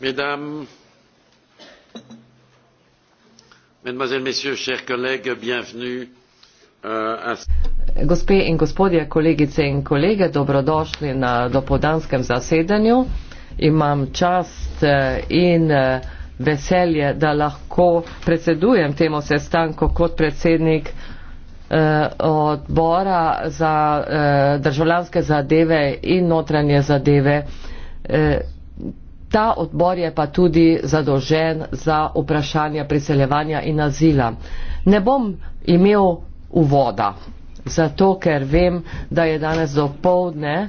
mesdames mesdemoiselles messieurs chers collègues bienvenue euh, à Gospe in gospodje, kolegice in kolege, dobrodošli na dopodanskem zasedanju. Imam čast eh, in eh, veselje, da lahko predsedujem temu sestanku kot predsednik eh, odbora za državljanske zadeve in notranje zadeve Ta odbor je pa tudi zadolžen za vprašanja priseljevanja in azila. Ne bom imel uvoda, zato ker vem, da je danes do povdne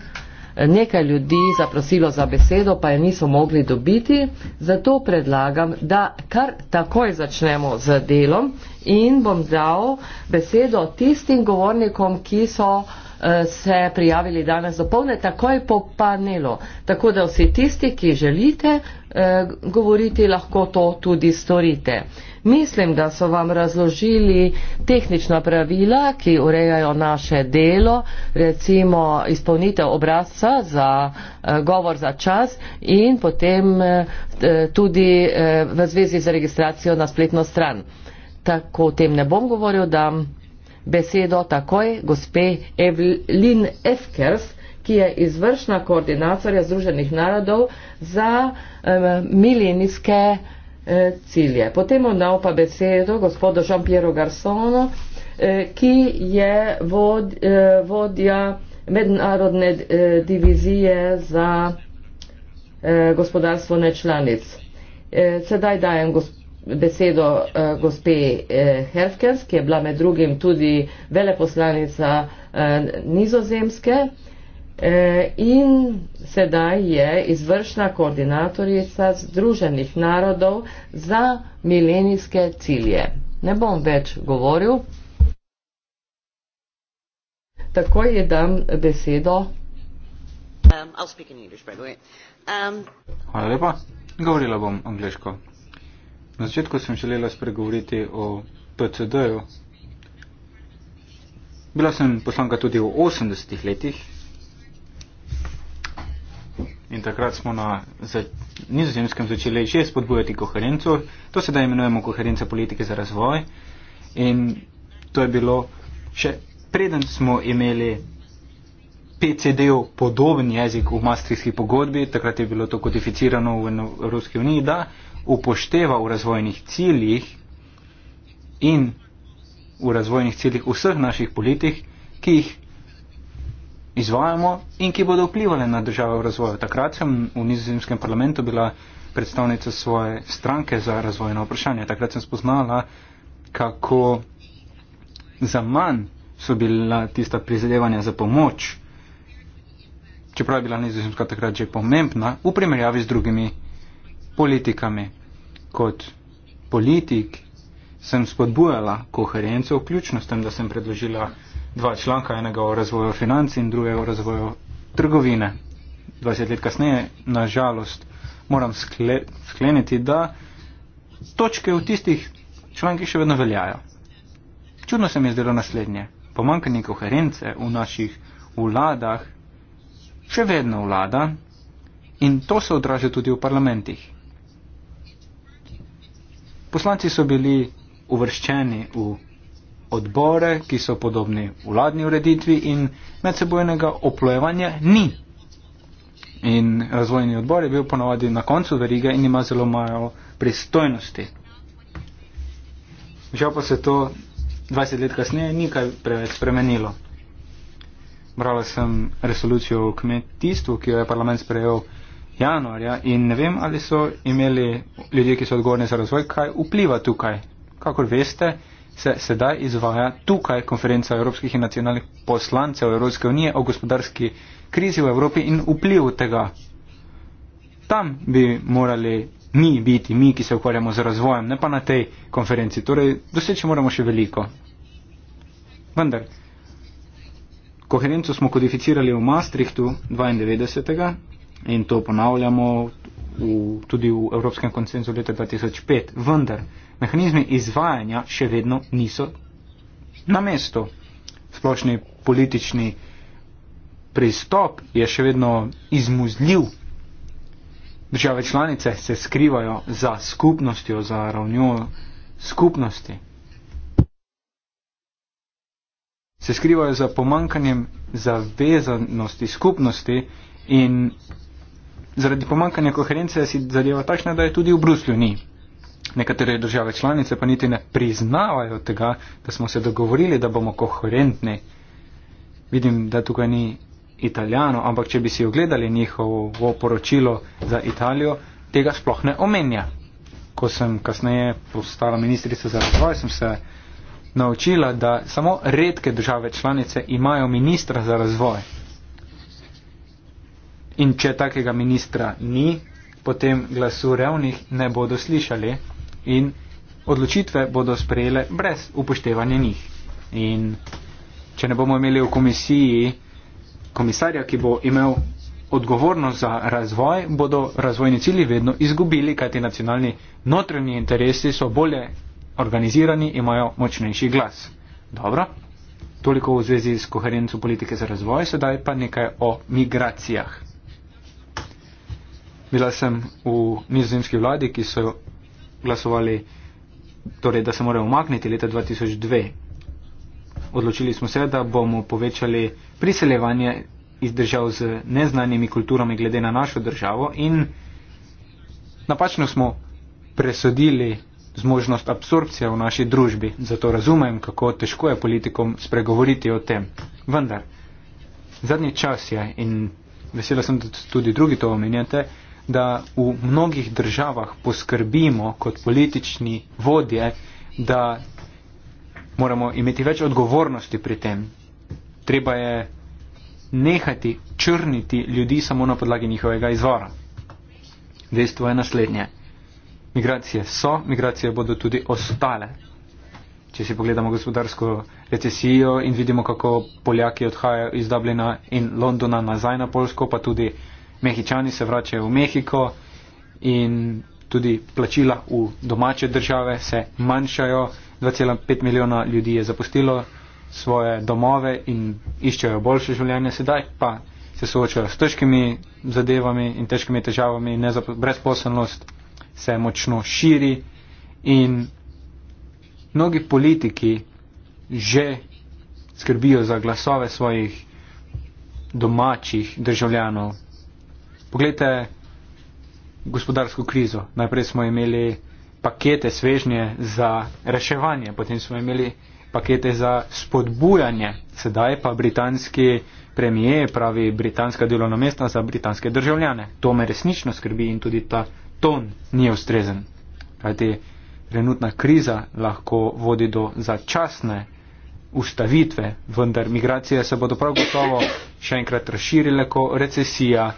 eh, nekaj ljudi zaprosilo za besedo, pa je niso mogli dobiti. Zato predlagam, da kar takoj začnemo z delom in bom dal besedo tistim govornikom, ki so uh, Eh, se prijavili danes do polne, takoj po panelu. Tako da vsi tisti, ki želite eh, govoriti, lahko to tudi storite. Mislim, da so vam razložili tehnična pravila, ki urejajo naše delo, recimo izpolnitev obrazca za eh, govor za čas in potem tudi v zvezi z registracijo na spletno stran. Tako o tem ne bom govoril, da besedo takoj gospe Evelyn Efkers, ki je izvršna koordinatorja Združenih narodov za um, milenijske eh, cilje. Potem bom dal pa besedo gospodu Jean-Pierre Garsonu, eh, ki je vod, vodja mednarodne divizije za gospodarstvo nečlanic. Sedaj dajem gospodu besedo eh, gospe eh, Herfkens, ki je bila med drugim tudi veleposlanica eh, nizozemske eh, in sedaj je izvršna koordinatorica Združenih narodov za milenijske cilje. Ne bom več govoril. Takoj je dam besedo. Um, um... Hvala lepa. Govorila bom angliško. Na začetku sem želela spregovoriti o PCD-ju. Bila sem poslanka tudi v 80-ih letih in takrat smo na za, nizozemskem začeli že spodbujati koherenco. To sedaj imenujemo koherenca politike za razvoj in to je bilo še preden smo imeli PCD podoben jezik v Maastrichtski pogodbi, takrat je bilo to kodificirano v Evropski uniji, da upošteva v razvojnih ciljih in v razvojnih ciljih vseh naših politik, ki jih izvajamo in ki bodo vplivali na države v razvoju. Takrat sem v nizozemskem parlamentu bila predstavnica svoje stranke za razvojno vprašanje. Takrat sem spoznala, kako za manj so bila tista prizadevanja za pomoč, čeprav je bila nizozemska takrat že pomembna, v primerjavi z drugimi politikami kot politik sem spodbujala koherenco, vključno s tem, da sem predložila dva članka, enega o razvoju financ in drugega o razvoju trgovine. 20 let kasneje, na žalost, moram skle skleniti, da točke v tistih članki še vedno veljajo. Čudno se mi je zdelo naslednje. Pomankanje koherence v naših vladah še vedno vlada in to se odraža tudi v parlamentih. Poslanci so bili uvrščeni v odbore, ki so podobni vladni ureditvi in medsebojnega oplojevanja ni. In razvojni odbor je bil ponovadi na koncu verige in ima zelo malo pristojnosti. Žal pa se to 20 let kasneje ni kaj preveč spremenilo. Brala sem resolucijo o kmetijstvu, ki jo je parlament sprejel januarja in ne vem, ali so imeli ljudje, ki so odgovorni za razvoj, kaj vpliva tukaj. Kakor veste, se sedaj izvaja tukaj konferenca evropskih in nacionalnih poslancev Evropske unije o gospodarski krizi v Evropi in vplivu tega. Tam bi morali mi biti, mi, ki se ukvarjamo z razvojem, ne pa na tej konferenci. Torej, doseči moramo še veliko. Vendar, koherenco smo kodificirali v Maastrichtu 92 in to ponavljamo v, tudi v Evropskem koncenzu leta 2005. Vendar mehanizmi izvajanja še vedno niso na mestu. Splošni politični pristop je še vedno izmuzljiv. Države članice se skrivajo za skupnostjo, za ravnjo skupnosti. Se skrivajo za pomankanjem zavezanosti skupnosti in Zaradi pomankanja koherence si zadeva takšna, da je tudi v Bruslju ni. Nekatere države članice pa niti ne priznavajo tega, da smo se dogovorili, da bomo koherentni. Vidim, da tukaj ni italijano, ampak če bi si ogledali njihovo poročilo za Italijo, tega sploh ne omenja. Ko sem kasneje postala ministrica za razvoj, sem se naučila, da samo redke države članice imajo ministra za razvoj. In če takega ministra ni, potem glasu revnih ne bodo slišali in odločitve bodo sprejele brez upoštevanja njih. In če ne bomo imeli v komisiji komisarja, ki bo imel odgovornost za razvoj, bodo razvojni cilji vedno izgubili, kajti nacionalni notranji interesi so bolje organizirani, imajo močnejši glas. Dobro, toliko v zvezi s koherenco politike za razvoj, sedaj pa nekaj o migracijah. Bila sem v nizozemski vladi, ki so glasovali, torej, da se morajo umakniti leta 2002. Odločili smo se, da bomo povečali priseljevanje iz držav z neznanimi kulturami glede na našo državo in napačno smo presodili zmožnost absorpcije v naši družbi. Zato razumem, kako težko je politikom spregovoriti o tem. Vendar, zadnji čas je in vesela sem, da tudi drugi to omenjate, da v mnogih državah poskrbimo kot politični vodje, da moramo imeti več odgovornosti pri tem. Treba je nehati črniti ljudi samo na podlagi njihovega izvora. Dejstvo je naslednje. Migracije so, migracije bodo tudi ostale. Če si pogledamo gospodarsko recesijo in vidimo, kako Poljaki odhajajo iz Dublina in Londona nazaj na Polsko, pa tudi Mehičani se vračajo v Mehiko in tudi plačila v domače države se manjšajo. 2,5 milijona ljudi je zapustilo svoje domove in iščejo boljše življenje, sedaj pa se soočajo s težkimi zadevami in težkimi težavami, brezposelnost se močno širi in mnogi politiki že skrbijo za glasove svojih domačih državljanov, Poglejte gospodarsko krizo. Najprej smo imeli pakete svežnje za reševanje, potem smo imeli pakete za spodbujanje. Sedaj pa britanski premije pravi britanska delovna mesta za britanske državljane. To me resnično skrbi in tudi ta ton ni ustrezen. Kajti trenutna kriza lahko vodi do začasne ustavitve, vendar migracije se bodo prav gotovo še enkrat razširile, ko recesija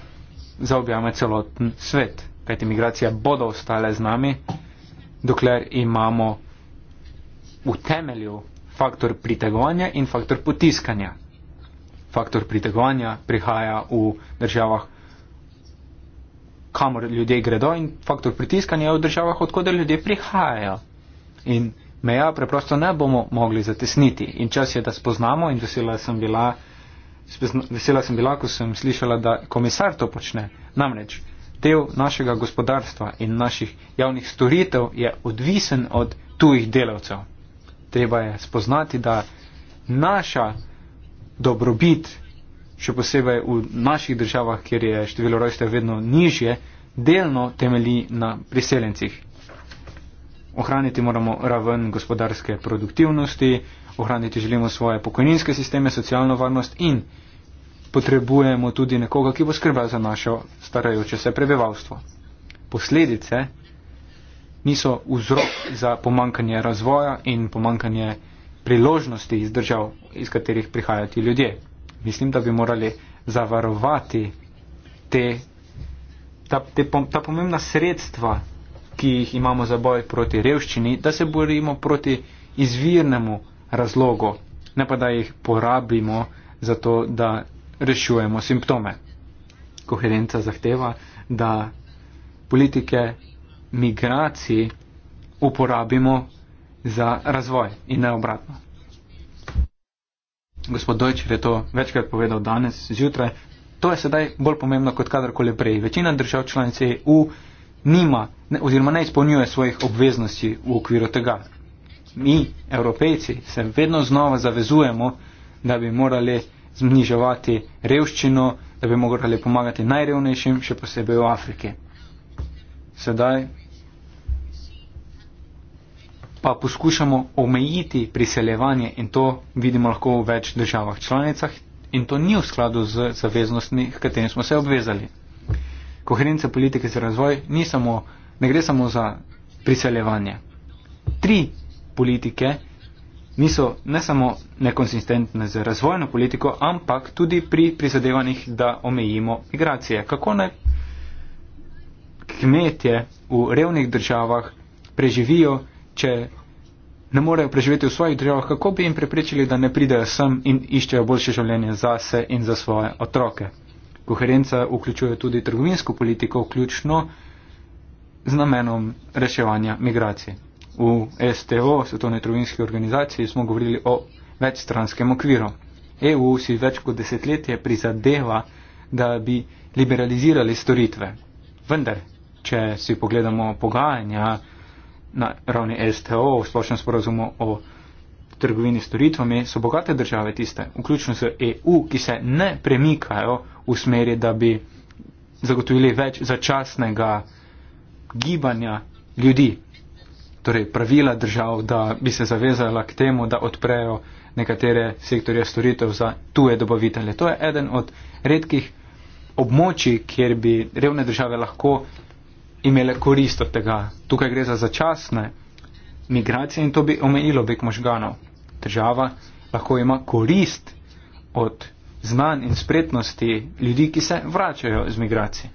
zaobjame celoten svet. Kajti migracije bodo ostale z nami, dokler imamo v temelju faktor pritegovanja in faktor potiskanja. Faktor pritegovanja prihaja v državah, kamor ljudje gredo in faktor pritiskanja je v državah, odkuder ljudje prihajajo. In meja preprosto ne bomo mogli zatesniti. In čas je, da spoznamo in vesela sem bila vesela sem bila, ko sem slišala, da komisar to počne. Namreč, del našega gospodarstva in naših javnih storitev je odvisen od tujih delavcev. Treba je spoznati, da naša dobrobit, še posebej v naših državah, kjer je število rojstev vedno nižje, delno temelji na priseljencih. Ohraniti moramo raven gospodarske produktivnosti, ohraniti želimo svoje pokojninske sisteme, socialno varnost in potrebujemo tudi nekoga, ki bo skrbel za našo starajoče se prebivalstvo. Posledice niso vzrok za pomankanje razvoja in pomankanje priložnosti iz držav, iz katerih prihajati ljudje. Mislim, da bi morali zavarovati te, ta, te, ta pomembna sredstva, ki jih imamo za boj proti revščini, da se borimo proti izvirnemu razlogu, ne pa da jih porabimo za to, da rešujemo simptome. Koherenca zahteva, da politike migracij uporabimo za razvoj in ne obratno. Gospod Dojčer je to večkrat povedal danes zjutraj. To je sedaj bolj pomembno kot kadarkoli prej. Večina držav članic EU nima ne, oziroma ne izpolnjuje svojih obveznosti v okviru tega. Mi, evropejci, se vedno znova zavezujemo, da bi morali zniževati revščino, da bi morali pomagati najrevnejšim, še posebej v Afriki. Sedaj pa poskušamo omejiti priseljevanje in to vidimo lahko v več državah članicah in to ni v skladu z zaveznostmi, k katerim smo se obvezali. Koherenca politike za razvoj ni samo, ne gre samo za priseljevanje. Tri politike niso ne samo nekonsistentne z razvojno politiko, ampak tudi pri prizadevanjih, da omejimo migracije. Kako naj kmetje v revnih državah preživijo, če ne morejo preživeti v svojih državah, kako bi jim prepričali, da ne pridejo sem in iščejo boljše življenje za se in za svoje otroke. Koherenca vključuje tudi trgovinsko politiko, vključno z namenom reševanja migracije v STO, svetovne trovinske organizacije, smo govorili o večstranskem okviru. EU si več kot desetletje prizadeva, da bi liberalizirali storitve. Vendar, če si pogledamo pogajanja na ravni STO, v splošnem sporazumu o trgovini storitvami, so bogate države tiste, vključno z EU, ki se ne premikajo v smeri, da bi zagotovili več začasnega gibanja ljudi, torej pravila držav, da bi se zavezala k temu, da odprejo nekatere sektorje storitev za tuje dobavitelje. To je eden od redkih območij, kjer bi revne države lahko imele korist od tega. Tukaj gre za začasne migracije in to bi omejilo bek možganov. Država lahko ima korist od znanj in spretnosti ljudi, ki se vračajo z migracij.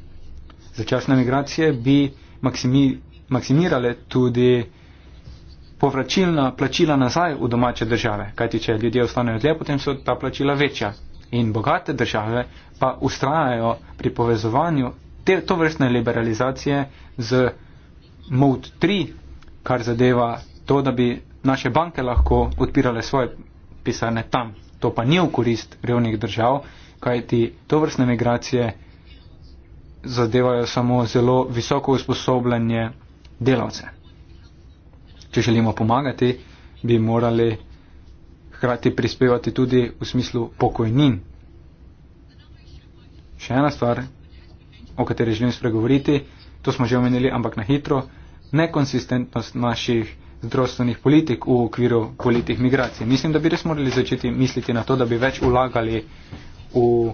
Začasne migracije bi maksimi, maksimirale tudi povračilna plačila nazaj v domače države. Kajti, če ljudje ostanejo dlje, potem so ta plačila večja. In bogate države pa ustrajajo pri povezovanju te, to vrstne liberalizacije z MOD-3, kar zadeva to, da bi naše banke lahko odpirale svoje pisarne tam. To pa ni v korist revnih držav, kajti to vrstne migracije zadevajo samo zelo visoko usposobljanje delavce. Če želimo pomagati, bi morali hkrati prispevati tudi v smislu pokojnin. Še ena stvar, o kateri želim spregovoriti, to smo že omenili, ampak na hitro, nekonsistentnost naših zdravstvenih politik v okviru politik migracij. Mislim, da bi res morali začeti misliti na to, da bi več ulagali v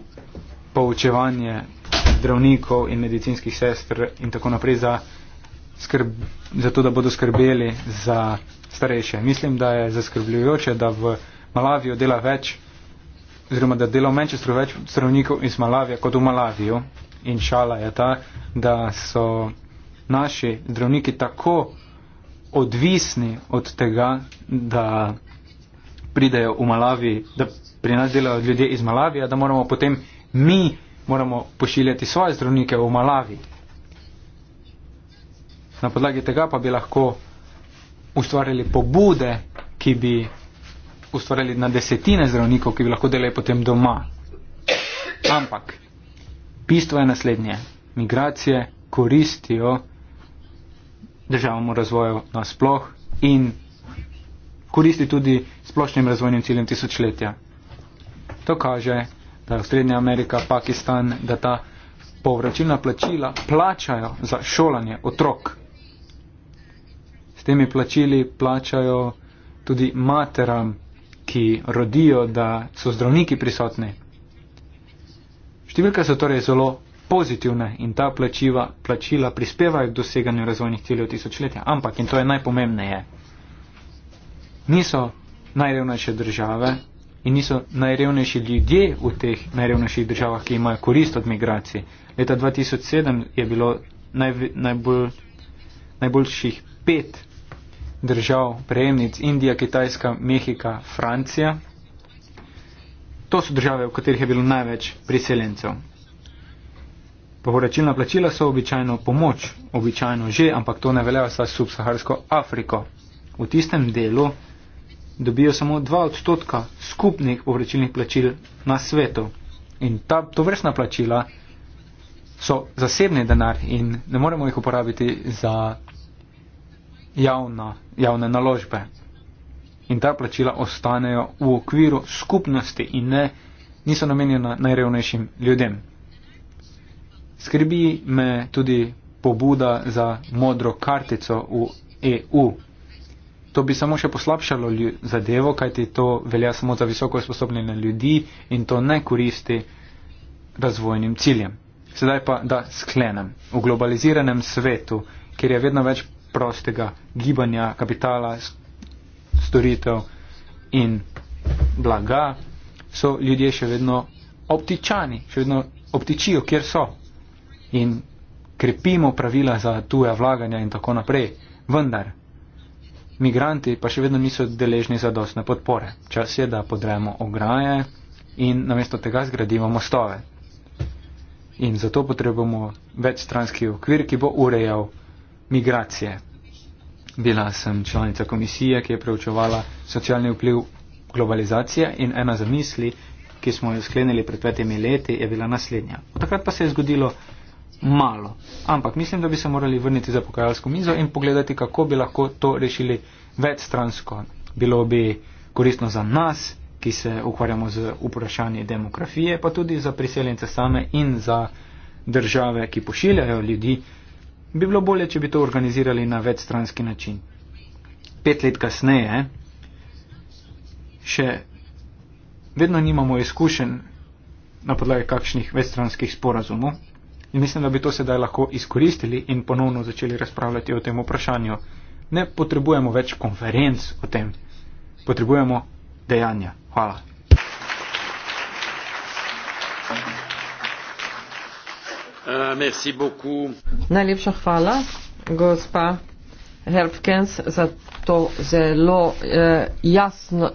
poučevanje zdravnikov in medicinskih sestr in tako naprej za skrb, za to, da bodo skrbeli za starejše. Mislim, da je zaskrbljujoče, da v Malaviju dela več, oziroma da dela v Manchesteru več zdravnikov iz Malavija kot v Malaviju. In šala je ta, da so naši zdravniki tako odvisni od tega, da pridejo v Malavi, da pri nas delajo ljudje iz Malavija, da moramo potem mi moramo pošiljati svoje zdravnike v Malavi. Na podlagi tega pa bi lahko ustvarjali pobude, ki bi ustvarjali na desetine zdravnikov, ki bi lahko delali potem doma. Ampak, bistvo je naslednje. Migracije koristijo državnemu razvoju nasploh in koristi tudi splošnim razvojnim ciljem tisočletja. To kaže, da Srednja Amerika, Pakistan, da ta povračilna plačila plačajo za šolanje otrok. S temi plačili plačajo tudi materam, ki rodijo, da so zdravniki prisotni. Številke so torej zelo pozitivne in ta plačiva, plačila prispevajo k doseganju razvojnih ciljev tisočletja. Ampak, in to je najpomembneje, niso najrevnejše države in niso najrevnejši ljudje v teh najrevnejših državah, ki imajo korist od migracij. Leta 2007 je bilo najv, najbolj, najboljših pet držav, prejemnic, Indija, Kitajska, Mehika, Francija. To so države, v katerih je bilo največ priseljencev. Povračilna plačila so običajno pomoč, običajno že, ampak to ne velja za subsaharsko Afriko. V tistem delu dobijo samo 2 odstotka skupnih povračilnih plačil na svetu. In ta, to vrstna plačila so zasebni denar in ne moremo jih uporabiti za javna, javne naložbe. In ta plačila ostanejo v okviru skupnosti in ne, niso namenjena najrevnejšim ljudem. Skrbi me tudi pobuda za modro kartico v EU. To bi samo še poslabšalo zadevo, kajti to velja samo za visoko usposobljene ljudi in to ne koristi razvojnim ciljem. Sedaj pa, da sklenem. V globaliziranem svetu, kjer je vedno več prostega gibanja kapitala, storitev in blaga, so ljudje še vedno optičani, še vedno optičijo, kjer so. In krepimo pravila za tuja vlaganja in tako naprej. Vendar, migranti pa še vedno niso deležni zadostne podpore. Čas je, da podremo ograje in namesto tega zgradimo mostove. In zato potrebujemo večstranski okvir, ki bo urejal migracije. Bila sem članica komisije, ki je preučevala socialni vpliv globalizacije in ena za misli, ki smo jo sklenili pred petimi leti, je bila naslednja. Od takrat pa se je zgodilo malo, ampak mislim, da bi se morali vrniti za pokajalsko mizo in pogledati, kako bi lahko to rešili večstransko. Bilo bi koristno za nas, ki se ukvarjamo z vprašanji demografije, pa tudi za priseljence same in za države, ki pošiljajo ljudi bi bilo bolje, če bi to organizirali na večstranski način. Pet let kasneje še vedno nimamo izkušenj na podlagi kakšnih večstranskih sporazumov in mislim, da bi to sedaj lahko izkoristili in ponovno začeli razpravljati o tem vprašanju. Ne potrebujemo več konferenc o tem, potrebujemo dejanja. Hvala. Euh, Najlepša hvala, gospa Herbkens, za to zelo eh, jasno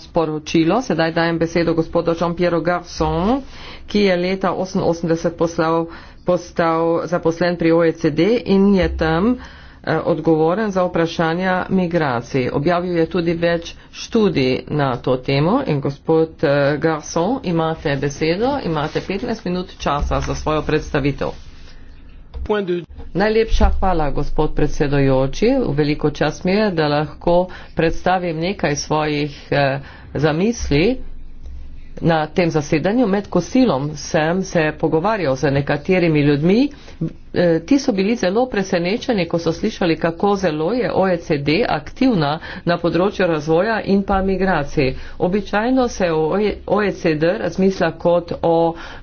sporočilo. Sedaj dajem besedo gospodu Jean-Pierre Garçon, ki je leta 1988 postal zaposlen pri OECD in je tam. Eh, odgovoren za vprašanja migracij. Objavil je tudi več študij na to temo in gospod eh, Garson, imate besedo, imate 15 minut časa za svojo predstavitev. Najlepša hvala, gospod predsedojoči. Veliko čas mi je, da lahko predstavim nekaj svojih eh, zamisli. Na tem zasedanju med kosilom sem se pogovarjal z nekaterimi ljudmi, Eh, ti so bili zelo presenečeni, ko so slišali, kako zelo je OECD aktivna na področju razvoja in pa migracij. Običajno se o e, OECD razmisla kot o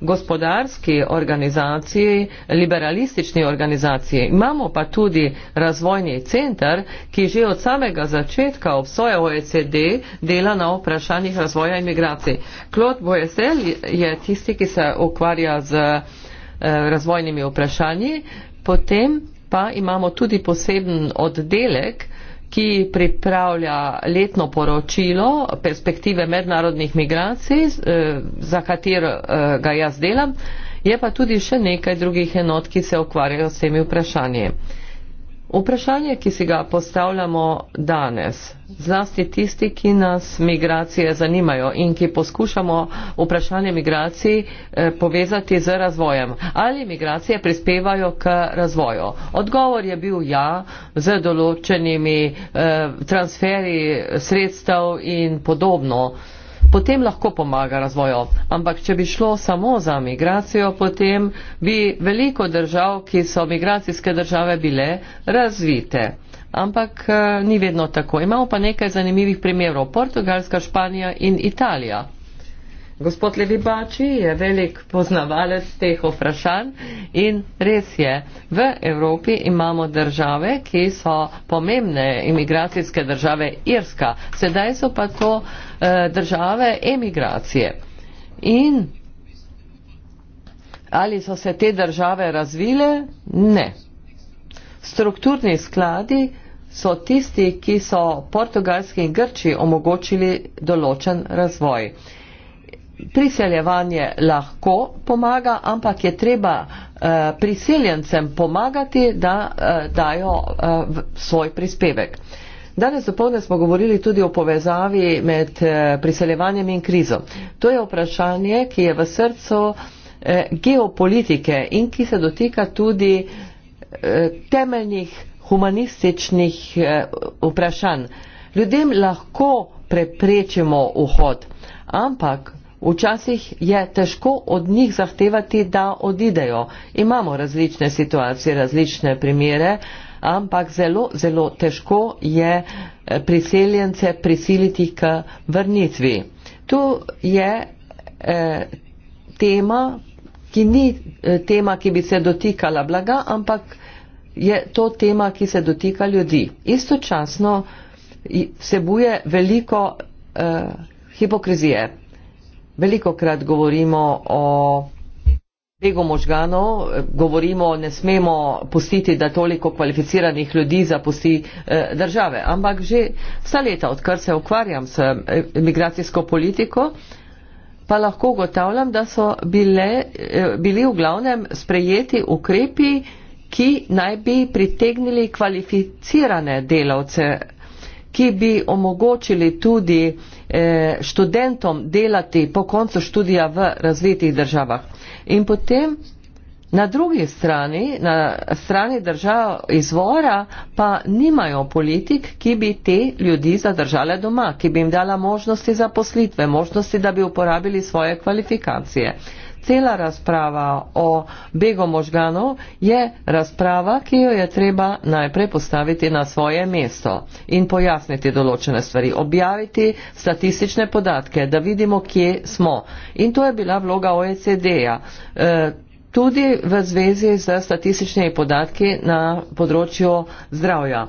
gospodarski organizaciji, liberalistični organizaciji. Imamo pa tudi razvojni centar, ki že od samega začetka obsoja OECD dela na vprašanjih razvoja in migracij. Claude Boesel je tisti, ki se ukvarja z Eh, razvojnimi vprašanji, potem pa imamo tudi poseben oddelek, ki pripravlja letno poročilo perspektive mednarodnih migracij, eh, za katero ga jaz delam, je pa tudi še nekaj drugih enot, ki se ukvarjajo s temi vprašanji. Vprašanje, ki si ga postavljamo danes, zlasti tisti, ki nas migracije zanimajo in ki poskušamo vprašanje migracij eh, povezati z razvojem. Ali migracije prispevajo k razvoju? Odgovor je bil ja, z določenimi eh, transferi sredstev in podobno potem lahko pomaga razvoju. Ampak če bi šlo samo za migracijo, potem bi veliko držav, ki so migracijske države, bile razvite. Ampak eh, ni vedno tako. Imamo pa nekaj zanimivih primerov. Portugalska, Španija in Italija. Gospod Levibači je velik poznavalec teh vprašanj in res je, v Evropi imamo države, ki so pomembne imigracijske države Irska, sedaj so pa to eh, države emigracije. In ali so se te države razvile? Ne. Strukturni skladi so tisti, ki so portugalski in grči omogočili določen razvoj priseljevanje lahko pomaga, ampak je treba eh, priseljencem pomagati, da eh, dajo eh, svoj prispevek. Danes dopolne smo govorili tudi o povezavi med priseljevanjem in krizo. To je vprašanje, ki je v srcu geopolitike in ki se dotika tudi temeljnih humanističnih vprašanj. Ljudem lahko preprečimo vhod, ampak Včasih je težko od njih zahtevati, da odidejo. Imamo različne situacije, različne primere, ampak zelo, zelo težko je eh, priseljence prisiliti k vrnitvi. Tu je eh, tema, ki ni eh, tema, ki bi se dotikala blaga, ampak je to tema, ki se dotika ljudi. Istočasno vsebuje veliko eh, hipokrizije veliko krat govorimo o begu možganov, govorimo, ne smemo pustiti, da toliko kvalificiranih ljudi zapusti eh, države. Ampak že vsa leta, odkar se ukvarjam s eh, migracijsko politiko, pa lahko ugotavljam, da so bile, eh, bili v glavnem sprejeti ukrepi, ki naj bi pritegnili kvalificirane delavce, ki bi omogočili tudi eh, Eh, študentom delati po koncu študija v razvitih državah. In potem na drugi strani, na strani držav izvora, pa nimajo politik, ki bi te ljudi zadržale doma, ki bi jim dala možnosti za poslitve, možnosti, da bi uporabili svoje kvalifikacije. Uh, cela razprava o begu možganov je razprava, ki jo je treba najprej postaviti na svoje mesto in pojasniti določene stvari, objaviti statistične podatke, da vidimo, kje smo. In to je bila vloga OECD-ja. E, tudi v zvezi z statističnimi podatki na področju zdravja.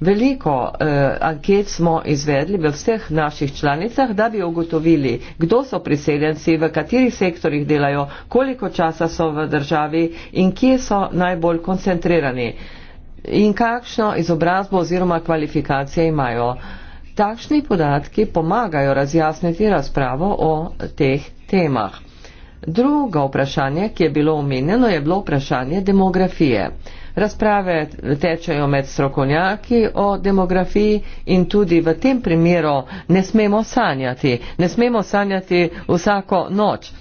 Veliko eh, anket smo izvedli v vseh naših članicah, da bi ugotovili, kdo so priseljenci, v katerih sektorjih delajo, koliko časa so v državi in kje so najbolj koncentrirani in kakšno izobrazbo oziroma kvalifikacije imajo. Takšni podatki pomagajo razjasniti razpravo o teh temah. Drugo vprašanje, ki je bilo omenjeno, je bilo vprašanje demografije. Razprave tečejo med strokovnjaki o demografiji in tudi v tem primeru ne smemo sanjati, ne smemo sanjati vsako noč.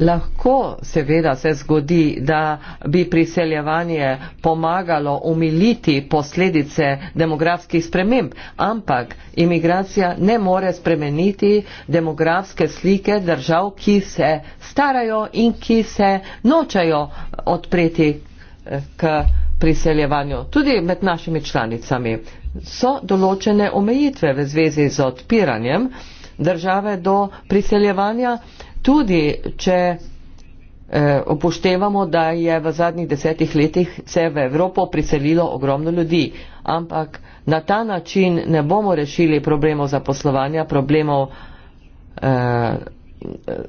Lahko seveda se zgodi, da bi priseljevanje pomagalo umiliti posledice demografskih sprememb, ampak imigracija ne more spremeniti demografske slike držav, ki se starajo in ki se nočajo odpreti eh, k priseljevanju, tudi med našimi članicami. So določene omejitve v zvezi z odpiranjem države do priseljevanja tudi, če eh, upoštevamo, da je v zadnjih desetih letih se v Evropo priselilo ogromno ljudi, ampak na ta način ne bomo rešili problemov zaposlovanja, problemov eh, eh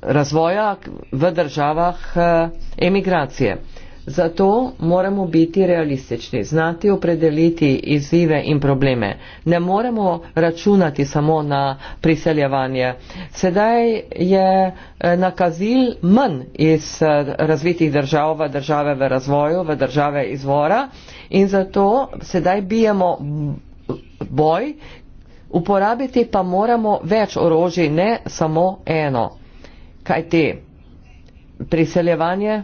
razvoja v državah eh, emigracije. Eh, Zato moramo biti realistični, znati opredeliti izzive in probleme. Ne moremo računati samo na priseljevanje. Sedaj je eh, nakazil mn iz eh, razvitih držav v države v razvoju, v države izvora in zato sedaj bijemo boj, uporabiti pa moramo več orožij, ne samo eno. Kaj ti? Priseljevanje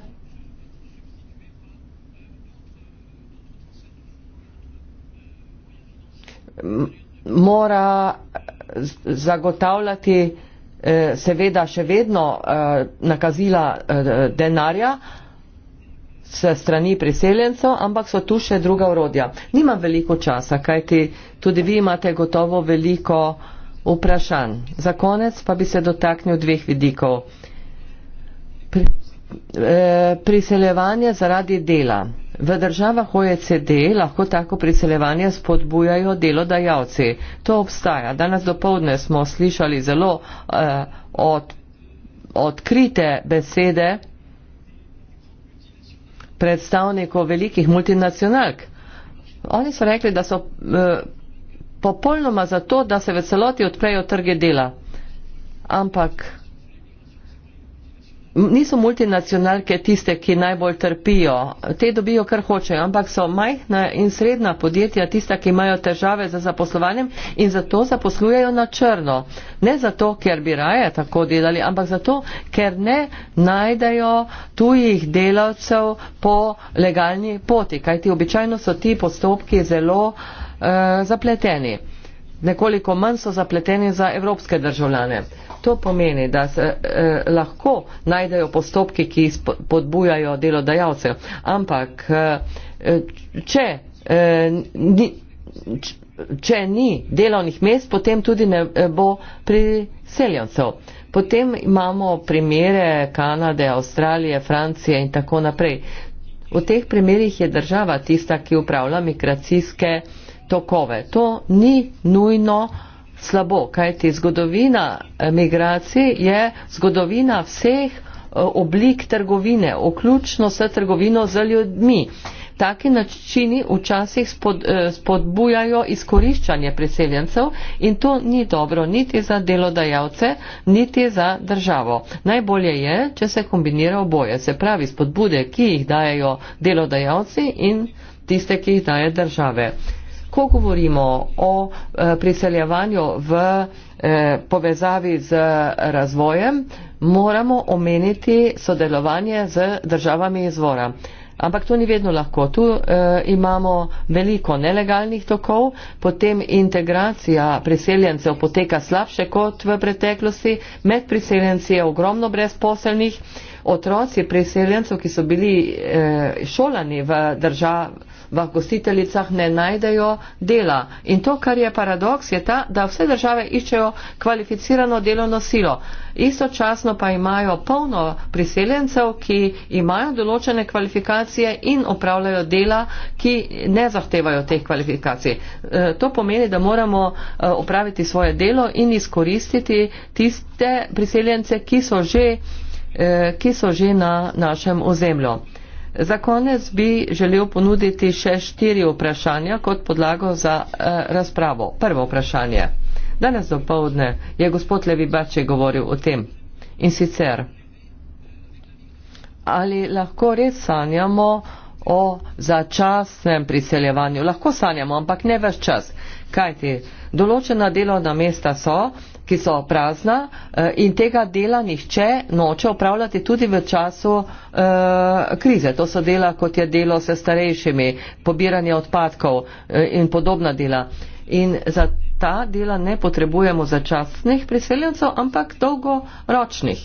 mora eh, zagotavljati eh, seveda še vedno eh, nakazila denarja se strani priseljencev, ampak so tu še druga urodja. Nimam veliko časa, kajti tudi vi imate gotovo veliko vprašanj. Za konec pa bi se dotaknil dveh vidikov. Pri, eh, priseljevanje zaradi dela. V državah OECD lahko tako priseljevanje spodbujajo delodajalci. To obstaja. Danes dopovdne smo slišali zelo eh, od, odkrite besede predstavnikov velikih multinacionalk. Oni so rekli, da so eh, popolnoma za to, da se v celoti odprejo trge dela. Ampak niso multinacionalke tiste, ki najbolj trpijo. Te dobijo, kar hočejo, ampak so majhna in srednja podjetja tista, ki imajo težave za zaposlovanjem in zato zaposlujejo na črno. Ne zato, ker bi raje tako delali, ampak zato, ker ne najdejo tujih delavcev po legalni poti, kajti običajno so ti postopki zelo uh, zapleteni nekoliko manj so zapleteni za evropske državljane. To pomeni, da se eh, lahko najdejo postopki, ki spodbujajo delodajalce, ampak eh, če, eh, ni, če ni delovnih mest, potem tudi ne eh, bo priseljencev. Potem imamo primere Kanade, Avstralije, Francije in tako naprej. V teh primerjih je država tista, ki upravlja migracijske eh, tokove. To ni nujno slabo, kajti zgodovina eh, migracij je zgodovina vseh eh, oblik trgovine, vključno s trgovino z ljudmi. Taki načini včasih eh, spodbujajo izkoriščanje priseljencev in to ni dobro niti za delodajalce, niti za državo. Najbolje je, če se kombinira oboje, se pravi spodbude, ki jih dajo delodajalci in tiste, ki jih daje države ko govorimo o eh, priseljevanju v eh, povezavi z razvojem, moramo omeniti sodelovanje z državami izvora. Ampak to ni vedno lahko. Tu eh, imamo veliko nelegalnih tokov, potem integracija priseljencev poteka slabše kot v preteklosti, med priseljenci je ogromno brezposelnih, otroci priseljencev, ki so bili eh, šolani v državi, v gostiteljicah ne najdejo dela. In to, kar je paradoks, je ta, da vse države iščejo kvalificirano delovno silo. Istočasno pa imajo polno priseljencev, ki imajo določene kvalifikacije in opravljajo dela, ki ne zahtevajo teh kvalifikacij. E, to pomeni, da moramo e, opraviti svoje delo in izkoristiti tiste priseljence, ki so že, e, ki so že na našem ozemlju. Za konec bi želel ponuditi še štiri vprašanja kot podlago za eh, razpravo. Prvo vprašanje. Danes dopovdne je gospod Levi Bače govoril o tem. In sicer, ali lahko res sanjamo o začasnem priseljevanju? Lahko sanjamo, ampak ne več čas. Kajti, določena delovna mesta so, ki so prazna eh, in tega dela nihče noče upravljati tudi v času eh, krize. To so dela, kot je delo se starejšimi, pobiranje odpadkov eh, in podobna dela. In za ta dela ne potrebujemo začasnih priseljencev, ampak dolgoročnih.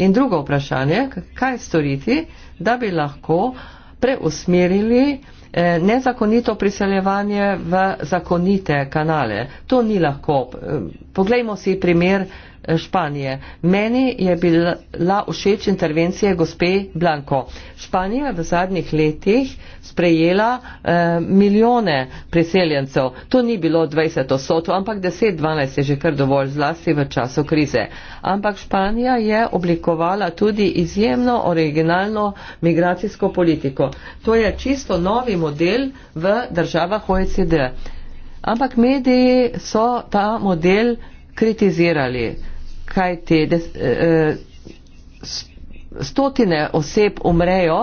In drugo vprašanje, kaj storiti, da bi lahko preusmerili uh, Eh, nezakonito priseljevanje v zakonite kanale. To ni lahko. Eh, poglejmo si primer Španije. Meni je bila všeč intervencije gospe Blanko. Španija je v zadnjih letih sprejela eh, milijone priseljencev. To ni bilo 20 odstotkov, ampak 10-12 je že kar dovolj zlasti v času krize. Ampak Španija je oblikovala tudi izjemno originalno migracijsko politiko. To je čisto novi model v državah OECD. Ampak mediji so ta model kritizirali kaj te des, eh, eh, stotine oseb umrejo,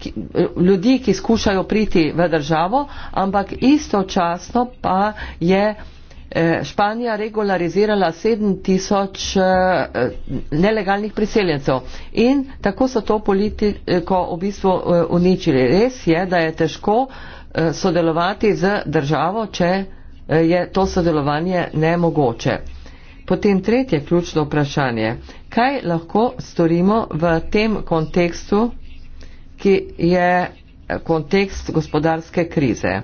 ki, eh, ljudi, ki skušajo priti v državo, ampak istočasno pa je eh, Španija regularizirala 7000 eh, nelegalnih priseljencev in tako so to politiko v bistvu eh, uničili. Res je, da je težko eh, sodelovati z državo, če eh, je to sodelovanje nemogoče. Potem tretje ključno vprašanje. Kaj lahko storimo v tem kontekstu, ki je kontekst gospodarske krize?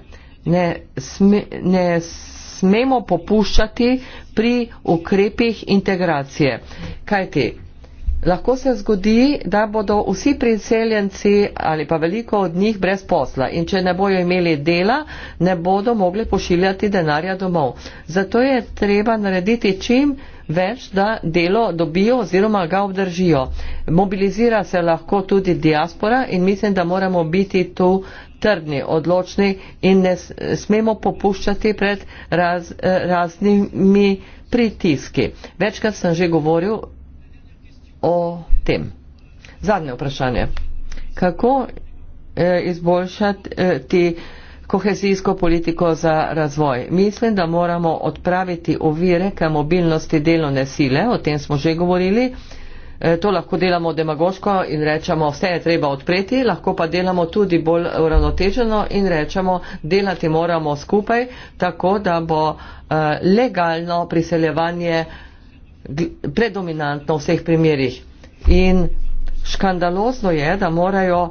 Ne, sme, ne smemo popuščati pri ukrepih integracije. Kaj ti? lahko se zgodi, da bodo vsi priseljenci ali pa veliko od njih brez posla in če ne bojo imeli dela, ne bodo mogli pošiljati denarja domov. Zato je treba narediti čim več, da delo dobijo oziroma ga obdržijo. Mobilizira se lahko tudi diaspora in mislim, da moramo biti tu trdni, odločni in ne smemo popuščati pred raz, eh, raznimi pritiski. Večkrat sem že govoril, o tem. Zadnje vprašanje. Kako eh, izboljšati eh, kohezijsko politiko za razvoj? Mislim, da moramo odpraviti ovire k mobilnosti delovne sile, o tem smo že govorili. Eh, to lahko delamo demagoško in rečemo, vse je treba odpreti, lahko pa delamo tudi bolj uravnoteženo in rečemo, delati moramo skupaj, tako da bo legalno priseljevanje uh, predominantno v vseh primerjih. In škandalozno je, da morajo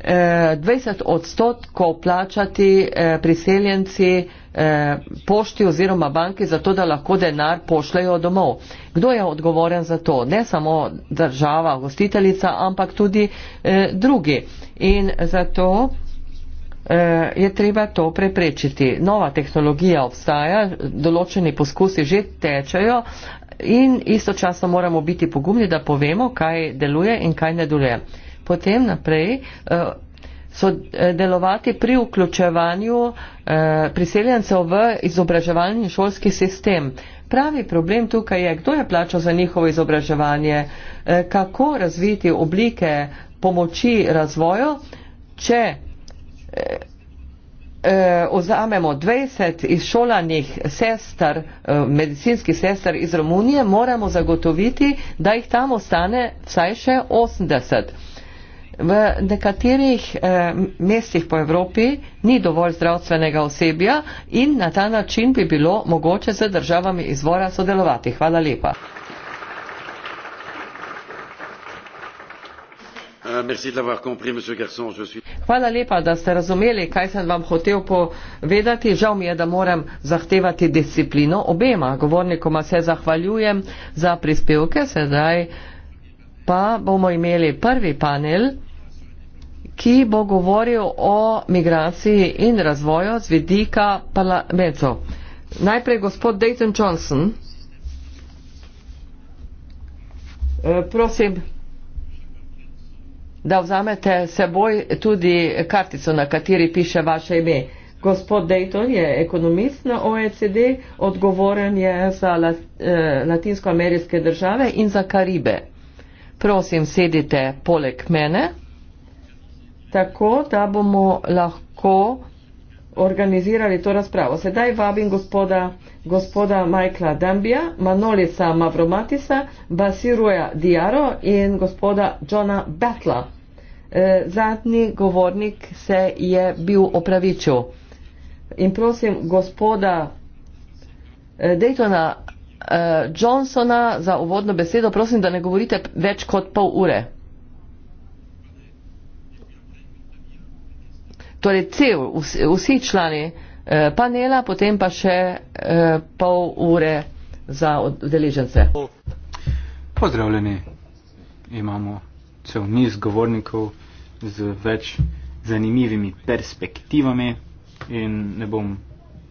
eh, 20 odstotkov plačati eh, priseljenci eh, pošti oziroma banki za to, da lahko denar pošljajo domov. Kdo je odgovoren za to? Ne samo država, gostiteljica, ampak tudi eh, drugi. In zato eh, je treba to preprečiti. Nova tehnologija obstaja, določeni poskusi že tečejo, in istočasno moramo biti pogumni, da povemo, kaj deluje in kaj ne deluje. Potem naprej eh, so eh, delovati pri vključevanju eh, priseljencev v izobraževalni šolski sistem. Pravi problem tukaj je, kdo je plačal za njihovo izobraževanje, kako razviti oblike pomoči razvoju, če Eh, vzamemo 20 izšolanih sester, eh, medicinskih sester iz Romunije, moramo zagotoviti, da jih tam ostane vsaj še 80. V nekaterih eh, mestih po Evropi ni dovolj zdravstvenega osebja in na ta način bi bilo mogoče z državami izvora sodelovati. Hvala lepa. Euh, Hvala lepa, da ste razumeli, kaj sem vam hotel povedati. Žal mi je, da moram zahtevati disciplino. Obema govornikoma se zahvaljujem za prispevke. Sedaj pa bomo imeli prvi panel, ki bo govoril o migraciji in razvoju z vidika parlamentov. Najprej gospod Dayton Johnson. E, prosim, da vzamete seboj tudi kartico, na kateri piše vaše ime. Gospod Dayton je ekonomist na OECD, odgovoren je za eh, latinskoameriške države in za Karibe. Prosim, sedite poleg mene, tako da bomo lahko organizirali to razpravo. Sedaj vabim gospoda, gospoda Majkla Dambija, Manolisa Mavromatisa, Basiruja Diaro in gospoda Johna Batla. E, zadnji govornik se je bil opravičil. In prosim gospoda e, Daytona e, Johnsona za uvodno besedo, prosim, da ne govorite več kot pol ure. torej cel, vsi, vsi člani eh, panela, potem pa še eh, pol ure za odeležence. Pozdravljeni. Imamo cel niz govornikov z več zanimivimi perspektivami in ne bom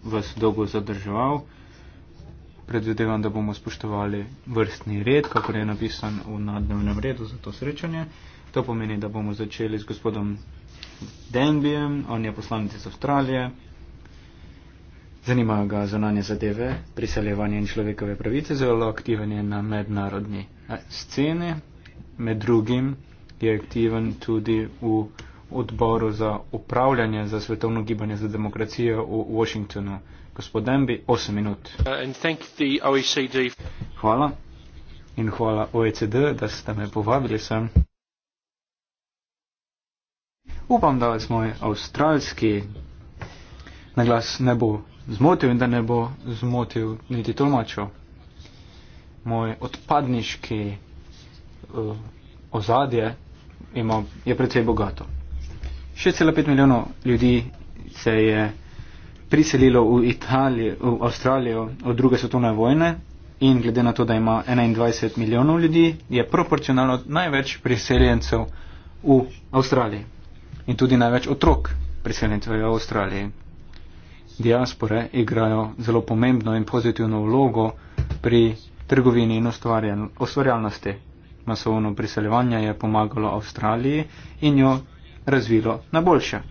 vas dolgo zadrževal. Predvidevam, da bomo spoštovali vrstni red, kako je napisan v nadnevnem redu za to srečanje. To pomeni, da bomo začeli z gospodom Denbijem, on je poslanec iz Avstralije, zanimajo ga zunanje zadeve, priseljevanje in človekove pravice, zelo aktiven je na mednarodni eh, sceni, med drugim je aktiven tudi v odboru za upravljanje za svetovno gibanje za demokracijo v Washingtonu. Gospod Denbi, 8 minut. Uh, e hvala. In hvala OECD, da ste me povabili sem upam, da vas moj avstralski naglas ne bo zmotil in da ne bo zmotil niti tolmačo. Moj odpadniški uh, ozadje ima, je precej bogato. 6,5 milijonov ljudi se je priselilo v, Italijo, v Avstralijo od druge svetovne vojne in glede na to, da ima 21 milijonov ljudi, je proporcionalno največ priseljencev v Avstraliji in tudi največ otrok priseljencev v Avstraliji. Diaspore igrajo zelo pomembno in pozitivno vlogo pri trgovini in ustvarjalnosti. Masovno priseljevanje je pomagalo Avstraliji in jo razvilo na boljše.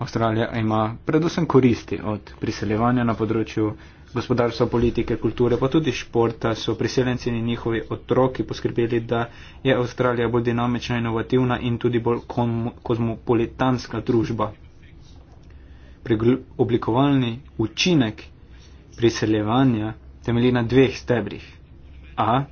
Avstralija ima predvsem koristi od priseljevanja na področju gospodarstva, politike, kulture, pa tudi športa, so priseljenci in njihovi otroki poskrbeli, da je Avstralija bolj dinamična, inovativna in tudi bolj kozmopolitanska družba. Oblikovalni učinek priseljevanja temelji na dveh stebrih. A.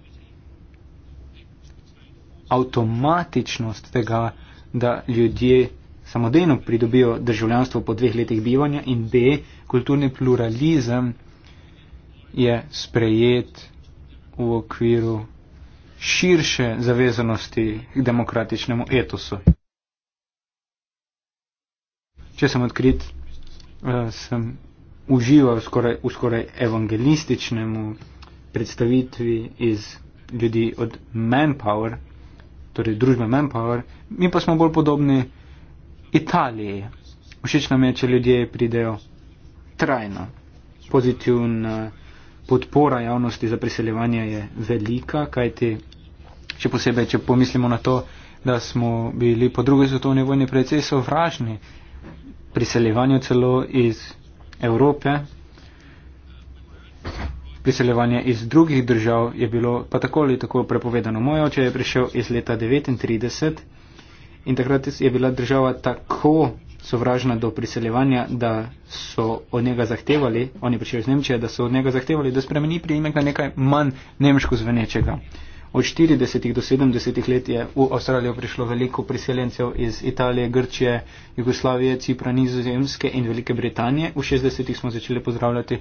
Avtomatičnost tega, da ljudje samodejno pridobijo državljanstvo po dveh letih bivanja in B. Kulturni pluralizem je sprejet v okviru širše zavezanosti k demokratičnemu etosu. Če sem odkrit, eh, sem užival skoraj, v skoraj evangelističnemu predstavitvi iz ljudi od Manpower, torej družbe Manpower, mi pa smo bolj podobni Italiji. Všeč nam je, če ljudje pridejo trajno, pozitivno, podpora javnosti za priseljevanje je velika, kajti še posebej, če pomislimo na to, da smo bili po druge svetovne vojne precej sovražni priseljevanju celo iz Evrope, priseljevanje iz drugih držav je bilo pa tako ali tako prepovedano. Moj oče je prišel iz leta 1939 in takrat je bila država tako sovražna do priseljevanja, da so od njega zahtevali, on je prišel iz Nemčije, da so od njega zahtevali, da spremeni priimek na nekaj manj nemško zvenečega. Od 40. do 70. let je v Avstralijo prišlo veliko priseljencev iz Italije, Grčije, Jugoslavije, Cipra, Nizozemske in Velike Britanije. V 60. smo začeli pozdravljati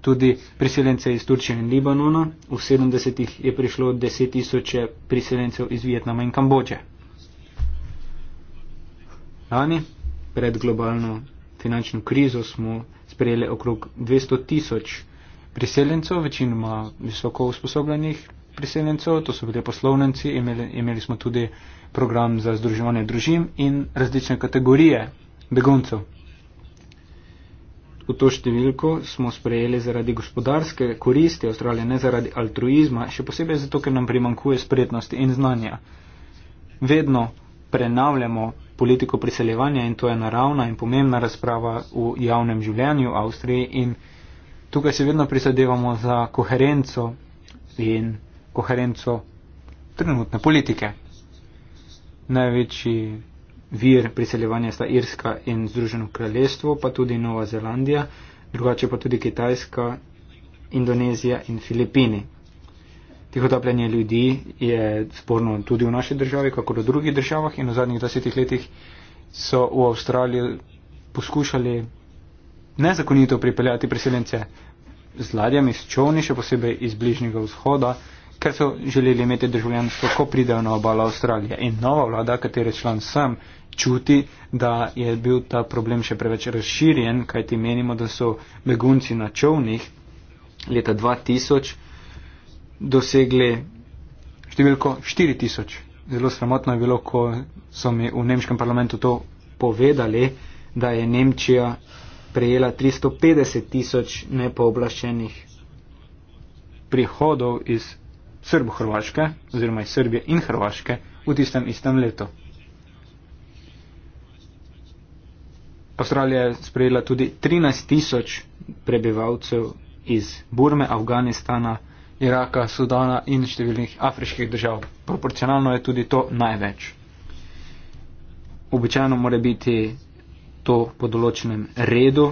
tudi priseljence iz Turčije in Libanona. V 70. je prišlo 10 tisoče priseljencev iz Vietnama in Kambodže. Lani pred globalno finančno krizo smo sprejeli okrog 200 tisoč priseljencev, večinoma visoko usposobljenih priseljencev, to so bili poslovnenci, imeli, imeli smo tudi program za združevanje družin in različne kategorije beguncev. V to številko smo sprejeli zaradi gospodarske koristi Avstralije, ne zaradi altruizma, še posebej zato, ker nam primankuje spretnosti in znanja. Vedno prenavljamo politiko priseljevanja in to je naravna in pomembna razprava v javnem življenju v Avstriji in tukaj se vedno prisadevamo za koherenco in koherenco trenutne politike. Največji vir priseljevanja sta Irska in Združeno kraljestvo, pa tudi Nova Zelandija, drugače pa tudi Kitajska, Indonezija in Filipini tihotapljanje ljudi je sporno tudi v naši državi, kako v drugih državah in v zadnjih 20 letih so v Avstraliji poskušali nezakonito pripeljati priseljence z ladjami, s čovni, še posebej iz bližnjega vzhoda, ker so želeli imeti državljanstvo, ko pridejo na obalo Avstralije. In nova vlada, katere član sem, čuti, da je bil ta problem še preveč razširjen, kajti menimo, da so begunci na čovnih leta 2000 dosegli številko 4000. Zelo sramotno je bilo, ko so mi v nemškem parlamentu to povedali, da je Nemčija prejela 350 tisoč nepooblaščenih prihodov iz Srbo-Hrvaške oziroma iz Srbije in Hrvaške v tistem istem letu. Avstralija je sprejela tudi 13 tisoč prebivalcev iz Burme, Afganistana, Iraka, Sudana in številnih afriških držav. Proporcionalno je tudi to največ. Običajno mora biti to po določenem redu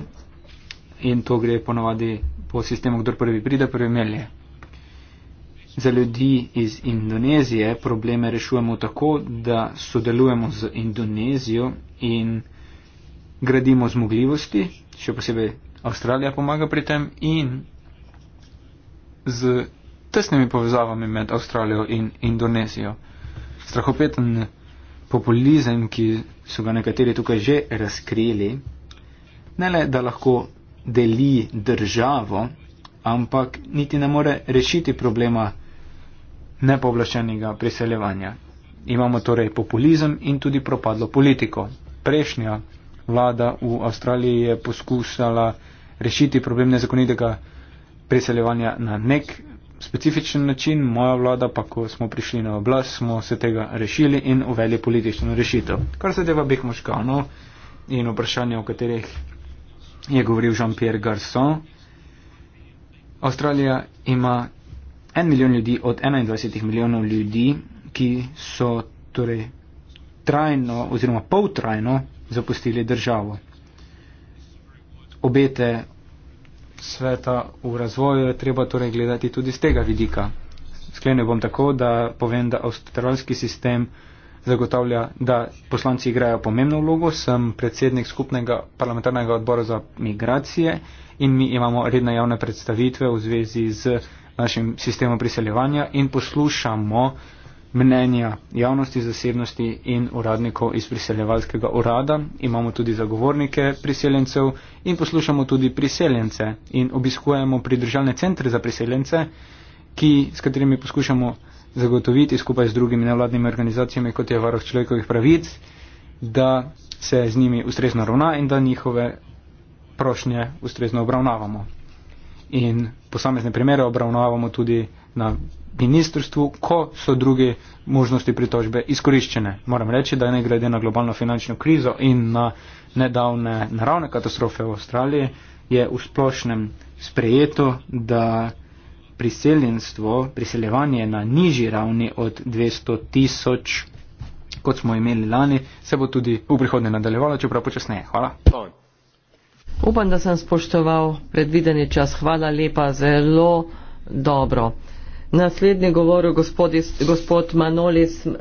in to gre ponovadi po sistemu, kdor prvi pride, prvi melje. Za ljudi iz Indonezije probleme rešujemo tako, da sodelujemo z Indonezijo in gradimo zmogljivosti, še posebej Avstralija pomaga pri tem in z tesnimi povezavami med Avstralijo in Indonezijo. Strahopeten populizem, ki so ga nekateri tukaj že razkrili, ne le, da lahko deli državo, ampak niti ne more rešiti problema nepovlašenega priseljevanja. Imamo torej populizem in tudi propadlo politiko. Prejšnja vlada v Avstraliji je poskušala rešiti problem nezakonitega priseljevanja na nek specifičen način, moja vlada pa, ko smo prišli na oblast, smo se tega rešili in uveli politično rešitev. Kar se deva bih možganov in vprašanja, o katerih je govoril Jean-Pierre Garçon, Avstralija ima en milijon ljudi od 21 milijonov ljudi, ki so torej trajno oziroma poltrajno zapustili državo. Obete sveta v razvoju je treba torej gledati tudi z tega vidika. Sklenil bom tako, da povem, da avstralski sistem zagotavlja, da poslanci igrajo pomembno vlogo. Sem predsednik skupnega parlamentarnega odbora za migracije in mi imamo redne javne predstavitve v zvezi z našim sistemom priseljevanja in poslušamo mnenja javnosti, zasebnosti in uradnikov iz priseljevalskega urada. Imamo tudi zagovornike priseljencev in poslušamo tudi priseljence in obiskujemo pridržalne centre za priseljence, ki, s katerimi poskušamo zagotoviti skupaj z drugimi nevladnimi organizacijami, kot je Varoh človekovih pravic, da se z njimi ustrezno ravna in da njihove prošnje ustrezno obravnavamo. In posamezne primere obravnavamo tudi na ministrstvu, ko so druge možnosti pritožbe izkoriščene. Moram reči, da ne glede na globalno finančno krizo in na nedavne naravne katastrofe v Avstraliji, je v splošnem sprejeto, da priseljenstvo, priseljevanje na nižji ravni od 200 tisoč, kot smo imeli lani, se bo tudi v prihodnje nadaljevalo, čeprav počasneje. Hvala. Upam, da sem spoštoval predvideni čas. Hvala lepa, zelo dobro. Naslednji govoril gospod, gospod Manolis eh,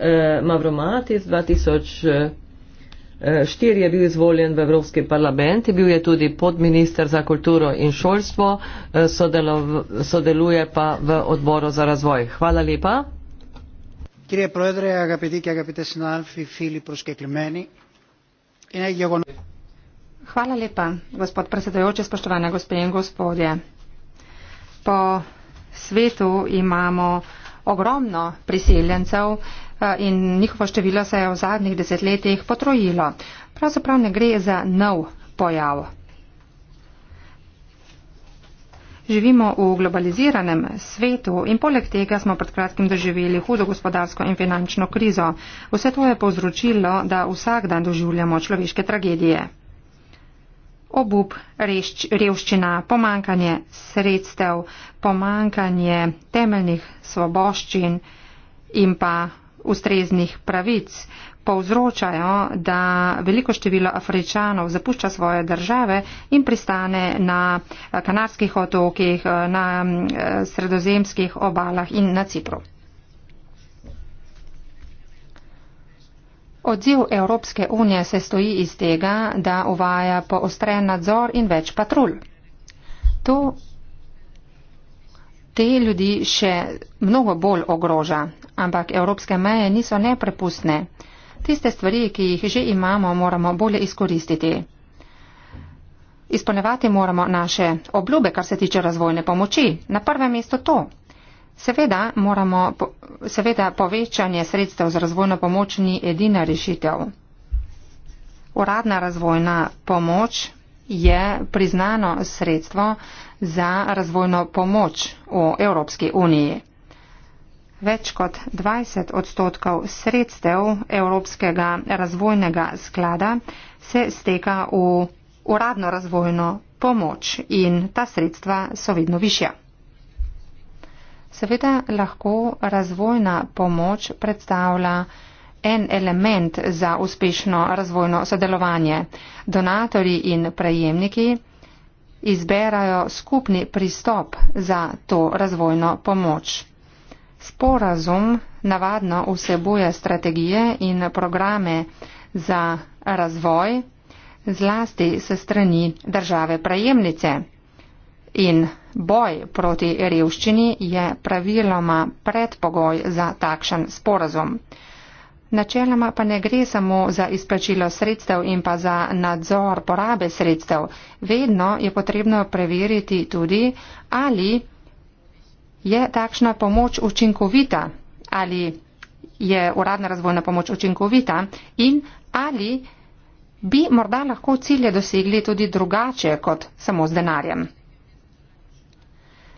Mavromatis, 2004 eh, eh, je bil izvoljen v Evropski parlament, bil je tudi podminister za kulturo in šolstvo, eh, sodelov, sodeluje pa v odboru za razvoj. Hvala lepa. Hvala lepa, gospod predsedujoči, spoštovane gospe in gospodje. Po svetu imamo ogromno priseljencev eh, in njihovo število se je v zadnjih desetletjih potrojilo. Pravzaprav ne gre za nov pojav. Živimo v globaliziranem svetu in poleg tega smo pred kratkim doživeli hudo gospodarsko in finančno krizo. Vse to je povzročilo, da vsak dan doživljamo človeške tragedije obup, rešč, revščina, pomankanje sredstev, pomankanje temeljnih svoboščin in pa ustreznih pravic povzročajo, da veliko število Afričanov zapušča svoje države in pristane na kanarskih otokih, na eh, sredozemskih obalah in na Cipru. Odziv Evropske unije se stoji iz tega, da uvaja poostren nadzor in več patrul. To te ljudi še mnogo bolj ogroža, ampak evropske meje niso neprepustne. Tiste stvari, ki jih že imamo, moramo bolje izkoristiti. Izpolnevati moramo naše obljube, kar se tiče razvojne pomoči. Na prvem mestu to. Seveda moramo, seveda povečanje sredstev za razvojno pomoč ni edina rešitev. Uradna razvojna pomoč je priznano sredstvo za razvojno pomoč v Evropski uniji. Več kot 20 odstotkov sredstev Evropskega razvojnega sklada se steka v uradno razvojno pomoč in ta sredstva so vedno višja. Seveda lahko razvojna pomoč predstavlja en element za uspešno razvojno sodelovanje. Donatori in prejemniki izberajo skupni pristop za to razvojno pomoč. Sporazum navadno vsebuje strategije in programe za razvoj, zlasti se strani države prejemnice in Boj proti revščini je praviloma predpogoj za takšen sporazum. Načeloma pa ne gre samo za izplačilo sredstev in pa za nadzor porabe sredstev. Vedno je potrebno preveriti tudi, ali je takšna pomoč učinkovita, ali je uradna razvojna pomoč učinkovita in ali bi morda lahko cilje dosegli tudi drugače kot samo z denarjem.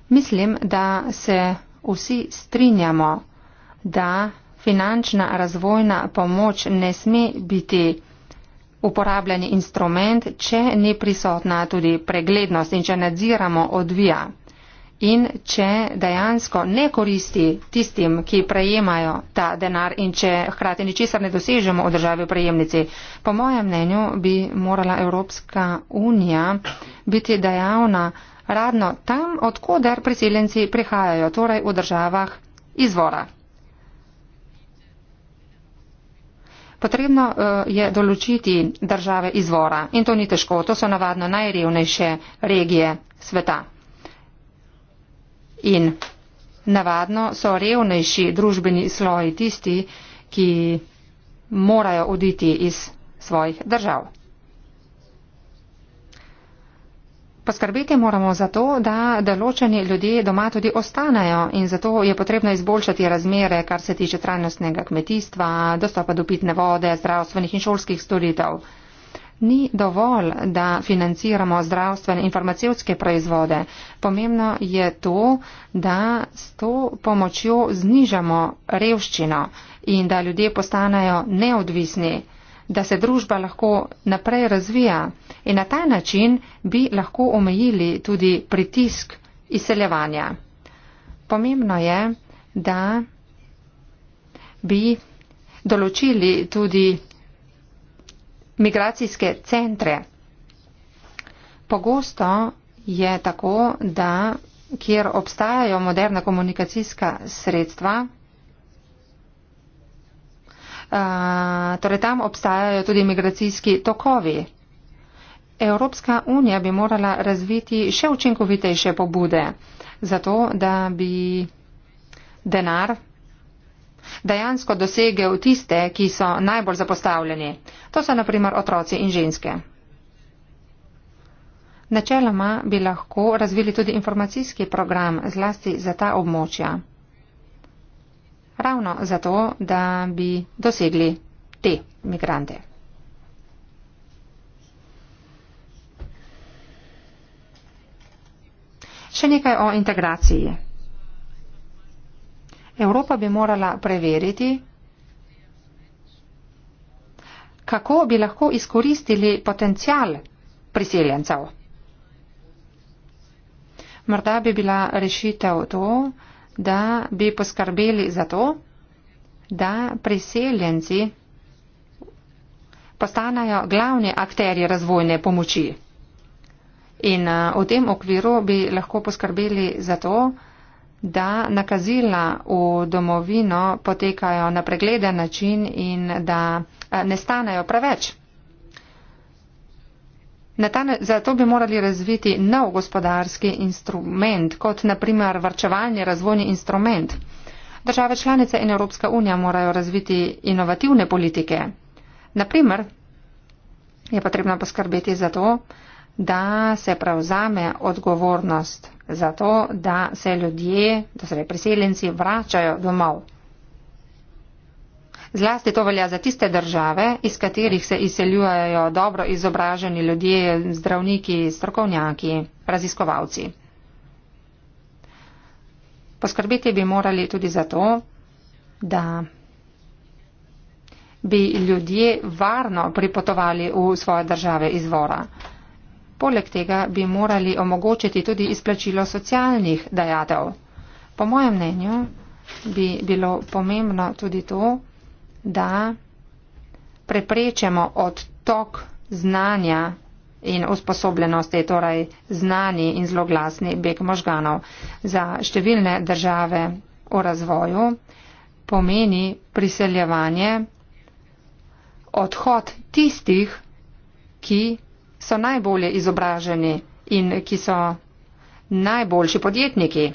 Mislim, da se vsi strinjamo, da finančna razvojna pomoč ne sme biti uporabljeni instrument, če ni prisotna tudi preglednost in če nadziramo odvija in če dejansko ne koristi tistim, ki prejemajo ta denar in če hkrati ničesar ne dosežemo v državi prejemnici. Po mojem mnenju bi morala Evropska unija biti dejavna ravno tam, odkuder priseljenci prihajajo, torej v državah izvora. Potrebno eh, je določiti države izvora in to ni težko, to so navadno najrevnejše regije sveta. In navadno so revnejši družbeni sloji tisti, ki morajo oditi iz svojih držav. Poskrbeti moramo za to, da določeni ljudje doma tudi ostanejo in zato je potrebno izboljšati razmere, kar se tiče trajnostnega kmetijstva, dostopa do pitne vode, zdravstvenih in šolskih storitev. Ni dovolj, da financiramo zdravstvene in farmacevske proizvode. Pomembno je to, da s to pomočjo znižamo revščino in da ljudje postanejo neodvisni da se družba lahko naprej razvija in na ta način bi lahko omejili tudi pritisk izseljevanja. Pomembno je, da bi določili tudi migracijske centre. Pogosto je tako, da kjer obstajajo moderna komunikacijska sredstva, torej tam obstajajo tudi migracijski tokovi. Evropska unija bi morala razviti še učinkovitejše pobude, zato da bi denar dejansko dosegel tiste, ki so najbolj zapostavljeni. To so naprimer otroci in ženske. Načeloma bi lahko razvili tudi informacijski program zlasti za ta območja ravno zato, da bi dosegli te migrante. Še nekaj o integraciji. Evropa bi morala preveriti, kako bi lahko izkoristili potencial priseljencev. Morda bi bila rešitev to, da bi poskrbeli za to, da priseljenci postanejo glavni akterji razvojne pomoči. In uh, v tem okviru bi lahko poskrbeli za to, da nakazila v domovino potekajo na pregleden način in da uh, ne stanejo preveč. Zato bi morali razviti nov gospodarski instrument, kot naprimer varčevalni razvojni instrument. Države članice in Evropska unija morajo razviti inovativne politike. Naprimer, je potrebno poskrbeti za to, da se prevzame odgovornost za to, da se ljudje, to se je priseljenci, vračajo domov. Zlasti to velja za tiste države, iz katerih se izseljujejo dobro izobraženi ljudje, zdravniki, strokovnjaki, raziskovalci. Poskrbeti bi morali tudi za to, da bi ljudje varno pripotovali v svoje države izvora. Poleg tega bi morali omogočiti tudi izplačilo socialnih dajatev. Po mojem mnenju bi bilo pomembno tudi to, da preprečemo odtok znanja in usposobljenosti, torej znani in zloglasni beg možganov za številne države v razvoju, pomeni priseljevanje, odhod tistih, ki so najbolje izobraženi in ki so najboljši podjetniki.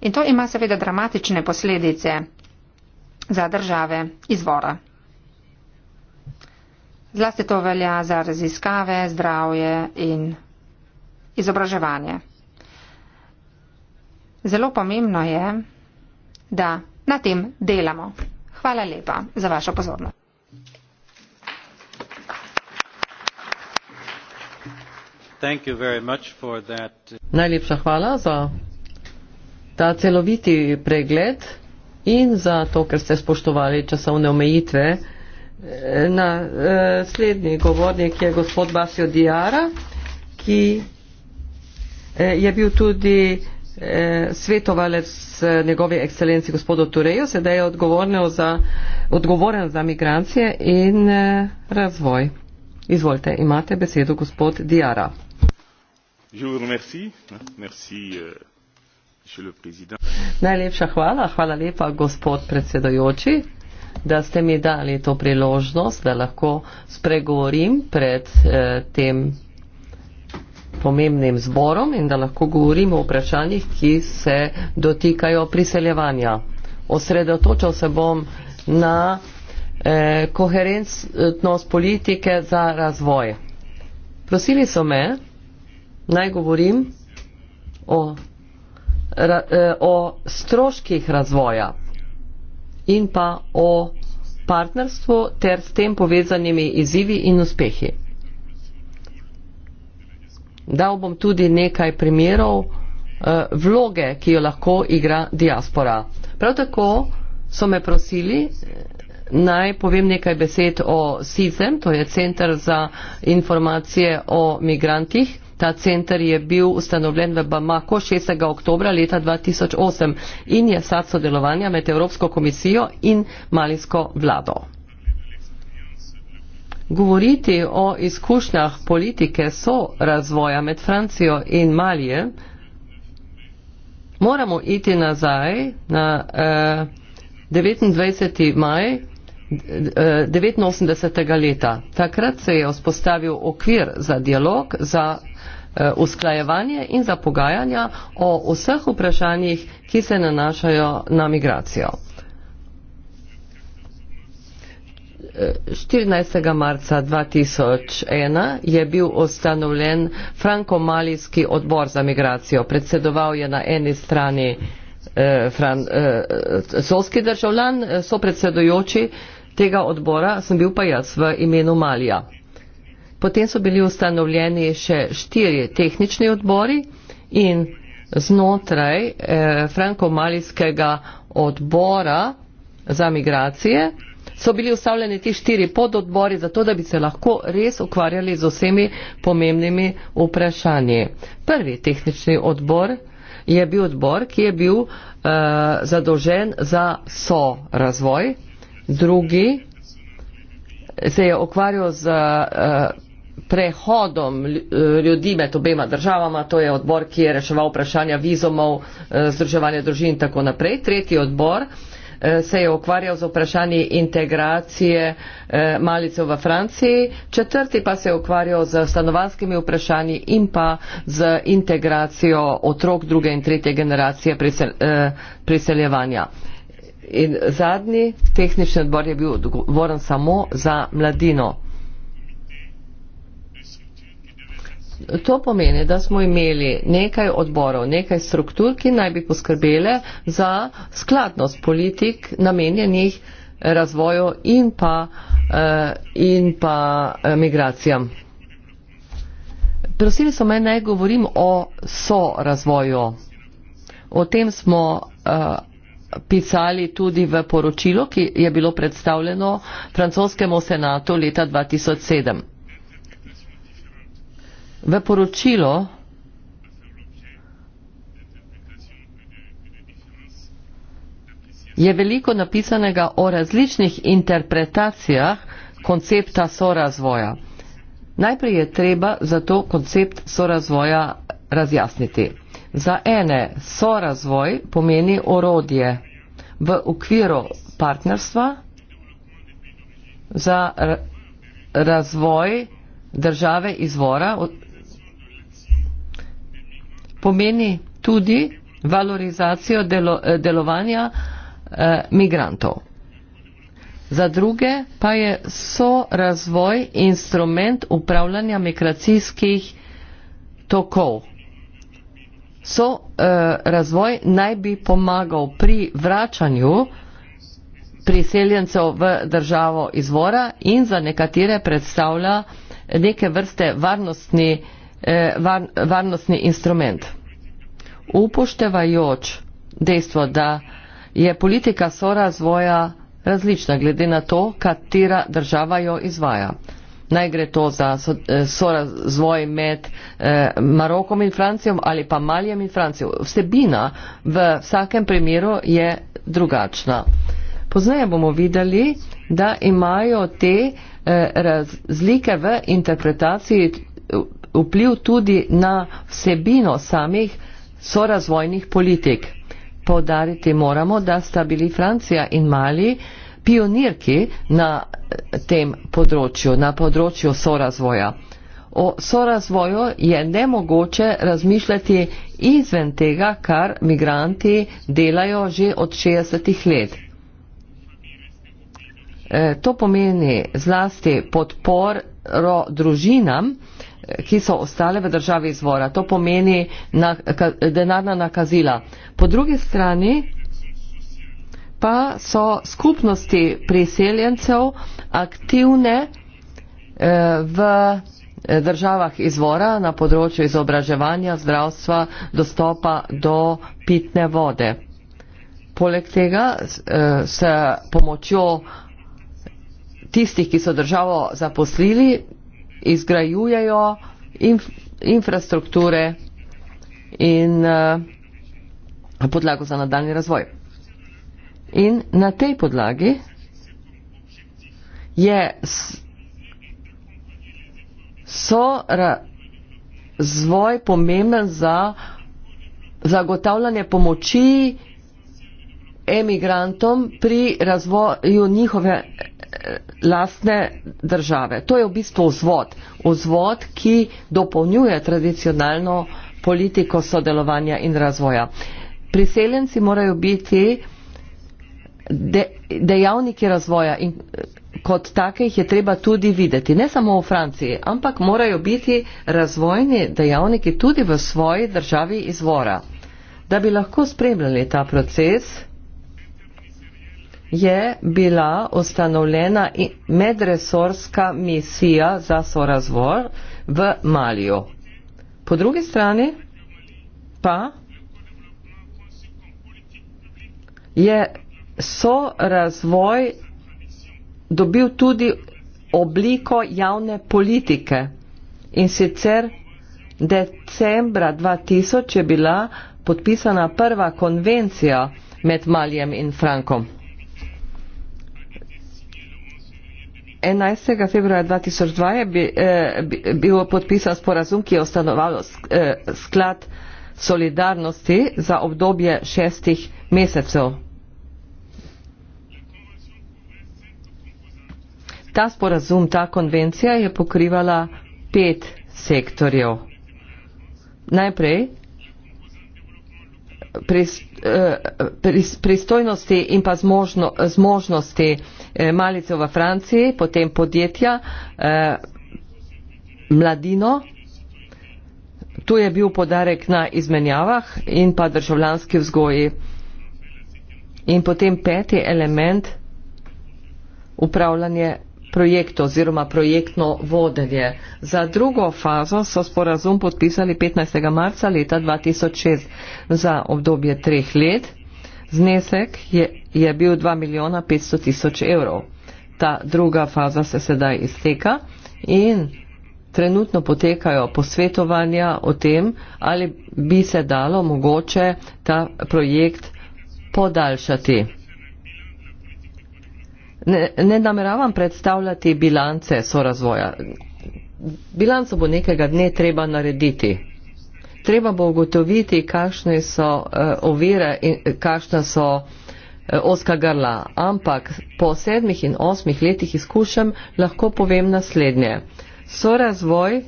In to ima seveda dramatične posledice za države izvora. Zlasti to velja za raziskave, zdravje in izobraževanje. Zelo pomembno je, da na tem delamo. Hvala lepa za vašo pozornost. That... Najlepša hvala za ta celoviti pregled in za to, ker ste spoštovali časovne omejitve. Eh, na eh, slednji govornik je gospod Basio Diara, ki eh, je bil tudi eh, svetovalec eh, njegove ekscelenci gospodu Tureju, sedaj je za, odgovoren za migracije in eh, razvoj. Izvolite, imate besedo gospod Diara. Je vous remercie. Merci. Euh... Najlepša hvala, hvala lepa, gospod predsedojoči, da ste mi dali to priložnost, da lahko spregovorim pred eh, tem pomembnim zborom in da lahko govorim o vprašanjih, ki se dotikajo priseljevanja. Osredotočal se bom na eh, koherentnost politike za razvoj. Prosili so me, naj govorim o Eh, o stroških razvoja in pa o partnerstvu ter s tem povezanimi izzivi in uspehi. Dal bom tudi nekaj primerov eh, vloge, ki jo lahko igra diaspora. Prav tako so me prosili, eh, naj povem nekaj besed o SIZEM, to je Center za informacije o migrantih. Ta center je bil ustanovljen v Bamako 6. oktober leta 2008 in je sad sodelovanja med Evropsko komisijo in malinsko vlado. Govoriti o izkušnjah politike so razvoja med Francijo in Malije, moramo iti nazaj na eh, 29. maj eh, 89. leta. Takrat se je vzpostavil okvir za dialog za Eh, usklajevanje in za pogajanja o vseh vprašanjih, ki se nanašajo na migracijo. 14. Eh, marca 2001 je bil ustanovljen Franko-Malijski odbor za migracijo. Predsedoval je na eni strani eh, fran, eh, solski državljan, eh, so predsedujoči tega odbora, sem bil pa jaz v imenu Malija. Potem so bili ustanovljeni še štiri tehnični odbori in znotraj eh, franko-malijskega odbora za migracije so bili ustavljeni ti štiri pododbori, zato da bi se lahko res ukvarjali z vsemi pomembnimi vprašanji. Prvi tehnični odbor je bil odbor, ki je bil eh, zadolžen za so razvoj, drugi se je ukvarjal z. Eh, prehodom eh, ljudi med obema državama, to je odbor, ki je reševal vprašanja vizumov, eh, združevanja družin in tako naprej. Tretji odbor eh, se je ukvarjal z vprašanji integracije malice v Franciji, četrti pa se je ukvarjal z stanovanskimi vprašanji in pa z integracijo otrok druge in tretje generacije prisel, priseljevanja. In zadnji tehnični odbor je bil odgovoren samo za mladino. to pomeni, da smo imeli nekaj odborov, nekaj struktur, ki naj bi poskrbele za skladnost politik namenjenih razvoju in pa, uh, in pa eh, migracijam. Prosili so me, naj govorim o sorazvoju. O tem smo uh, pisali tudi v poročilu, ki je bilo predstavljeno francoskemu senatu leta 2007 v poročilo je veliko napisanega o različnih interpretacijah koncepta sorazvoja. Najprej je treba za to koncept sorazvoja razjasniti. Za ene sorazvoj pomeni orodje v okviru partnerstva za razvoj države izvora pomeni tudi valorizacijo delo, eh, delovanja eh, migrantov. Za druge pa je so razvoj instrument upravljanja migracijskih tokov. So eh, razvoj naj bi pomagal pri vračanju priseljencev v državo izvora in za nekatere predstavlja neke vrste varnostni eh, Eh, van, varnostni instrument. Upoštevajoč dejstvo, da je politika sorazvoja različna glede na to, katera država jo izvaja. Naj gre to za eh, sorazvoj med eh, Marokom in Francijo ali pa Malijem in Francijo. Vsebina v vsakem primeru je drugačna. Poznaje bomo videli, da imajo te razlike v interpretaciji vpliv tudi na vsebino samih sorazvojnih politik. Povdariti moramo, da sta bili Francija in Mali pionirki na eh, tem področju, na področju sorazvoja. O sorazvoju je nemogoče razmišljati izven tega, kar migranti delajo že od 60 let. Eh, to pomeni zlasti podporo družinam, ki so ostale v državi izvora. To pomeni na, ka, denarna nakazila. Po drugi strani pa so skupnosti priseljencev aktivne eh, v eh, državah izvora na področju izobraževanja, zdravstva, dostopa do pitne vode. Poleg tega eh, se pomočjo tistih, ki so državo zaposlili, izgrajujejo inf infrastrukture in uh, podlago za nadaljni razvoj. In na tej podlagi je so razvoj pomemben za zagotavljanje pomoči emigrantom pri razvoju njihove lastne države. To je v bistvu vzvod. Vzvod, ki dopolnjuje tradicionalno politiko sodelovanja in razvoja. Priseljenci morajo biti de, dejavniki razvoja in eh, kot take jih je treba tudi videti. Ne samo v Franciji, ampak morajo biti razvojni dejavniki tudi v svoji državi izvora. Da bi lahko spremljali ta proces, je bila ustanovljena medresorska misija za sorazvor v Maliju. Po drugi strani pa je sorazvoj dobil tudi obliko javne politike in sicer decembra 2000 je bila podpisana prva konvencija med Malijem in Frankom. 11. februarja 2002 je eh, bil podpisan sporazum, ki je ustanoval eh, sklad solidarnosti za obdobje šestih mesecev. Ta sporazum, ta konvencija je pokrivala pet sektorjev. Najprej Eh, pristojnosti in pa zmožno, zmožnosti eh, malice v Franciji, potem podjetja, eh, mladino, tu je bil podarek na izmenjavah in pa državljanski vzgoji. In potem peti element upravljanje projekt oziroma projektno vodenje. Za drugo fazo so sporazum podpisali 15. marca leta 2006 za obdobje treh let. Znesek je, je bil 2 milijona 500 tisoč evrov. Ta druga faza se sedaj izteka in trenutno potekajo posvetovanja o tem, ali bi se dalo mogoče ta projekt podaljšati. Ne, ne nameravam predstavljati bilance sorazvoja. Bilanco bo nekega dne treba narediti. Treba bo ugotoviti, kakšne so uh, ovire in eh, kakšna so uh, eh, oska grla. Ampak po sedmih in osmih letih izkušem lahko povem naslednje. Sorazvoj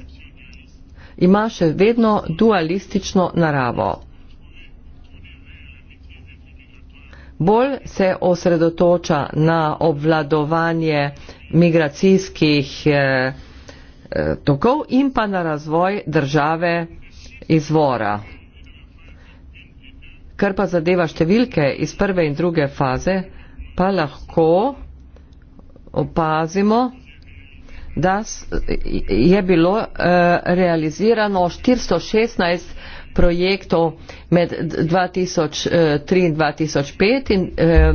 ima še vedno dualistično naravo. bolj se osredotoča na obvladovanje migracijskih eh, eh, tokov in pa na razvoj države izvora. Kar pa zadeva številke iz prve in druge faze, pa lahko opazimo, da je bilo eh, realizirano 416 projektov med 2003 eh, in 2005 in eh,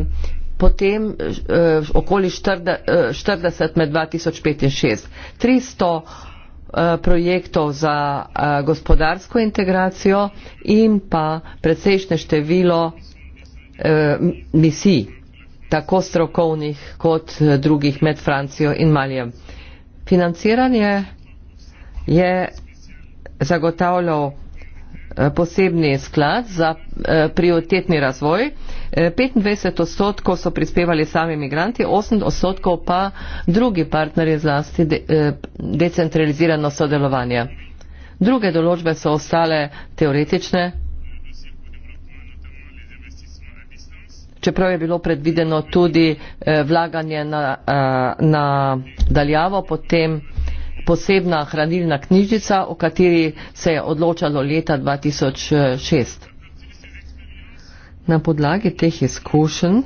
potem eh, okoli 40 eh, med 2005 in 2006. 300 eh, projektov za gospodarsko integracijo in pa precejšnje število eh, misij, tako strokovnih kot drugih med Francijo in Malijem. Financiranje je zagotavljal Eh, posebni sklad za eh, prioritetni razvoj. 25 eh, odstotkov so prispevali sami imigranti, 8 odstotkov pa drugi partnerji zlasti decentralizirano sodelovanje. Druge določbe so ostale teoretične, čeprav je bilo predvideno tudi vlaganje na, na daljavo, potem posebna hranilna knjižica, o kateri se je odločalo leta 2006. Na podlagi teh izkušenj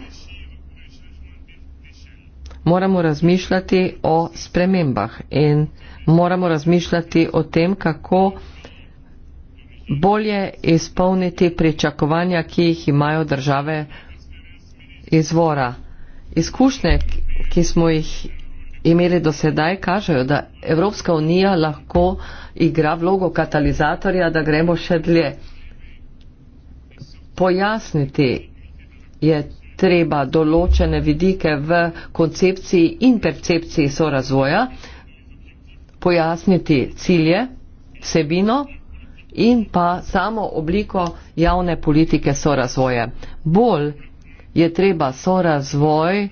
moramo razmišljati o spremembah in moramo razmišljati o tem, kako bolje izpolniti pričakovanja, ki jih imajo države izvora. Izkušnje, ki smo jih imeli dosedaj, kažejo, da Evropska unija lahko igra vlogo katalizatorja, da gremo še dlje. Pojasniti je treba določene vidike v koncepciji in percepciji sorazvoja, pojasniti cilje, vsebino in pa samo obliko javne politike sorazvoja. Bolj je treba sorazvoj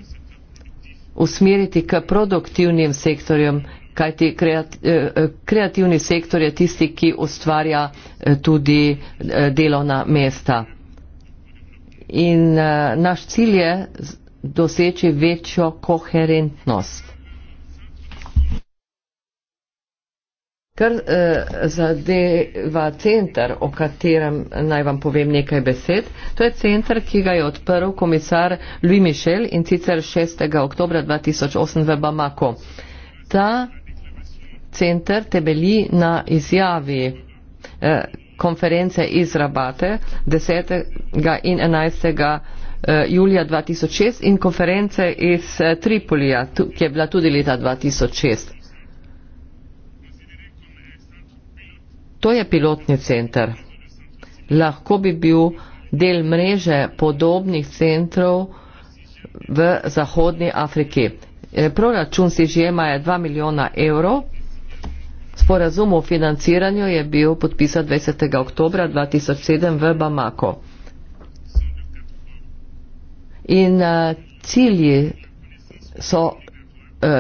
usmeriti k produktivnim sektorjem, kajti eh, kreativni sektor je tisti, ki ustvarja eh, tudi eh, delovna mesta. In naš cilj je doseči večjo koherentnost. Kar eh, zadeva centar, o katerem naj vam povem nekaj besed, to je centar, ki ga je odprl komisar Louis Michel in sicer 6. oktober 2008 v Bamako. Ta centar temelji na izjavi eh, konference iz Rabate 10. in 11. Eh, julija 2006 in konference iz eh, Tripolija, ki je bila tudi leta 2006. To je pilotni center. Lahko bi bil del mreže podobnih centrov v Zahodni Afriki. E, proračun si žema je 2 milijona evrov. Sporazum o financiranju je bil podpisan 20. oktobra 2007 v Bamako. In uh, cilji so uh,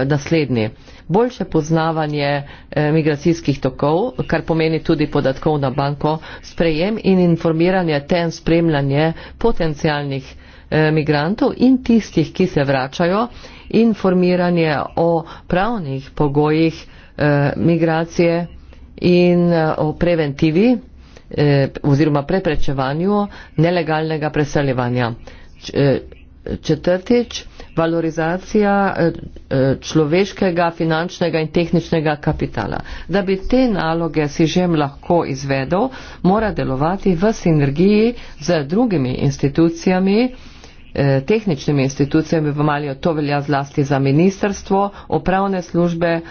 naslednji boljše poznavanje eh, migracijskih tokov, kar pomeni tudi podatkovno banko, sprejem in informiranje ten spremljanje potencijalnih eh, migrantov in tistih, ki se vračajo, informiranje o pravnih pogojih eh, migracije in o preventivi oziroma preprečevanju nelegalnega preseljevanja. Četrtič, valorizacija eh, eh, človeškega, finančnega in tehničnega kapitala. Da bi te naloge si žem lahko izvedel, mora delovati v sinergiji z drugimi institucijami, eh, tehničnimi institucijami v Malijo, to velja zlasti za ministerstvo, upravne službe, mm,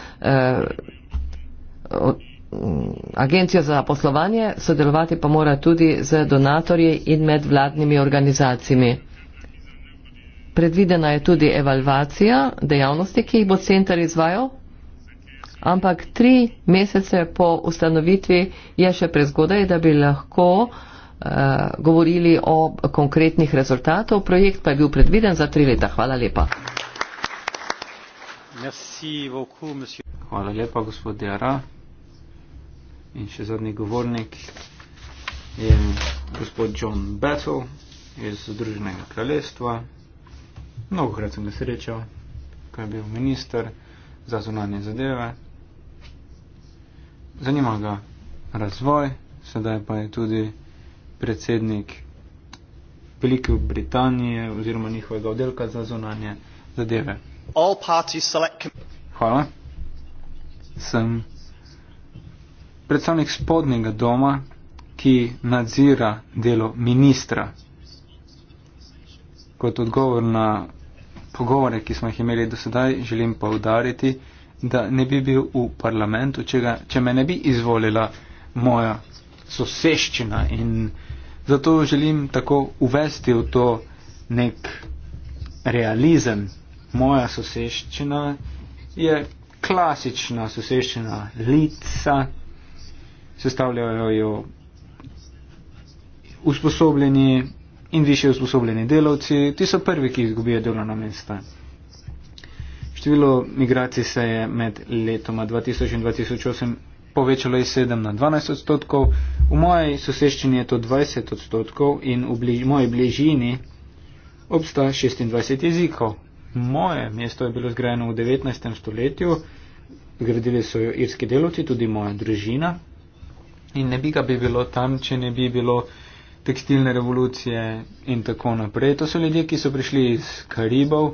agencijo za poslovanje, sodelovati pa mora tudi z donatorji in medvladnimi organizacijami predvidena je tudi evalvacija dejavnosti, ki jih bo center izvajal, ampak tri mesece po ustanovitvi je še prezgodaj, da bi lahko uh, govorili o konkretnih rezultatov. Projekt pa je bil predviden za tri leta. Hvala lepa. Hvala lepa, gospod Jara. In še zadnji govornik je gospod John Battle iz Združenega kraljestva mnogokrat sem ga srečal, ko je bil minister za zunanje zadeve. Zanima ga razvoj, sedaj pa je tudi predsednik Velike Britanije oziroma njihovega oddelka za zunanje zadeve. Hvala. Sem predstavnik spodnjega doma, ki nadzira delo ministra. Kot odgovor na pogovore, ki smo jih imeli do sedaj, želim pa udariti, da ne bi bil v parlamentu, če, ga, če me ne bi izvolila moja soseščina. In zato želim tako uvesti v to nek realizem. Moja soseščina je klasična soseščina lica, sestavljajo jo usposobljeni in više usposobljeni delavci, ti so prvi, ki izgubijo delovna mesta. Število migracij se je med letoma 2000 in 2008 povečalo iz 7 na 12 odstotkov, v moji soseščini je to 20 odstotkov in v bliž, moji bližini obsta 26 jezikov. Moje mesto je bilo zgrajeno v 19. stoletju, gradili so jo irski delavci, tudi moja družina. In ne bi ga bi bilo tam, če ne bi bilo tekstilne revolucije in tako naprej. To so ljudje, ki so prišli iz Karibov,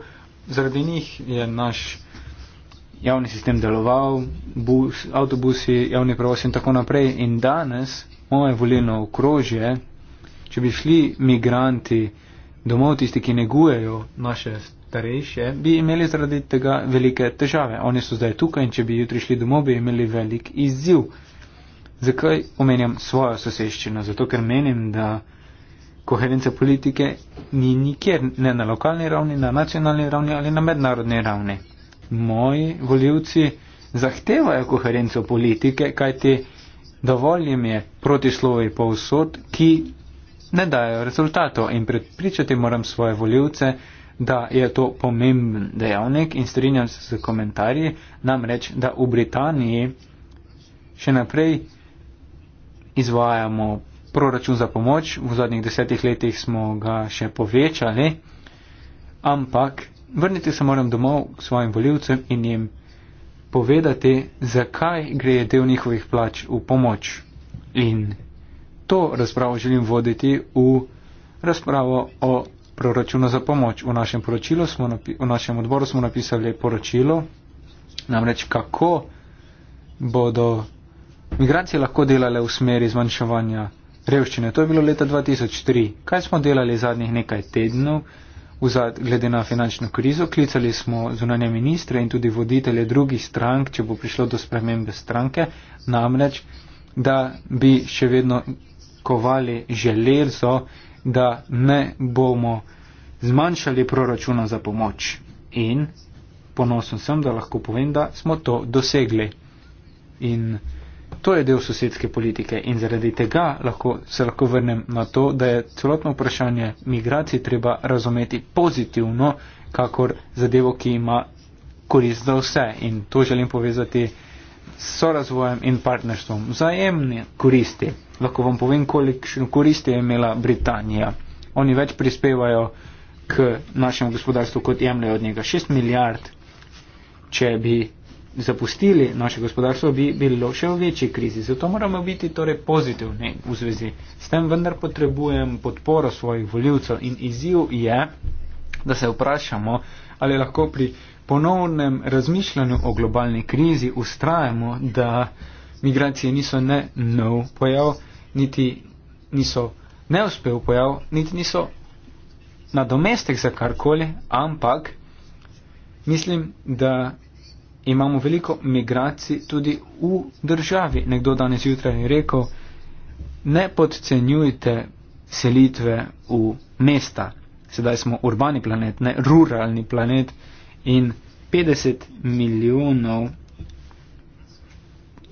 zaradi njih je naš javni sistem deloval, bus, avtobusi, javni prevoz in tako naprej. In danes moje volilno okrožje, če bi šli migranti domov, tisti, ki negujejo naše starejše, bi imeli zaradi tega velike težave. Oni so zdaj tukaj in če bi jutri šli domov, bi imeli velik izziv. Zakaj omenjam svojo soseščino? Zato, ker menim, da koherenca politike ni nikjer, ne na lokalni ravni, na nacionalni ravni ali na mednarodni ravni. Moji voljivci zahtevajo koherenco politike, kajti dovolj jim je protislovi povsod, ki ne dajo rezultatov in predpričati moram svoje voljivce, da je to pomemben dejavnik in strinjam se z komentarji, namreč, da v Britaniji še naprej izvajamo proračun za pomoč, v zadnjih desetih letih smo ga še povečali, ampak vrniti se moram domov k svojim voljivcem in jim povedati, zakaj gre del njihovih plač v pomoč. In to razpravo želim voditi v razpravo o proračunu za pomoč. V našem, smo v našem odboru smo napisali poročilo, namreč kako bodo Migracije lahko delale v smeri zmanjševanja revščine. To je bilo leta 2003. Kaj smo delali zadnjih nekaj tednov, vzad, glede na finančno krizo? Klicali smo zunanje ministre in tudi voditelje drugih strank, če bo prišlo do spremembe stranke, namreč, da bi še vedno kovali železo, da ne bomo zmanjšali proračuna za pomoč. In ponosen sem, da lahko povem, da smo to dosegli. In to je del sosedske politike in zaradi tega lahko, se lahko vrnem na to, da je celotno vprašanje migracij treba razumeti pozitivno, kakor zadevo, ki ima korist za vse. In to želim povezati s sorazvojem in partnerstvom. Vzajemne koristi. Lahko vam povem, kolikšno koristi je imela Britanija. Oni več prispevajo k našemu gospodarstvu, kot jemljajo od njega. 6 milijard, če bi zapustili naše gospodarstvo, bi bilo še v večji krizi. Zato moramo biti torej pozitivni v zvezi s tem, vendar potrebujem podporo svojih voljivcev in izziv je, da se vprašamo, ali lahko pri ponovnem razmišljanju o globalni krizi ustrajamo, da migracije niso ne nov pojav, niti niso neuspel pojav, niti niso nadomestek za karkoli, ampak mislim, da imamo veliko migracij tudi v državi. Nekdo danes jutraj je rekel, ne podcenjujte selitve v mesta. Sedaj smo urbani planet, ne ruralni planet in 50 milijonov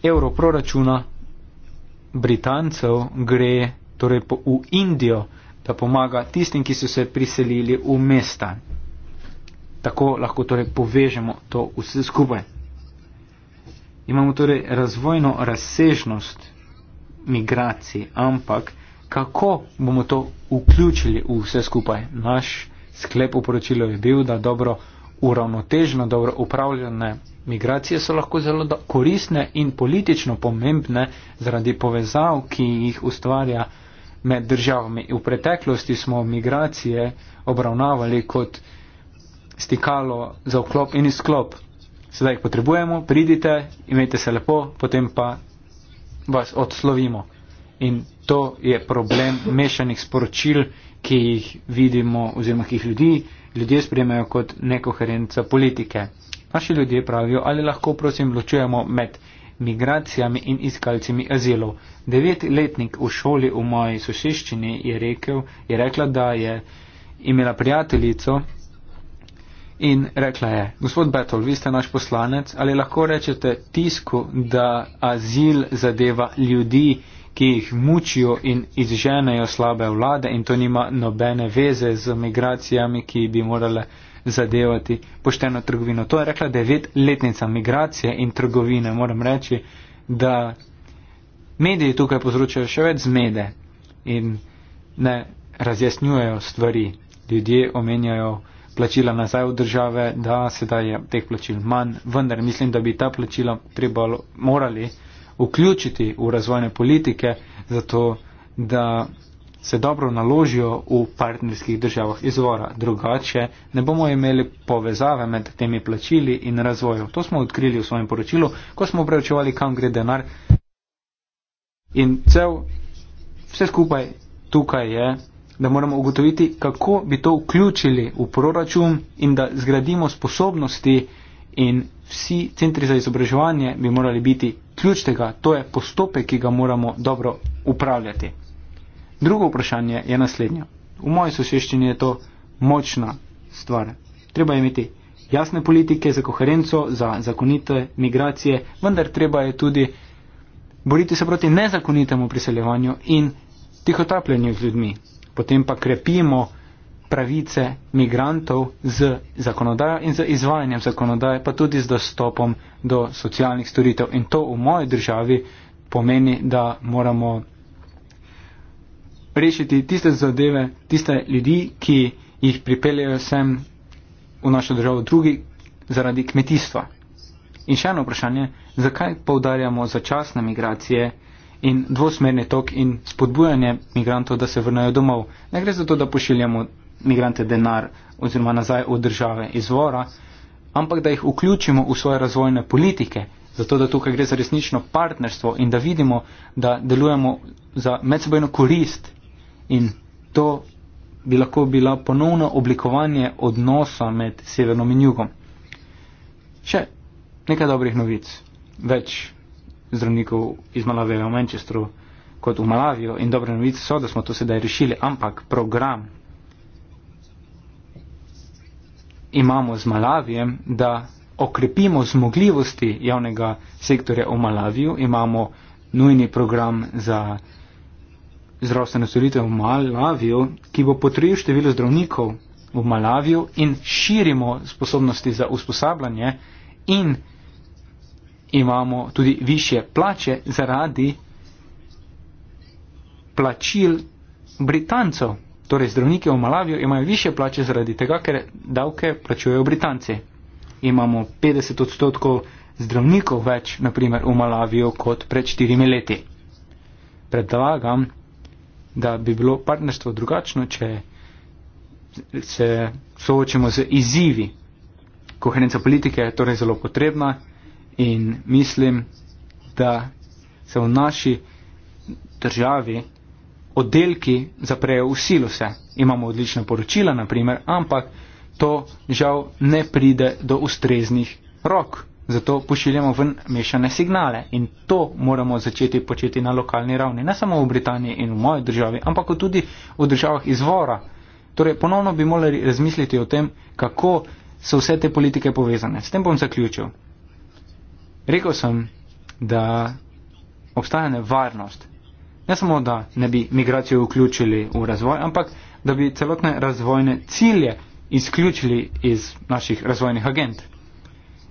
evrov proračuna Britancev gre torej po, v Indijo, da pomaga tistim, ki so se priselili v mesta tako lahko torej povežemo to vse skupaj. Imamo torej razvojno razsežnost migracije, ampak kako bomo to vključili v vse skupaj? Naš sklep uporočilo je bil, da dobro uravnotežene, dobro upravljene migracije so lahko zelo koristne in politično pomembne zaradi povezav, ki jih ustvarja med državami. V preteklosti smo migracije obravnavali kot stikalo za vklop in izklop. Sedaj jih potrebujemo, pridite, imejte se lepo, potem pa vas odslovimo. In to je problem mešanih sporočil, ki jih vidimo oziroma ki jih ljudi, ljudje sprejemajo kot nekoherenca politike. Naši ljudje pravijo, ali lahko prosim ločujemo med migracijami in iskalcimi azilov. Devetletnik v šoli v moji sosiščini je, rekel, je rekla, da je imela prijateljico, In rekla je, gospod Betol, vi ste naš poslanec, ali lahko rečete tisku, da azil zadeva ljudi, ki jih mučijo in izženejo slabe vlade in to nima nobene veze z migracijami, ki bi morale zadevati pošteno trgovino. To je rekla devetletnica migracije in trgovine. Moram reči, da mediji tukaj povzročajo še več zmede in ne razjasnjujejo stvari. Ljudje omenjajo plačila nazaj v države, da sedaj je teh plačil manj, vendar mislim, da bi ta plačila treba morali vključiti v razvojne politike, zato da se dobro naložijo v partnerskih državah izvora. Drugače ne bomo imeli povezave med temi plačili in razvojem. To smo odkrili v svojem poročilu, ko smo preučevali, kam gre denar. In cel, vse skupaj tukaj je da moramo ugotoviti, kako bi to vključili v proračun in da zgradimo sposobnosti in vsi centri za izobraževanje bi morali biti ključ tega, to je postopek, ki ga moramo dobro upravljati. Drugo vprašanje je naslednje. V moji sosveščini je to močna stvar. Treba imeti jasne politike za koherenco, za zakonite migracije, vendar treba je tudi boriti se proti nezakonitemu priseljevanju in tihotapljenju z ljudmi potem pa krepimo pravice migrantov z zakonodajo in z izvajanjem zakonodaje, pa tudi z dostopom do socialnih storitev. In to v moji državi pomeni, da moramo rešiti tiste zadeve, tiste ljudi, ki jih pripeljajo sem v našo državo drugi zaradi kmetijstva. In še eno vprašanje, zakaj poudarjamo začasne migracije? in dvosmerni tok in spodbujanje migrantov, da se vrnajo domov. Ne gre za to, da pošiljamo migrante denar oziroma nazaj v države izvora, ampak da jih vključimo v svoje razvojne politike, zato da tukaj gre za resnično partnerstvo in da vidimo, da delujemo za medsebojno korist in to bi lahko bila ponovno oblikovanje odnosa med severnom in jugom. Še nekaj dobrih novic. Več zdravnikov iz Malavije v Manchesteru kot v Malavijo in dobre novice so, da smo to sedaj rešili, ampak program imamo z Malavijem, da okrepimo zmogljivosti javnega sektorja v Malaviju, imamo nujni program za zdravstveno storitve v Malaviju, ki bo potrojil število zdravnikov v Malaviju in širimo sposobnosti za usposabljanje in imamo tudi više plače zaradi plačil Britancov. Torej zdravniki v Malaviju imajo više plače zaradi tega, ker davke plačujejo Britanci. Imamo 50 odstotkov zdravnikov več, naprimer, v Malaviju kot pred štirimi leti. Predlagam, da bi bilo partnerstvo drugačno, če se soočimo z izzivi. Koherenca politike je torej zelo potrebna. In mislim, da se v naši državi oddelki zaprejo v silo vse. Imamo odlična poročila, naprimer, ampak to žal ne pride do ustreznih rok. Zato pošiljamo ven mešane signale in to moramo začeti početi na lokalni ravni, ne samo v Britaniji in v moji državi, ampak tudi v državah izvora. Torej, ponovno bi morali razmisliti o tem, kako so vse te politike povezane. S tem bom zaključil. Rekl sem, da obstaja nevarnost. Ne samo, da ne bi migracijo vključili v razvoj, ampak da bi celotne razvojne cilje izključili iz naših razvojnih agent.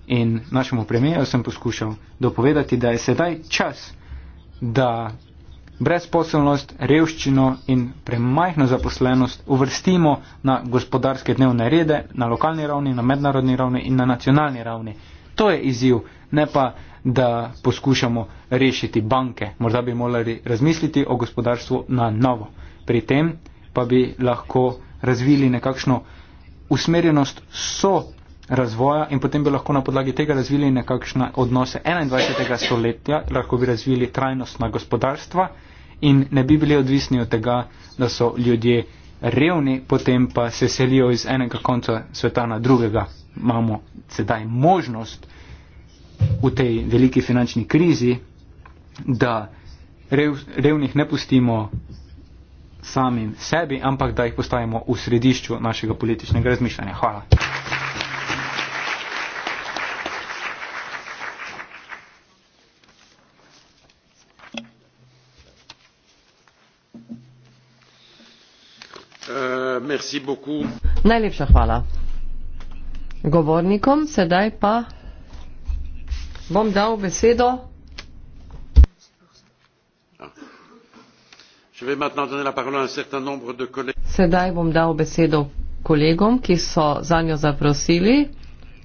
In našemu premijeju sem poskušal dopovedati, da je sedaj čas, da brezposobnost, revščino in premajhno zaposlenost uvrstimo na gospodarske dnevne rede, na lokalni ravni, na mednarodni ravni in na nacionalni ravni. To je izziv ne pa, da poskušamo rešiti banke. Morda bi morali razmisliti o gospodarstvu na novo. Pri tem pa bi lahko razvili nekakšno usmerjenost so razvoja in potem bi lahko na podlagi tega razvili nekakšne odnose 21. stoletja, lahko bi razvili trajnostna gospodarstva in ne bi bili odvisni od tega, da so ljudje revni, potem pa se selijo iz enega konca sveta na drugega. Imamo sedaj možnost, v tej veliki finančni krizi, da rev, revnih ne pustimo samim sebi, ampak da jih postavimo v središču našega političnega razmišljanja. Hvala. Eh, Najlepša hvala. Govornikom sedaj pa bom dal besedo. Sedaj bom dal besedo kolegom, ki so za njo zaprosili,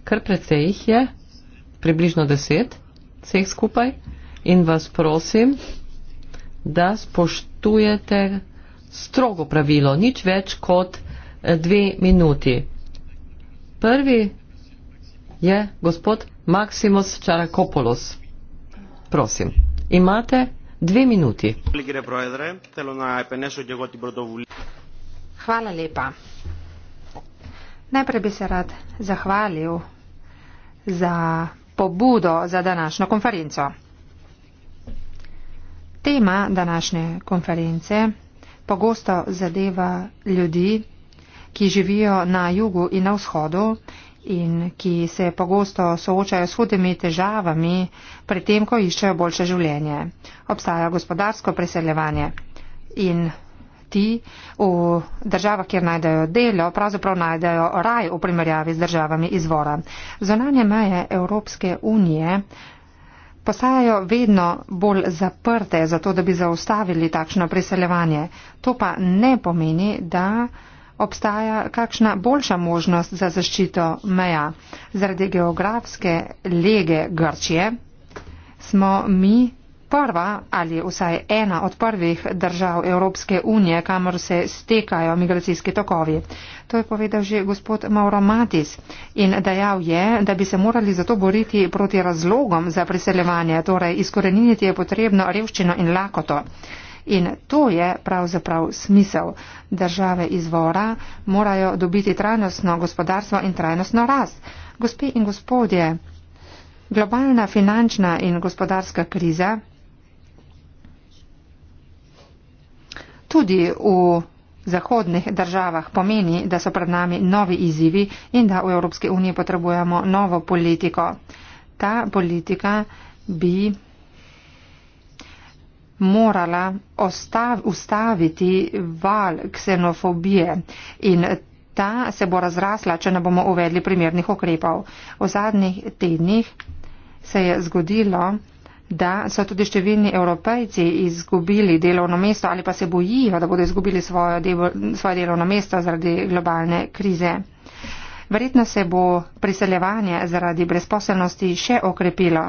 kar precej jih je, približno deset, vseh skupaj, in vas prosim, da spoštujete strogo pravilo, nič več kot dve minuti. Prvi je gospod Maksimos Čarakopolos. Prosim, imate dve minuti. Hvala lepa. Najprej bi se rad zahvalil za pobudo za današnjo konferenco. Tema današnje konference pogosto zadeva ljudi, ki živijo na jugu in na vzhodu in ki se pogosto soočajo s hudimi težavami, predtem, ko iščejo boljše življenje. Obstaja gospodarsko preseljevanje in ti v državah, kjer najdejo delo, pravzaprav najdejo raj v primerjavi z državami izvora. Zonanje meje Evropske unije postajajo vedno bolj zaprte, zato da bi zaustavili takšno priseljevanje. To pa ne pomeni, da obstaja kakšna boljša možnost za zaščito meja. Zaradi geografske lege Grčije smo mi prva ali vsaj ena od prvih držav Evropske unije, kamor se stekajo migracijski tokovi. To je povedal že gospod Mauro Matis in dejal je, da bi se morali zato boriti proti razlogom za priseljevanje, torej izkoreniniti je potrebno revščino in lakoto. In to je pravzaprav smisel. Države izvora morajo dobiti trajnostno gospodarstvo in trajnostno rast. Gospe in gospodje, globalna finančna in gospodarska kriza tudi v zahodnih državah pomeni, da so pred nami novi izzivi in da v Evropski uniji potrebujemo novo politiko. Ta politika bi morala ostav, ustaviti val ksenofobije in ta se bo razrasla, če ne bomo uvedli primernih ukrepov. V zadnjih tednih se je zgodilo, da so tudi številni evropejci izgubili delovno mesto ali pa se bojijo, da bodo izgubili svojo delo, svoje delovno mesto zaradi globalne krize. Verjetno se bo priseljevanje zaradi brezposelnosti še okrepilo.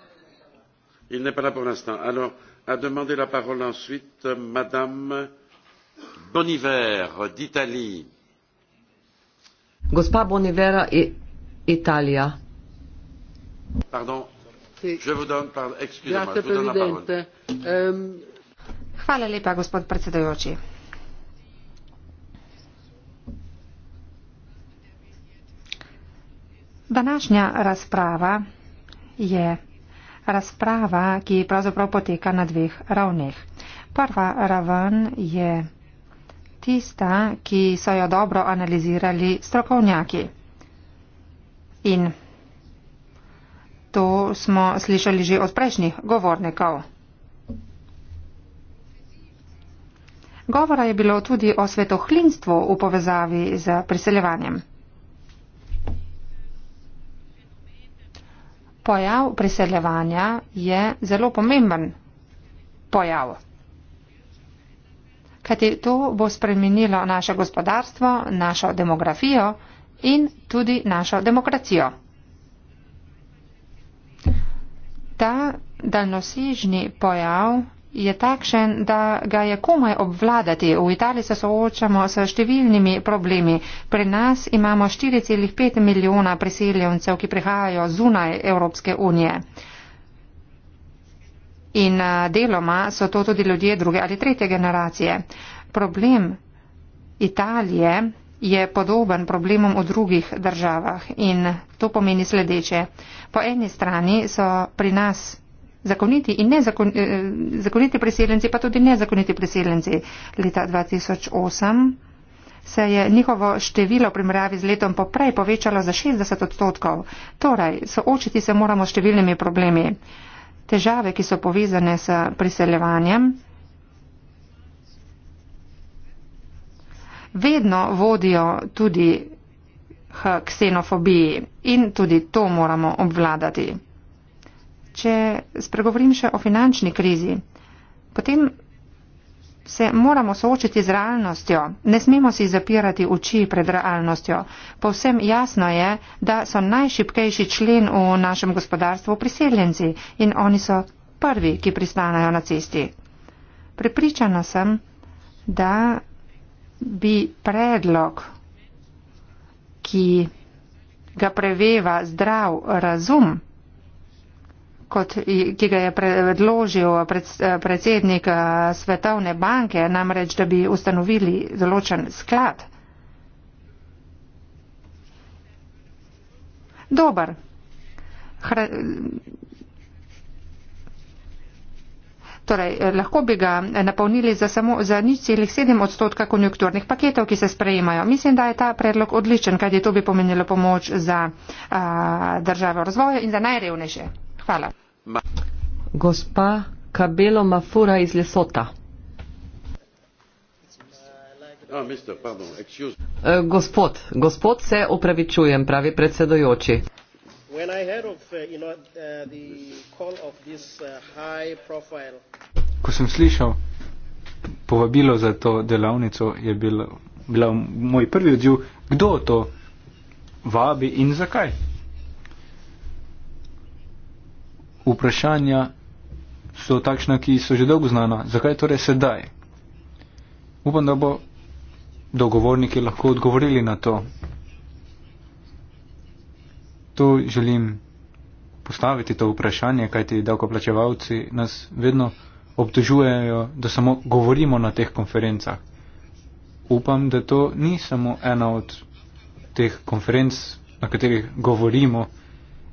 il n'est pas là pour l'instant. a demandé la parole ensuite mme bonnivers d'italie. Pardon, sì. je vous donne, pardon, Grazie Presidente. Ehm, Hvala lepa, gospod predsedujoči. Današnja razprava je razprava, ki pravzaprav poteka na dveh ravneh. Prva raven je tista, ki so jo dobro analizirali strokovnjaki. In to smo slišali že od prejšnjih govornikov. Govora je bilo tudi o svetohlinstvu v povezavi z priseljevanjem. pojav priseljevanja je zelo pomemben pojav. Kajti to bo spremenilo naše gospodarstvo, našo demografijo in tudi našo demokracijo. Ta daljnosežni pojav je takšen, da ga je komaj obvladati. V Italiji se soočamo s številnimi problemi. Pri nas imamo 4,5 milijona priseljencev, ki prihajajo zunaj Evropske unije. In deloma so to tudi ljudje druge ali tretje generacije. Problem Italije je podoben problemom v drugih državah in to pomeni sledeče. Po eni strani so pri nas zakoniti in nezakoniti nezakon, eh, priseljenci, pa tudi nezakoniti priseljenci. Leta 2008 se je njihovo število v primerjavi z letom poprej povečalo za 60 odstotkov. Torej, soočiti se moramo s številnimi problemi. Težave, ki so povezane s priseljevanjem, vedno vodijo tudi k ksenofobiji in tudi to moramo obvladati. Če spregovorim še o finančni krizi, potem se moramo soočiti z realnostjo. Ne smemo si zapirati oči pred realnostjo. Povsem jasno je, da so najšipkejši člen v našem gospodarstvu priseljenci in oni so prvi, ki pristanajo na cesti. Pripričana sem, da bi predlog, ki ga preveva zdrav razum, kot, ki ga je predložil predsednik eh, Svetovne banke, namreč, da bi ustanovili določen sklad. Dobar. Hra... Torej, eh, lahko bi ga napolnili za, samo, za nič celih sedem odstotka konjunkturnih paketov, ki se sprejemajo. Mislim, da je ta predlog odličen, kajti to bi pomenilo pomoč za a, eh, državo razvoja in za najrevnejše. Hvala. Ma Gospa Kabelo Mafura iz Lesota. Ah, eh, gospod, gospod se opravičujem, pravi predsedojoči. Eh, eh, Ko sem slišal povabilo za to delavnico, je bil moj prvi odziv, kdo to vabi in zakaj. vprašanja so takšna, ki so že dolgo znana. Zakaj torej sedaj? Upam, da bo dogovorniki lahko odgovorili na to. To želim postaviti, to vprašanje, kajti davkoplačevalci nas vedno obtožujejo, da samo govorimo na teh konferencah. Upam, da to ni samo ena od teh konferenc, na katerih govorimo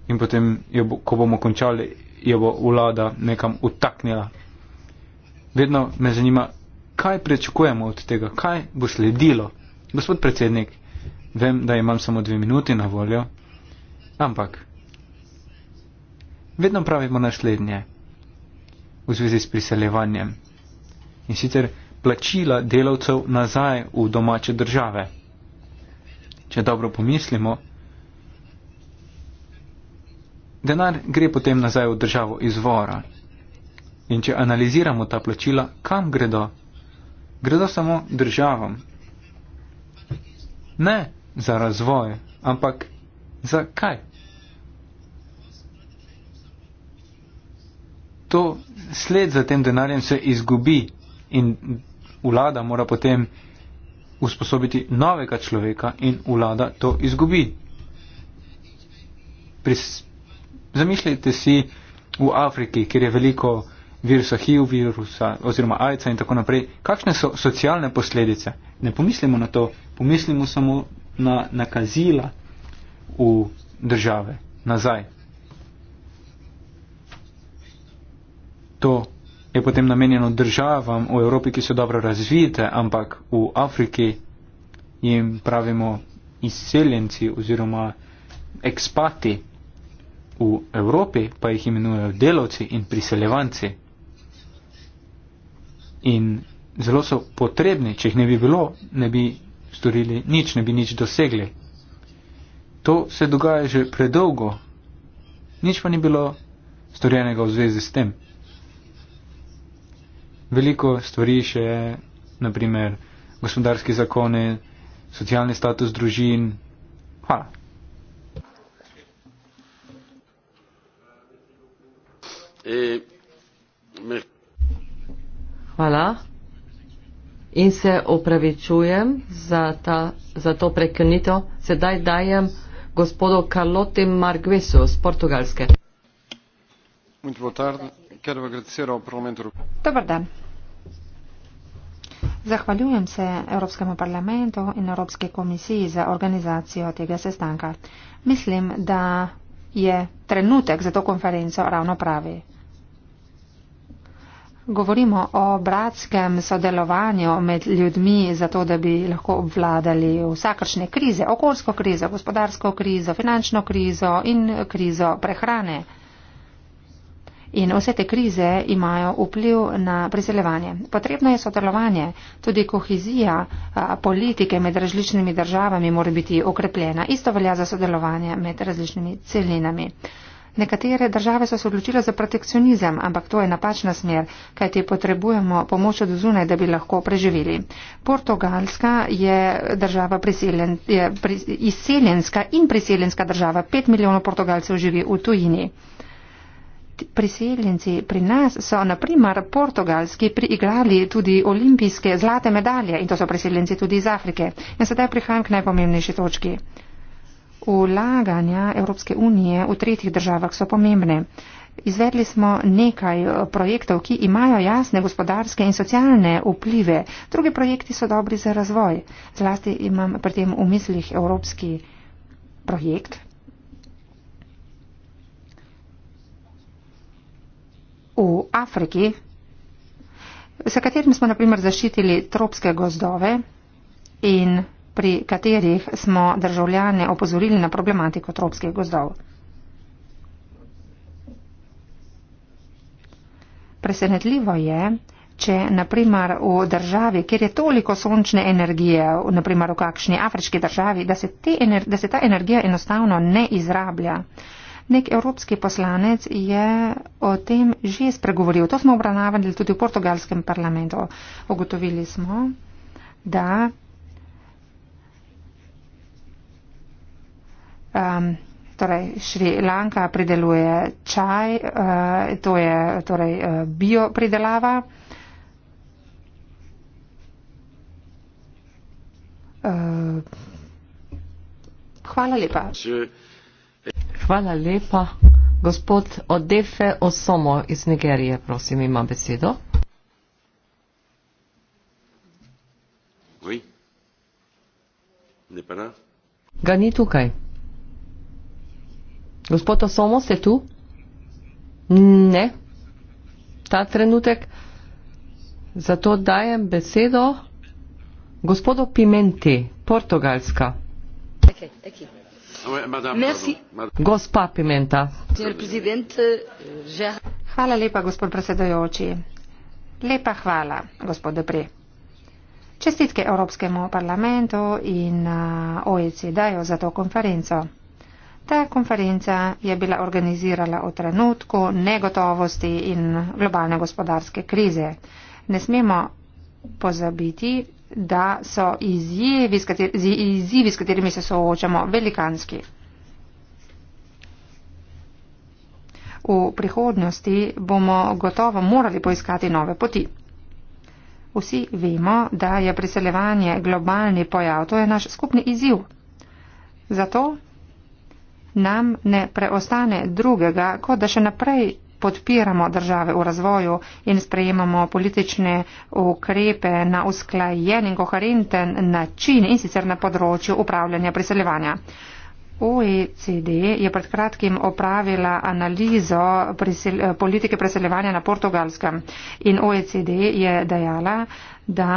in potem, jo, ko bomo končali, jo bo vlada nekam utaknila. Vedno me zanima, kaj prečakujemo od tega, kaj bo sledilo. Gospod predsednik, vem, da imam samo dve minuti na voljo, ampak vedno pravimo naslednje v zvezi s priseljevanjem in sicer plačila delavcev nazaj v domače države. Če dobro pomislimo, denar gre potem nazaj v državo izvora. In če analiziramo ta plačila, kam gredo? Gredo samo državam. Ne za razvoj, ampak za kaj? To sled za tem denarjem se izgubi in vlada mora potem usposobiti novega človeka in vlada to izgubi. Pris, Zamišljajte si v Afriki, kjer je veliko virusa HIV, virusa oziroma AIDS-a in tako naprej, kakšne so socialne posledice. Ne pomislimo na to, pomislimo samo na nakazila v države nazaj. To je potem namenjeno državam v Evropi, ki so dobro razvite, ampak v Afriki jim pravimo izseljenci oziroma ekspati v Evropi pa jih imenujejo delovci in priseljevanci. In zelo so potrebni, če jih ne bi bilo, ne bi storili nič, ne bi nič dosegli. To se dogaja že predolgo, nič pa ni bilo storjenega v zvezi s tem. Veliko stvari še je, naprimer, gospodarski zakone, socialni status družin. Hvala. Hvala. In se opravičujem za, ta, za to prekinitev. Sedaj dajem gospodu Carlote Margvesu z Portugalske. Dobar dan. Zahvaljujem se Evropskemu parlamentu in Evropski komisiji za organizacijo tega sestanka. Mislim, da je trenutek za to konferenco ravno pravi. Govorimo o bratskem sodelovanju med ljudmi, zato da bi lahko obvladali vsakršne krize, okoljsko krizo, gospodarsko krizo, finančno krizo in krizo prehrane. In vse te krize imajo vpliv na priseljevanje. Potrebno je sodelovanje, tudi kohezija politike med različnimi državami mora biti okrepljena. Isto velja za sodelovanje med različnimi celinami. Nekatere države so se odločile za protekcionizem, ampak to je napačna smer, kajti potrebujemo pomoč od zunaj, da bi lahko preživeli. Portugalska je država priseljen, je izseljenska in priseljenska država. Pet milijonov Portugalcev živi v tujini. Priseljenci pri nas so naprimer portugalski priigrali tudi olimpijske zlate medalje in to so priseljenci tudi iz Afrike. In sedaj prihajam k najpomembnejši točki. Vlaganja Evropske unije v tretjih državah so pomembne. Izvedli smo nekaj eh, projektov, ki imajo jasne gospodarske in socialne vplive. Drugi projekti so dobri za razvoj. Zlasti imam pri tem v mislih evropski projekt. V Afriki, s katerim smo naprimer zaščitili tropske gozdove in pri katerih smo državljane opozorili na problematiko tropskih gozdov. Presenetljivo je, če naprimer v državi, kjer je toliko sončne energije, naprimer v kakšni afriški državi, da se, te, da se ta energija enostavno ne izrablja. Nek evropski poslanec je o tem že spregovoril. To smo obravnavali tudi v portugalskem parlamentu. Ogotovili smo, da um, torej Šrilanka prideluje čaj, uh, to je torej uh, bio pridelava. Uh, hvala lepa. Hvala lepa. Gospod Odefe Osomo iz Nigerije, prosim, ima besedo. Oui. Ga ni tukaj. Gospod Osomo, ste tu? Ne. Ta trenutek. Zato dajem besedo gospodu Pimenti, Portugalska. Gospa Pimenta. Hvala lepa, gospod predsedojoči. Lepa hvala, gospod Dobri. Čestitke Evropskemu parlamentu in uh, OECD-ju za to konferenco. Ta konferenca je bila organizirala v trenutku negotovosti in globalne gospodarske krize. Ne smemo pozabiti, da so izjevi, z kateri, z izjivi, s katerimi se soočamo, velikanski. V prihodnosti bomo gotovo morali poiskati nove poti. Vsi vemo, da je priseljevanje globalni pojav, to je naš skupni izziv. Zato nam ne preostane drugega, kot da še naprej podpiramo države v razvoju in sprejemamo politične ukrepe na usklajen in koherenten način in sicer na področju upravljanja priseljevanja. OECD je pred kratkim opravila analizo prisel, politike preseljevanja na portugalskem in OECD je dejala, da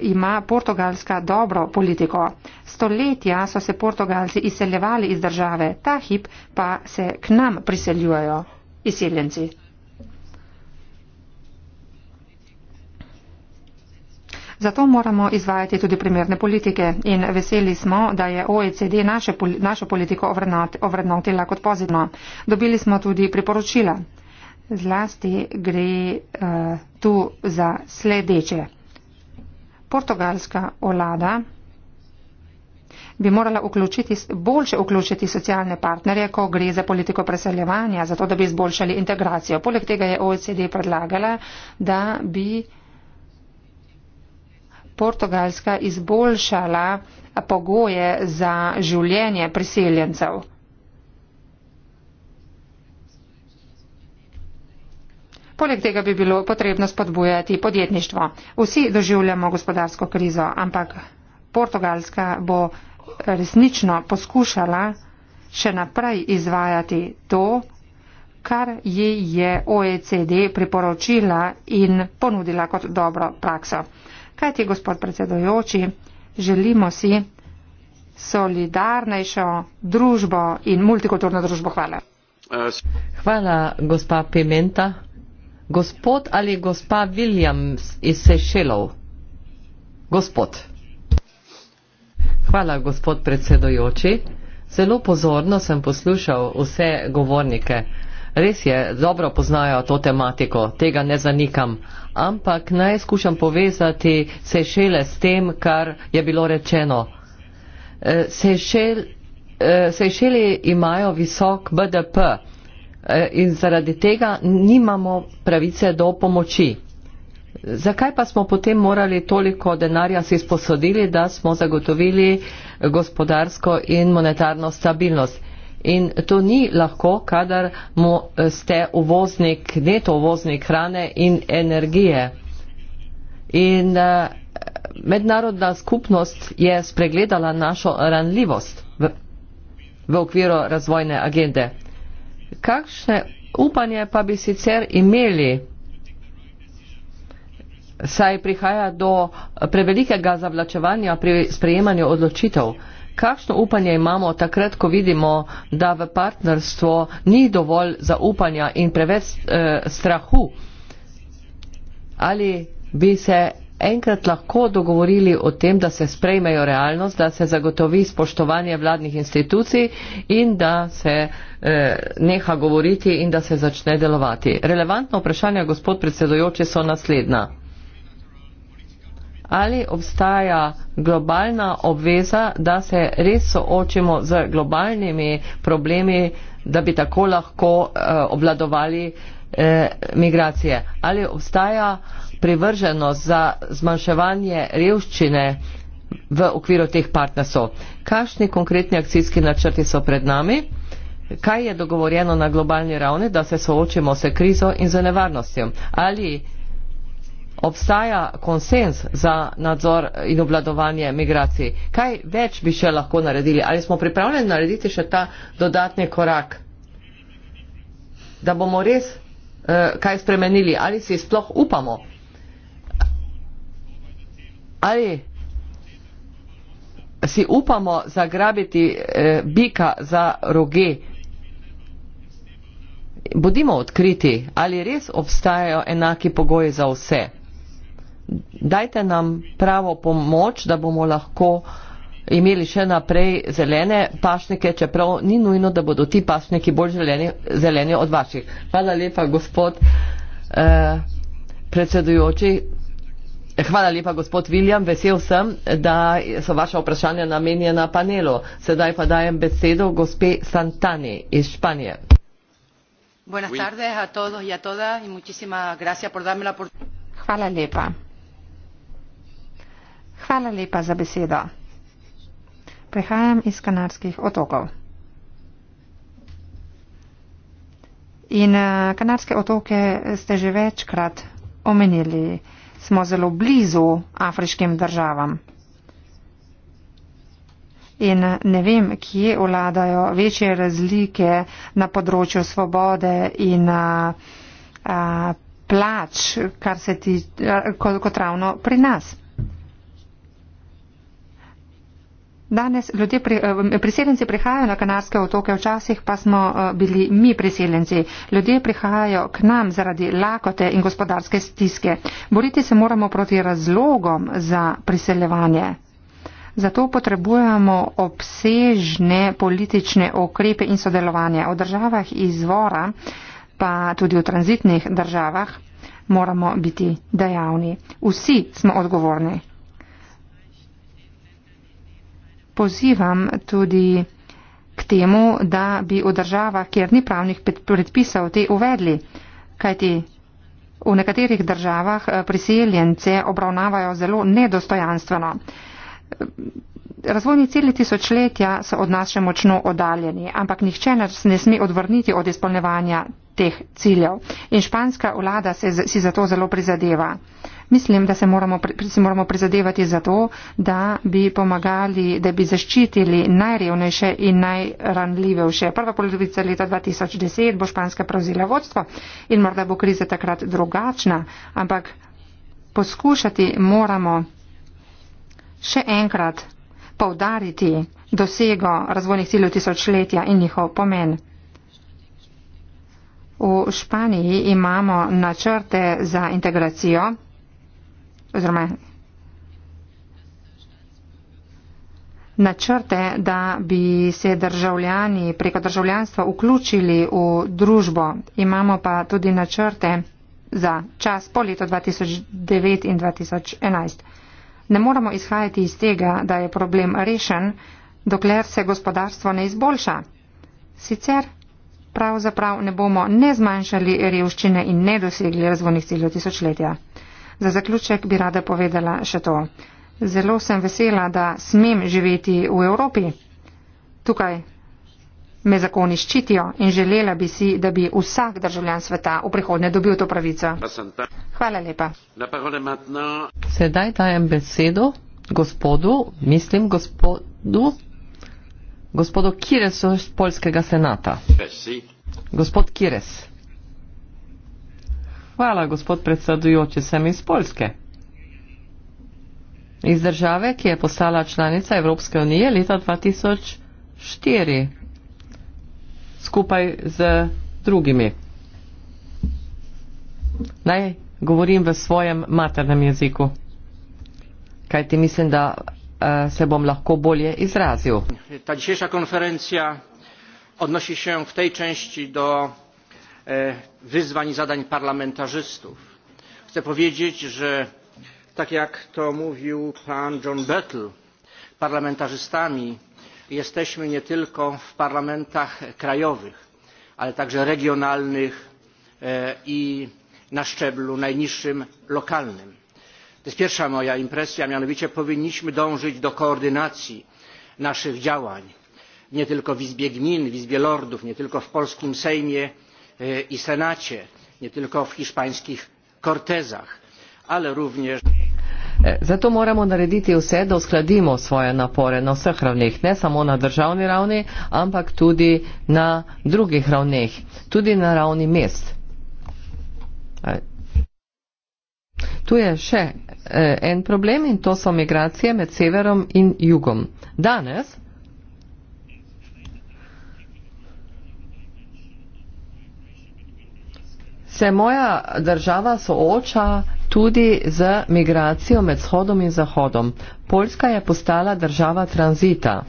ima Portugalska dobro politiko. Stoletja so se Portugalci izseljevali iz države, ta hip pa se k nam priseljujejo izseljenci. Zato moramo izvajati tudi primerne politike in veseli smo, da je OECD naše, našo politiko ovrednotila kot pozitivno. Dobili smo tudi priporočila. Zlasti gre uh, tu za sledeče portugalska olada bi morala vključiti, boljše vključiti socialne partnerje, ko gre za politiko preseljevanja, zato da bi izboljšali integracijo. Poleg tega je OECD predlagala, da bi Portugalska izboljšala pogoje za življenje priseljencev. Poleg tega bi bilo potrebno spodbujati podjetništvo. Vsi doživljamo gospodarsko krizo, ampak Portugalska bo resnično poskušala še naprej izvajati to, kar ji je OECD priporočila in ponudila kot dobro prakso. Kaj ti, gospod predsedojoči, želimo si solidarnejšo družbo in multikulturno družbo. Hvala. Hvala, gospa Pimenta. Gospod ali gospa Williams iz Sešelov? Gospod. Hvala, gospod predsedojoči. Zelo pozorno sem poslušal vse govornike. Res je, dobro poznajo to tematiko, tega ne zanikam. Ampak naj skušam povezati Sešele s tem, kar je bilo rečeno. Eh, Sešeli eh, imajo visok BDP. Eh, in zaradi tega nimamo pravice do pomoči. Zakaj pa smo potem morali toliko denarja si sposodili, da smo zagotovili gospodarsko in monetarno stabilnost? In to ni lahko, kadar eh, ste uvoznik, neto uvoznik hrane in energije. In eh, mednarodna skupnost je spregledala našo ranljivost v, v okviru razvojne agende. Kakšne upanje pa bi sicer imeli, saj prihaja do prevelikega zavlačevanja pri sprejemanju odločitev? Kakšno upanje imamo takrat, ko vidimo, da v partnerstvo ni dovolj zaupanja in preveč eh, strahu? Ali bi se enkrat lahko dogovorili o tem, da se sprejmejo realnost, da se zagotovi spoštovanje vladnih institucij in da se eh, neha govoriti in da se začne delovati. Relevantna vprašanja, gospod predsedojoči, so naslednja. Ali obstaja globalna obveza, da se res soočimo z globalnimi problemi, da bi tako lahko eh, obladovali eh, migracije? Ali obstaja eh, privrženo za zmanjševanje revščine v okviru teh partnerstv. Kakšni konkretni akcijski načrti so pred nami? Kaj je dogovorjeno na globalni ravni, da se soočimo s krizo in z nevarnostjo? Ali obstaja konsens za nadzor in obladovanje migracij? Kaj več bi še lahko naredili? Ali smo pripravljeni narediti še ta dodatni korak, da bomo res eh, kaj spremenili? Ali si sploh upamo ali si upamo zagrabiti eh, bika za roge. Bodimo odkriti, ali res obstajajo enaki pogoji za vse. Dajte nam pravo pomoč, da bomo lahko imeli še naprej zelene pašnike, čeprav ni nujno, da bodo ti pašniki bolj zeleni, zeleni od vaših. Hvala lepa, gospod eh, predsedujoči. Hvala lepa, gospod William. Vesel sem, da so vaše vprašanja namenjena panelu. Sedaj pa dajem besedo gospe Santani iz Španije. Hvala lepa. Hvala lepa za besedo. Prihajam iz kanarskih otokov. In eh, kanarske otoke ste že večkrat omenili smo zelo blizu afriškim državam. In ne vem, kje vladajo večje razlike na področju svobode in a, a, plač, kar se ti, a, kot, kot ravno pri nas. Danes ljudje, eh, priseljenci prihajajo na Kanarske otoke, včasih pa smo eh, bili mi priseljenci. Ljudje prihajajo k nam zaradi lakote in gospodarske stiske. Boriti se moramo proti razlogom za priseljevanje. Zato potrebujemo obsežne politične okrepe in sodelovanje. V državah izvora, pa tudi v tranzitnih državah, moramo biti dejavni. Vsi smo odgovorni. pozivam tudi k temu, da bi v državah, kjer ni pravnih predpisov, te uvedli, kajti v nekaterih državah eh, priseljence obravnavajo zelo nedostojanstveno. Razvojni cilji tisočletja so od nas še močno oddaljeni, ampak nihče nas ne sme odvrniti od izpolnevanja teh ciljev. In španska vlada se si zato zelo prizadeva. Mislim, da se moramo, si moramo prizadevati za to, da bi pomagali, da bi zaščitili najrevnejše in najranljivejše. Prva polovica leta 2010 bo Španska prevzela vodstvo in morda bo kriza takrat drugačna, ampak poskušati moramo še enkrat povdariti dosego razvojnih ciljev tisočletja in njihov pomen. V Španiji imamo načrte za integracijo oziroma načrte, da bi se državljani preko državljanstva vključili v družbo. Imamo pa tudi načrte za čas po leto 2009 in 2011. Ne moramo izhajati iz tega, da je problem rešen, dokler se gospodarstvo ne izboljša. Sicer pravzaprav ne bomo ne zmanjšali revščine in ne dosegli razvojnih ciljev tisočletja. Za zaključek bi rada povedala še to. Zelo sem vesela, da smem živeti v Evropi. Tukaj me zakoni ščitijo in želela bi si, da bi vsak državljan sveta v prihodnje dobil to pravico. Hvala lepa. Sedaj dajem besedo gospodu, mislim gospodu, gospodu Kiresu iz Polskega senata. Gospod Kires. Hvala, gospod predsedujoči, sem iz Poljske. Iz države, ki je postala članica Evropske unije leta 2004, skupaj z drugimi. Naj govorim v svojem maternem jeziku, kajti mislim, da uh, se bom lahko bolje izrazil. Ta konferencija odnosi se v tej časti do E, wyzwań i zadań parlamentarzystów. chcę powiedzieć że tak jak to mówił pan john bettel parlamentarzystami jesteśmy nie tylko w parlamentach krajowych ale także regionalnych e, i na szczeblu najniższym lokalnym. to jest pierwsza moja impresja mianowicie powinniśmy dążyć do koordynacji naszych działań nie tylko w izbie gmin w izbie lordów nie tylko w polskim sejmie E, i senacie nie tylko w hiszpańskich cortezach ale również e, Zato moramo narediti vse, da uskladimo svoje napore na vseh ravneh, ne samo na državni ravni, ampak tudi na drugih ravneh, tudi na ravni mest. E, tu je še en problem in to so migracije med severom in jugom. Danes se moja država sooča tudi z migracijo med shodom in zahodom. Poljska je postala država tranzita,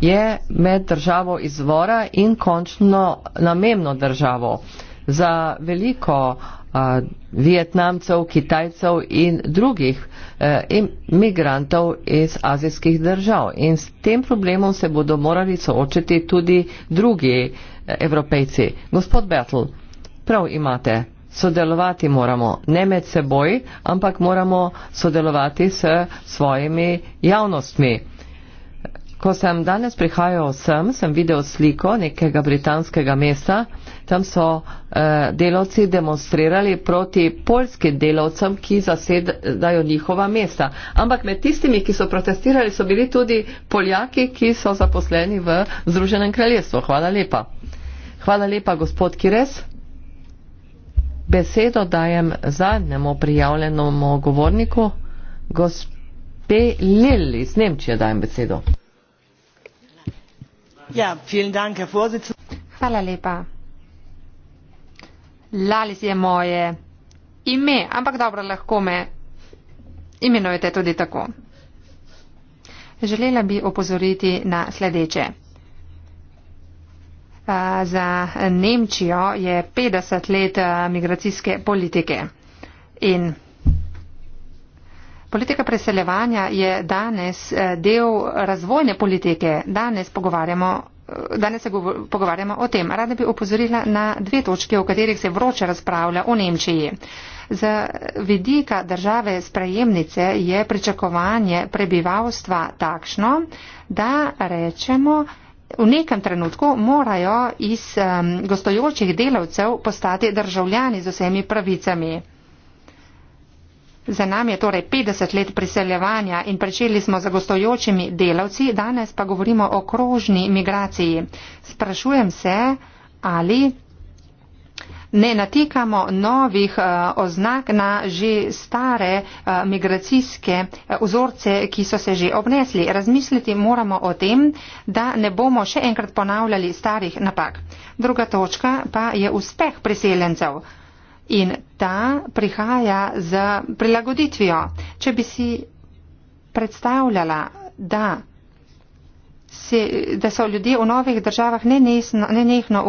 je med državo izvora in končno namemno državo. Za veliko uh, vietnamcev, kitajcev in drugih uh, e, in migrantov iz azijskih držav. In s tem problemom se bodo morali soočiti tudi drugi uh, evropejci. Gospod Bertl, Prav imate. Sodelovati moramo ne med seboj, ampak moramo sodelovati s svojimi javnostmi. Ko sem danes prihajal sem, sem videl sliko nekega britanskega mesta. Tam so eh, delavci demonstrirali proti polskim delavcem, ki zasedajo njihova mesta. Ampak med tistimi, ki so protestirali, so bili tudi Poljaki, ki so zaposleni v Združenem kraljestvu. Hvala lepa. Hvala lepa, gospod Kires besedo dajem zadnjemu prijavljenemu govorniku, gospe Lil iz Nemčije dajem besedo. Ja, dank, Hvala lepa. Lalis je moje ime, ampak dobro lahko me imenujete tudi tako. Želela bi opozoriti na sledeče za Nemčijo je 50 let eh, migracijske politike. In politika preseljevanja je danes eh, del razvojne politike. Danes pogovarjamo. Eh, danes se pogovarjamo o tem. Rada bi upozorila na dve točke, o katerih se vroče razpravlja v Nemčiji. Z vidika države sprejemnice je pričakovanje prebivalstva takšno, da rečemo, v nekem trenutku morajo iz um, gostujočih delavcev postati državljani z vsemi pravicami. Za nami je torej 50 let priseljevanja in pričeli smo za gostujočimi delavci, danes pa govorimo o krožni migraciji. Sprašujem se, ali ne natikamo novih uh, oznak na že stare uh, migracijske eh, vzorce, ki so se že obnesli. Razmisliti moramo o tem, da ne bomo še enkrat ponavljali starih napak. Druga točka pa je uspeh priseljencev. In ta prihaja z prilagoditvijo. Če bi si predstavljala, da se, da so ljudje v novih državah nenehno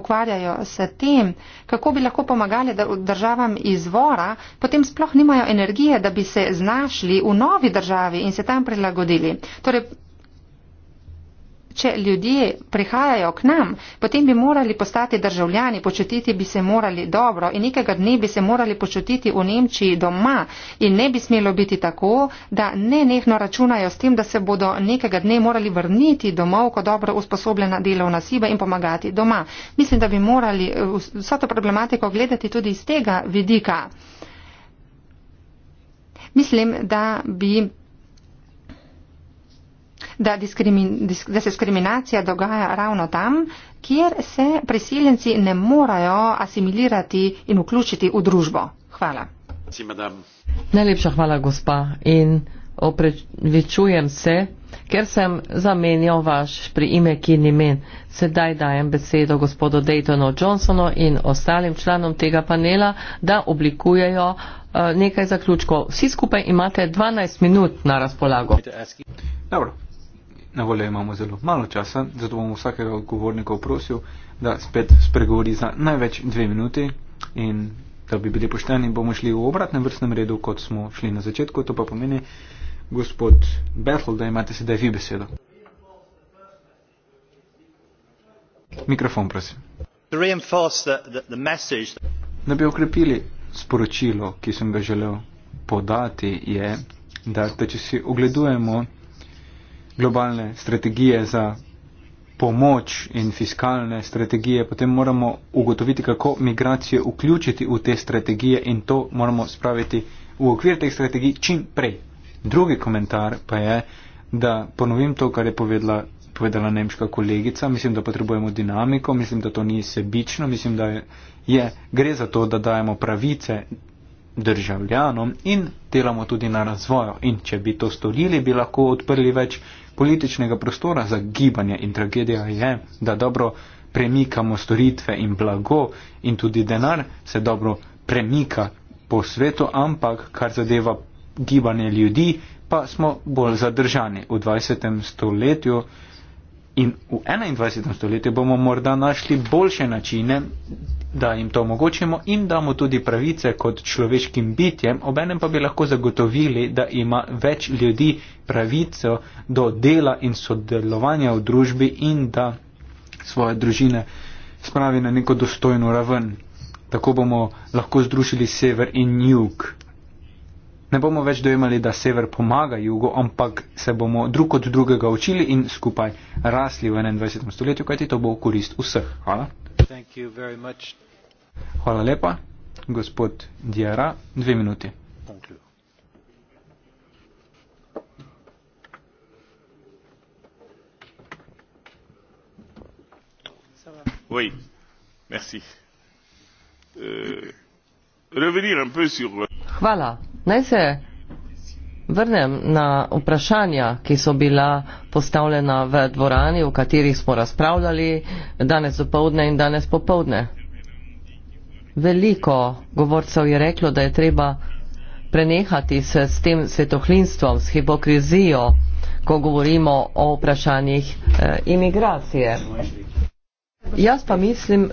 ukvarjajo s tem, kako bi lahko pomagali državam izvora, potem sploh nimajo energije, da bi se znašli v novi državi in se tam prilagodili. Torej, če ljudje prihajajo k nam, potem bi morali postati državljani, počutiti bi se morali dobro in nekega dne bi se morali počutiti v Nemčiji doma in ne bi smelo biti tako, da ne nehno računajo s tem, da se bodo nekega dne morali vrniti domov kot dobro usposobljena delovna siba in pomagati doma. Mislim, da bi morali eh, vso to problematiko gledati tudi iz tega vidika. Mislim, da bi da, da se diskriminacija dogaja ravno tam, kjer se prisiljenci ne morajo asimilirati in vključiti v družbo. Hvala. Si, Najlepša hvala, gospa. In oprečujem se, ker sem zamenjal vaš priimek in imen. Sedaj dajem besedo gospodu Daytonu Johnsonu in ostalim članom tega panela, da oblikujejo uh, nekaj zaključkov. Vsi skupaj imate 12 minut na razpolago. Dobro na voljo imamo zelo malo časa, zato bom vsakega govornika vprosil, da spet spregovori za največ dve minuti in da bi bili pošteni, bomo šli v obratnem vrstnem redu, kot smo šli na začetku. To pa pomeni, gospod Bethel, da imate sedaj vi besedo. Mikrofon, prosim. Da bi okrepili sporočilo, ki sem ga želel podati, je, da, da če si ogledujemo globalne strategije za pomoč in fiskalne strategije, potem moramo ugotoviti, kako migracije vključiti v te strategije in to moramo spraviti v okvir teh strategij čim prej. Drugi komentar pa je, da ponovim to, kar je povedala, povedala nemška kolegica, mislim, da potrebujemo dinamiko, mislim, da to ni sebično, mislim, da je, je gre za to, da dajemo pravice državljanom in delamo tudi na razvojo. In če bi to storili, bi lahko odprli več političnega prostora za gibanje in tragedija je, da dobro premikamo storitve in blago in tudi denar se dobro premika po svetu, ampak kar zadeva gibanje ljudi, pa smo bolj zadržani v 20. stoletju. In v 21. stoletju bomo morda našli boljše načine, da jim to omogočimo in damo tudi pravice kot človeškim bitjem, obenem pa bi lahko zagotovili, da ima več ljudi pravico do dela in sodelovanja v družbi in da svoje družine spravi na neko dostojno raven. Tako bomo lahko združili sever in jug, Ne bomo več dojemali, da sever pomaga jugu, ampak se bomo drug od drugega učili in skupaj rasli v 21. stoletju, kajti to bo v korist vseh. Hvala. Hvala lepa. Gospod Diara, dve minuti. Oui, merci. Euh reveriram, prosim. Euh, Hvala. Naj se vrnem na vprašanja, ki so bila postavljena v dvorani, o katerih smo razpravljali danes dopovdne in danes popovdne. Veliko govorcev je reklo, da je treba prenehati se s tem svetohlinstvom, s hipokrizijo, ko govorimo o vprašanjih eh, imigracije. Jaz pa mislim,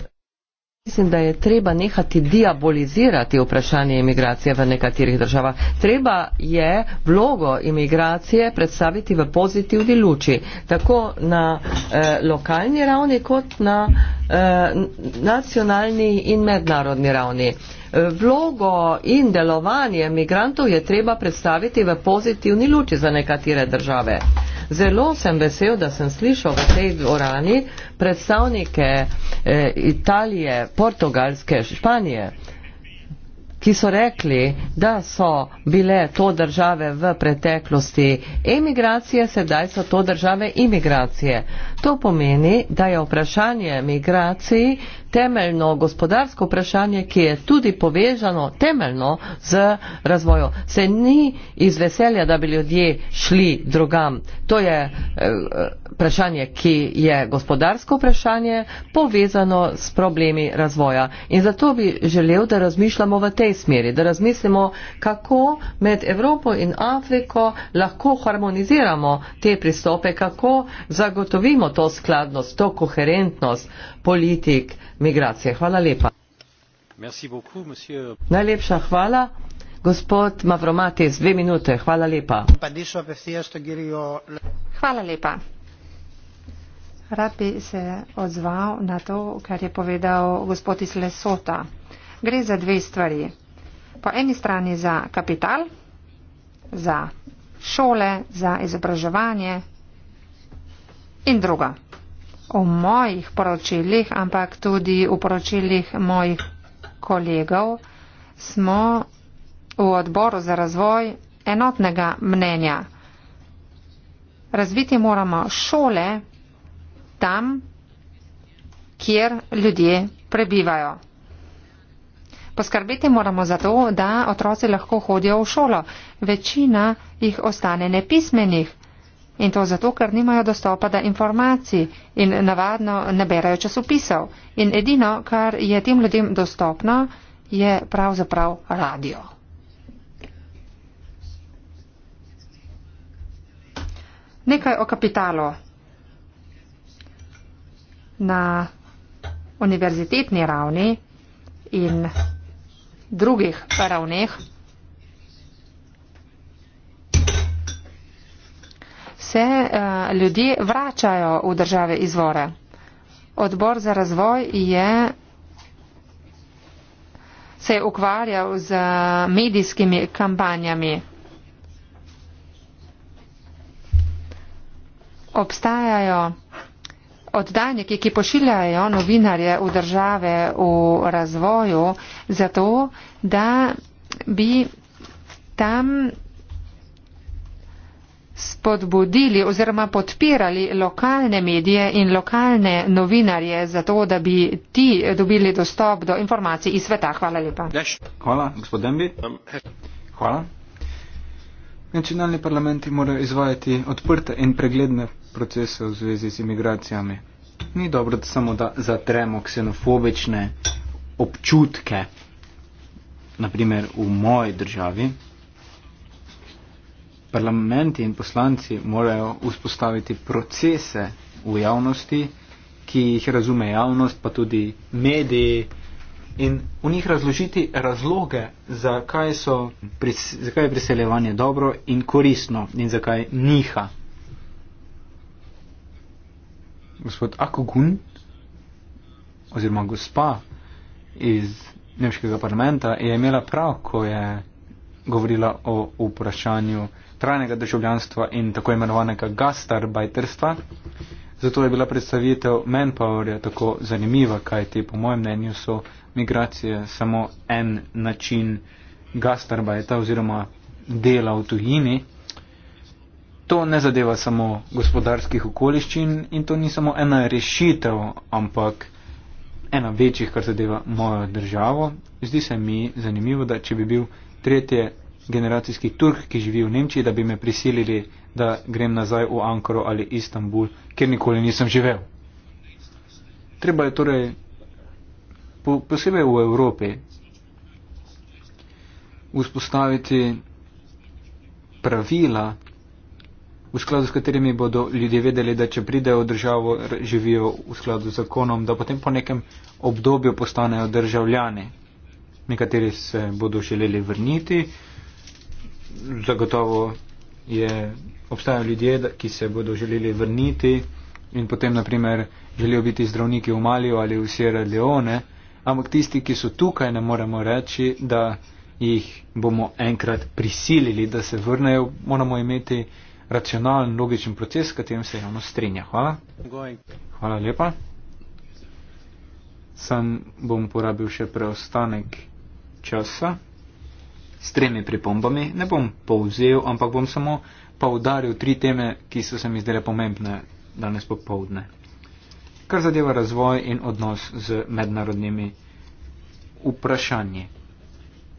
Mislim, da je treba nehati diabolizirati vprašanje imigracije v nekaterih državah. Treba je vlogo imigracije predstaviti v pozitivni luči, tako na eh, lokalni ravni kot na eh, nacionalni in mednarodni ravni. Vlogo in delovanje imigrantov je treba predstaviti v pozitivni luči za nekatere države. Eh, Zelo sem vesel, da sem slišal v tej dvorani predstavnike eh, Italije, Portugalske, Španije ki so rekli, da so bile to države v preteklosti emigracije, sedaj so to države imigracije. To pomeni, da je vprašanje migracij temeljno gospodarsko vprašanje, ki je tudi povezano temeljno z razvojo. Se ni iz veselja, da bi ljudje šli drugam. To je eh, vprašanje, ki je gospodarsko vprašanje, povezano s problemi razvoja. In zato bi želel, da razmišljamo v tej smeri, da razmislimo, kako med Evropo in Afriko lahko harmoniziramo te pristope, kako zagotovimo to skladnost, to koherentnost politik, migracije. Hvala lepa. Beaucoup, monsieur... Najlepša hvala. Gospod Mavromatis, dve minute. Hvala lepa. Hvala lepa. Rad bi se odzval na to, kar je povedal gospod iz Lesota. Gre za dve stvari. Po eni strani za kapital, za šole, za izobraževanje in druga, o mojih poročilih, ampak tudi v poročilih mojih kolegov, smo v odboru za razvoj enotnega mnenja. Razviti moramo šole tam, kjer ljudje prebivajo. Poskrbeti moramo za to, da otroci lahko hodijo v šolo. Večina jih ostane nepismenih. In to zato, ker nimajo dostopa do informacij in navadno ne berajo časopisov. In edino, kar je tem ljudem dostopno, je pravzaprav radio. Nekaj o kapitalu. Na univerzitetni ravni in drugih ravneh se eh, ljudje vračajo v države izvore. Odbor za razvoj je, se je ukvarjal z medijskimi kampanjami. Obstajajo oddajniki, ki pošiljajo novinarje v države v razvoju, zato da bi tam spodbudili oziroma podpirali lokalne medije in lokalne novinarje, zato da bi ti dobili dostop do informacij iz sveta. Hvala lepa. Hvala, gospod Dembi. Hvala. Nacionalni parlamenti morajo izvajati odprte in pregledne procese v zvezi z imigracijami. Ni dobro da samo, da zatremo ksenofobične občutke, naprimer v moji državi, parlamenti in poslanci morajo vzpostaviti procese v javnosti, ki jih razume javnost, pa tudi mediji, in v njih razložiti razloge, zakaj, so, zakaj je priseljevanje dobro in koristno in zakaj niha. Gospod Akogun oziroma gospa iz nemškega parlamenta je imela prav, ko je govorila o vprašanju trajnega državljanstva in tako imenovanega gastarbajterstva. Zato je bila predstavitev Manpowerja tako zanimiva, kaj te po mojem mnenju so migracije samo en način gastarbajta oziroma dela v tujini. To ne zadeva samo gospodarskih okoliščin in to ni samo ena rešitev, ampak ena večjih, kar zadeva mojo državo. Zdi se mi zanimivo, da če bi bil tretje generacijski turk, ki živi v Nemčiji, da bi me prisilili, da grem nazaj v Ankaro ali Istanbul, kjer nikoli nisem živel. Treba je torej po, posebej v Evropi vzpostaviti pravila, v skladu s katerimi bodo ljudje vedeli, da če pridejo v državo, živijo v skladu z zakonom, da potem po nekem obdobju postanejo državljani. Nekateri se bodo želeli vrniti, zagotovo je, obstajajo ljudje, ki se bodo želeli vrniti in potem, naprimer, želijo biti zdravniki v Maliju ali v Sierra Leone, ampak tisti, ki so tukaj, ne moremo reči, da jih bomo enkrat prisilili, da se vrnejo, moramo imeti racionalen, logičen proces, s katerim se javno strinja. Hvala. Hvala lepa. Sam bom porabil še preostanek časa s tremi pripombami. Ne bom povzel, ampak bom samo poudaril tri teme, ki so se mi zdele pomembne danes popovdne. Kar zadeva razvoj in odnos z mednarodnimi vprašanji.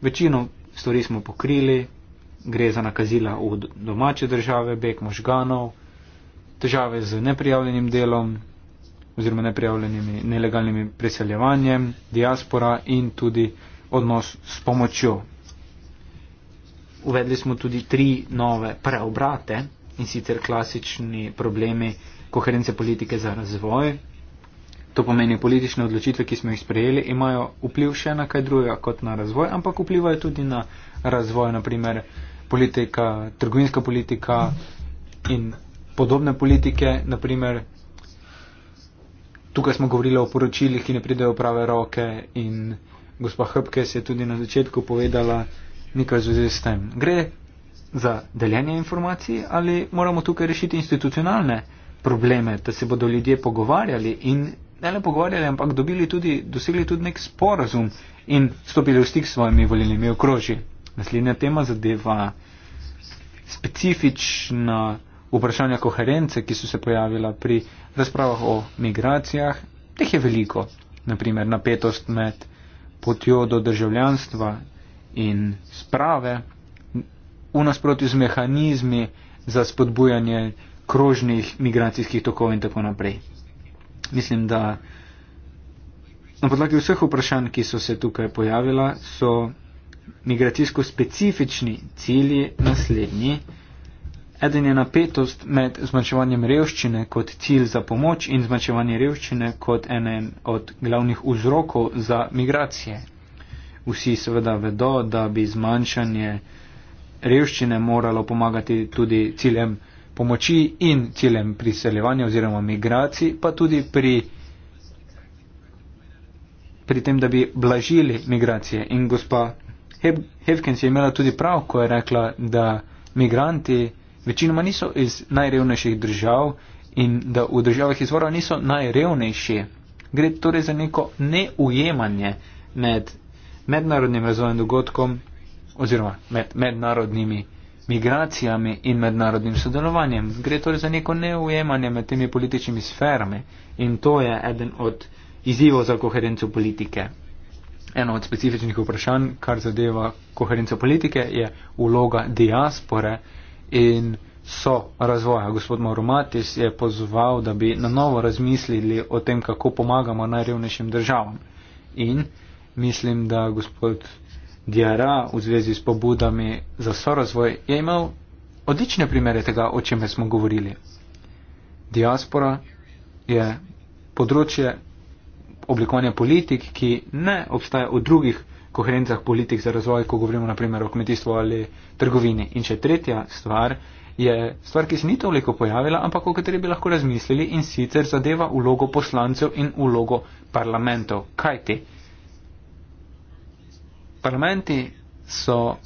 Večino stvari smo pokrili, gre za nakazila v domače države, beg možganov, težave z neprijavljenim delom oziroma neprijavljenimi nelegalnimi preseljevanjem, diaspora in tudi odnos s pomočjo uvedli smo tudi tri nove preobrate in sicer klasični problemi koherence politike za razvoj. To pomeni, politične odločitve, ki smo jih sprejeli, imajo vpliv še na kaj drugega kot na razvoj, ampak vplivajo tudi na razvoj, naprimer politika, trgovinska politika in podobne politike. Naprimer, tukaj smo govorili o poročilih, ki ne pridejo v prave roke in gospa Hrbke se je tudi na začetku povedala, nekaj v zvezi s tem. Gre za deljenje informacij ali moramo tukaj rešiti institucionalne probleme, da se bodo ljudje pogovarjali in ne le pogovarjali, ampak dobili tudi, dosegli tudi nek sporazum in stopili v stik s svojimi volilnimi okroži. Naslednja tema zadeva specifična vprašanja koherence, ki so se pojavila pri razpravah o migracijah. Teh je veliko, naprimer napetost med potjo do državljanstva in sprave, v nasprotju z mehanizmi za spodbujanje krožnih migracijskih tokov in tako naprej. Mislim, da na podlagi vseh vprašanj, ki so se tukaj pojavila, so migracijsko specifični cilji naslednji. Eden je napetost med zmanjševanjem revščine kot cilj za pomoč in zmanjševanje revščine kot enen od glavnih vzrokov za migracije vsi seveda vedo, da bi zmanjšanje revščine moralo pomagati tudi ciljem pomoči in ciljem priseljevanja oziroma migracij, pa tudi pri, pri tem, da bi blažili migracije. In gospa Hefkens je imela tudi prav, ko je rekla, da migranti večinoma niso iz najrevnejših držav in da v državah izvora niso najrevnejši. Gre torej za neko neujemanje med mednarodnim razvojem dogodkom oziroma med, mednarodnimi migracijami in mednarodnim sodelovanjem. Gre torej za neko neujemanje med temi političnimi sferami in to je eden od izzivov za koherenco politike. Eno od specifičnih vprašanj, kar zadeva koherenco politike, je vloga diaspore in so razvoja. Gospod Mauromatis je pozval, da bi na novo razmislili o tem, kako pomagamo najrevnejšim državam. In mislim, da gospod Diara v zvezi s pobudami za sorazvoj je imel odlične primere tega, o čem smo govorili. Diaspora je področje oblikovanja politik, ki ne obstaja v drugih koherencah politik za razvoj, ko govorimo naprimer o kmetijstvu ali trgovini. In še tretja stvar je stvar, ki se ni toliko pojavila, ampak o kateri bi lahko razmislili in sicer zadeva vlogo poslancev in vlogo parlamentov. Kaj ti? parlamenti so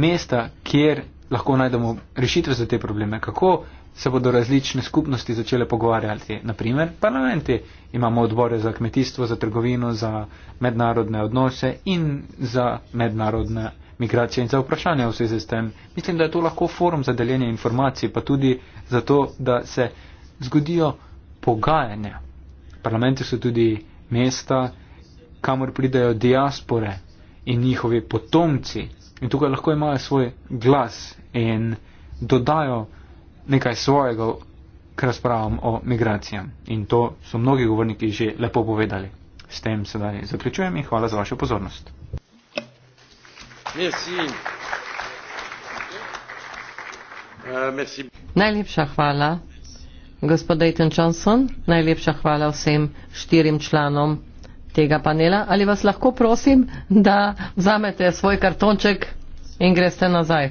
mesta, kjer lahko najdemo rešitve za te probleme. Kako se bodo različne skupnosti začele pogovarjati? Naprimer, parlamenti imamo odbore za kmetijstvo, za trgovino, za mednarodne odnose in za mednarodne migracije in za vprašanje v zvezi s tem. Mislim, da je to lahko forum za deljenje informacij, pa tudi zato, da se zgodijo pogajanja. Parlamenti so tudi mesta, kamor pridajo diaspore in njihovi potomci. In tukaj lahko imajo svoj glas in dodajo nekaj svojega k razpravam o migracijam. In to so mnogi govorniki že lepo povedali. S tem sedaj zaključujem in hvala za vašo pozornost. Merci. Euh, merci. Najlepša hvala, gospod Dayton Johnson, najlepša hvala vsem štirim članom tega panela, ali vas lahko prosim, da vzamete svoj kartonček in greste nazaj.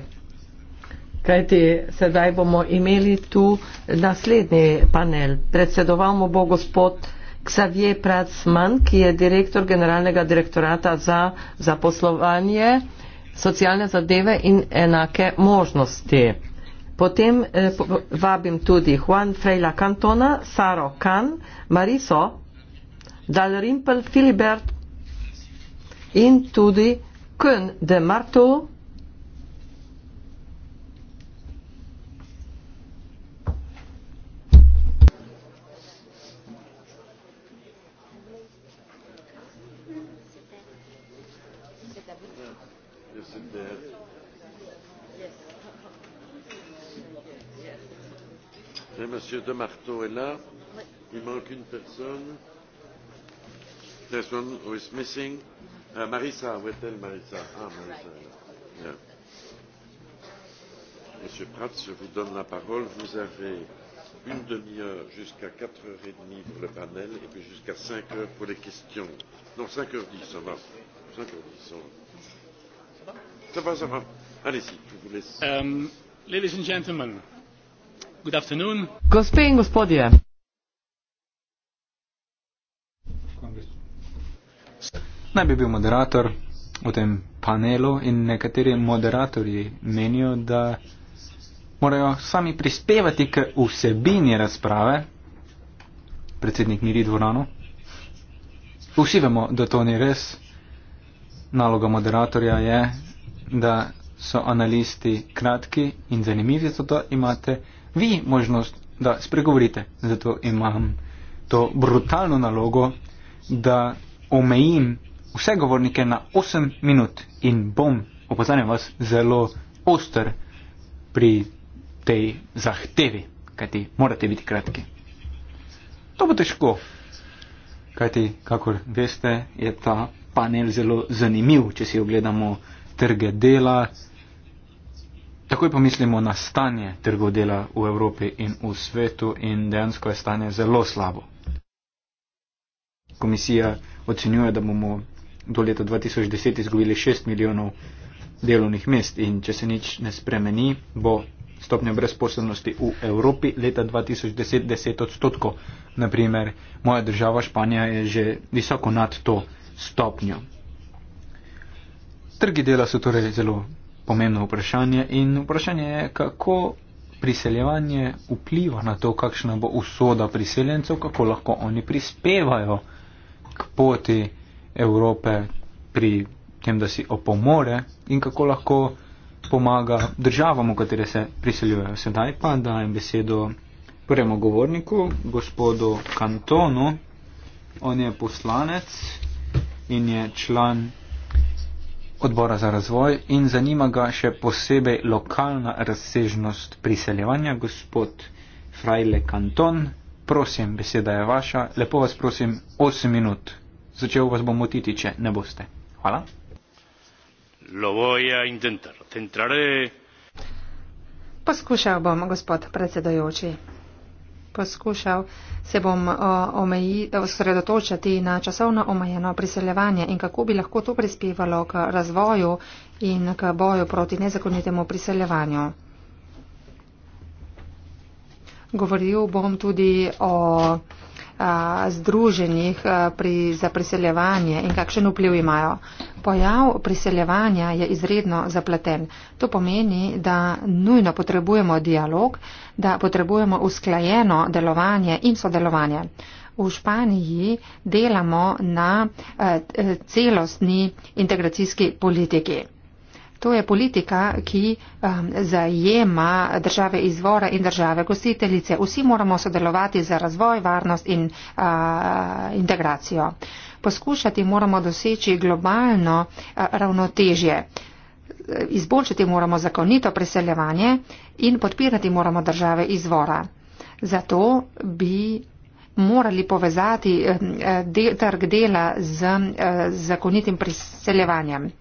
Kajti sedaj bomo imeli tu naslednji panel. Predsedoval mu bo gospod Xavier Pratsman, ki je direktor generalnega direktorata za zaposlovanje, socialne zadeve in enake možnosti. Potem eh, vabim tudi Juan Freila Cantona, Saro Kan, Mariso Dalrimpel Filibert in tudi Kön de Marto. Monsieur de Marteau est là. Oui. Il manque une personne person who is missing. Uh, Marisa, we tell Marisa. Ah, Marisa. Yeah. Monsieur Prats, je vous donne la parole. Vous avez une demi-heure jusqu'à 4h30 pour le panel et puis jusqu'à 5h pour les questions. Non, 5h10, ça va. 5h10, ça va. Ça va, ça va. Allez-y, je vous laisse. Um, ladies and gentlemen, good afternoon. Gospé, gospodie. naj bi bil moderator v tem panelu in nekateri moderatorji menijo, da morajo sami prispevati k vsebini razprave, predsednik miri dvorano. Vsi vemo, da to ni res. Naloga moderatorja je, da so analisti kratki in zanimivi, zato imate vi možnost, da spregovorite. Zato imam to brutalno nalogo, da omejim vse govornike na 8 minut in bom, opozarjam vas, zelo oster pri tej zahtevi, kajti morate biti kratki. To bo težko, kajti, kakor veste, je ta panel zelo zanimiv, če si ogledamo trge dela. Takoj pa mislimo na stanje trgov dela v Evropi in v svetu in dejansko je stanje zelo slabo. Komisija ocenjuje, da bomo do leta 2010 izgubili 6 milijonov delovnih mest in če se nič ne spremeni, bo stopnja brezposobnosti v Evropi leta 2010 10 odstotkov. Naprimer, moja država Španija je že visoko nad to stopnjo. Trgi dela so torej zelo pomembno vprašanje in vprašanje je, kako priseljevanje vpliva na to, kakšna bo usoda priseljencev, kako lahko oni prispevajo k poti Evrope pri tem, da si opomore in kako lahko pomaga državam, v katere se priseljujejo. Sedaj pa dajem besedo prvemu govorniku, gospodu Kantonu. On je poslanec in je član odbora za razvoj in zanima ga še posebej lokalna razsežnost priseljevanja. Gospod Frajle Kanton, prosim, beseda je vaša. Lepo vas prosim, 8 minut začel vas bom motiti, če ne boste. Hvala. Poskušal bom, gospod predsedojoči. Poskušal se bom omeji, osredotočati na časovno omejeno priseljevanje in kako bi lahko to prispevalo k razvoju in k boju proti nezakonitemu priseljevanju. Govoril bom tudi o združenih pri, za priseljevanje in kakšen vpliv imajo. Pojav priseljevanja je izredno zapleten. To pomeni, da nujno potrebujemo dialog, da potrebujemo usklajeno delovanje in sodelovanje. V Španiji delamo na celostni integracijski politiki. To je politika, ki um, zajema države izvora in države gostiteljice. Vsi moramo sodelovati za razvoj, varnost in uh, integracijo. Poskušati moramo doseči globalno uh, ravnotežje. Izboljšati moramo zakonito preseljevanje in podpirati moramo države izvora. Zato bi morali povezati um, del, trg dela z uh, zakonitim priseljevanjem.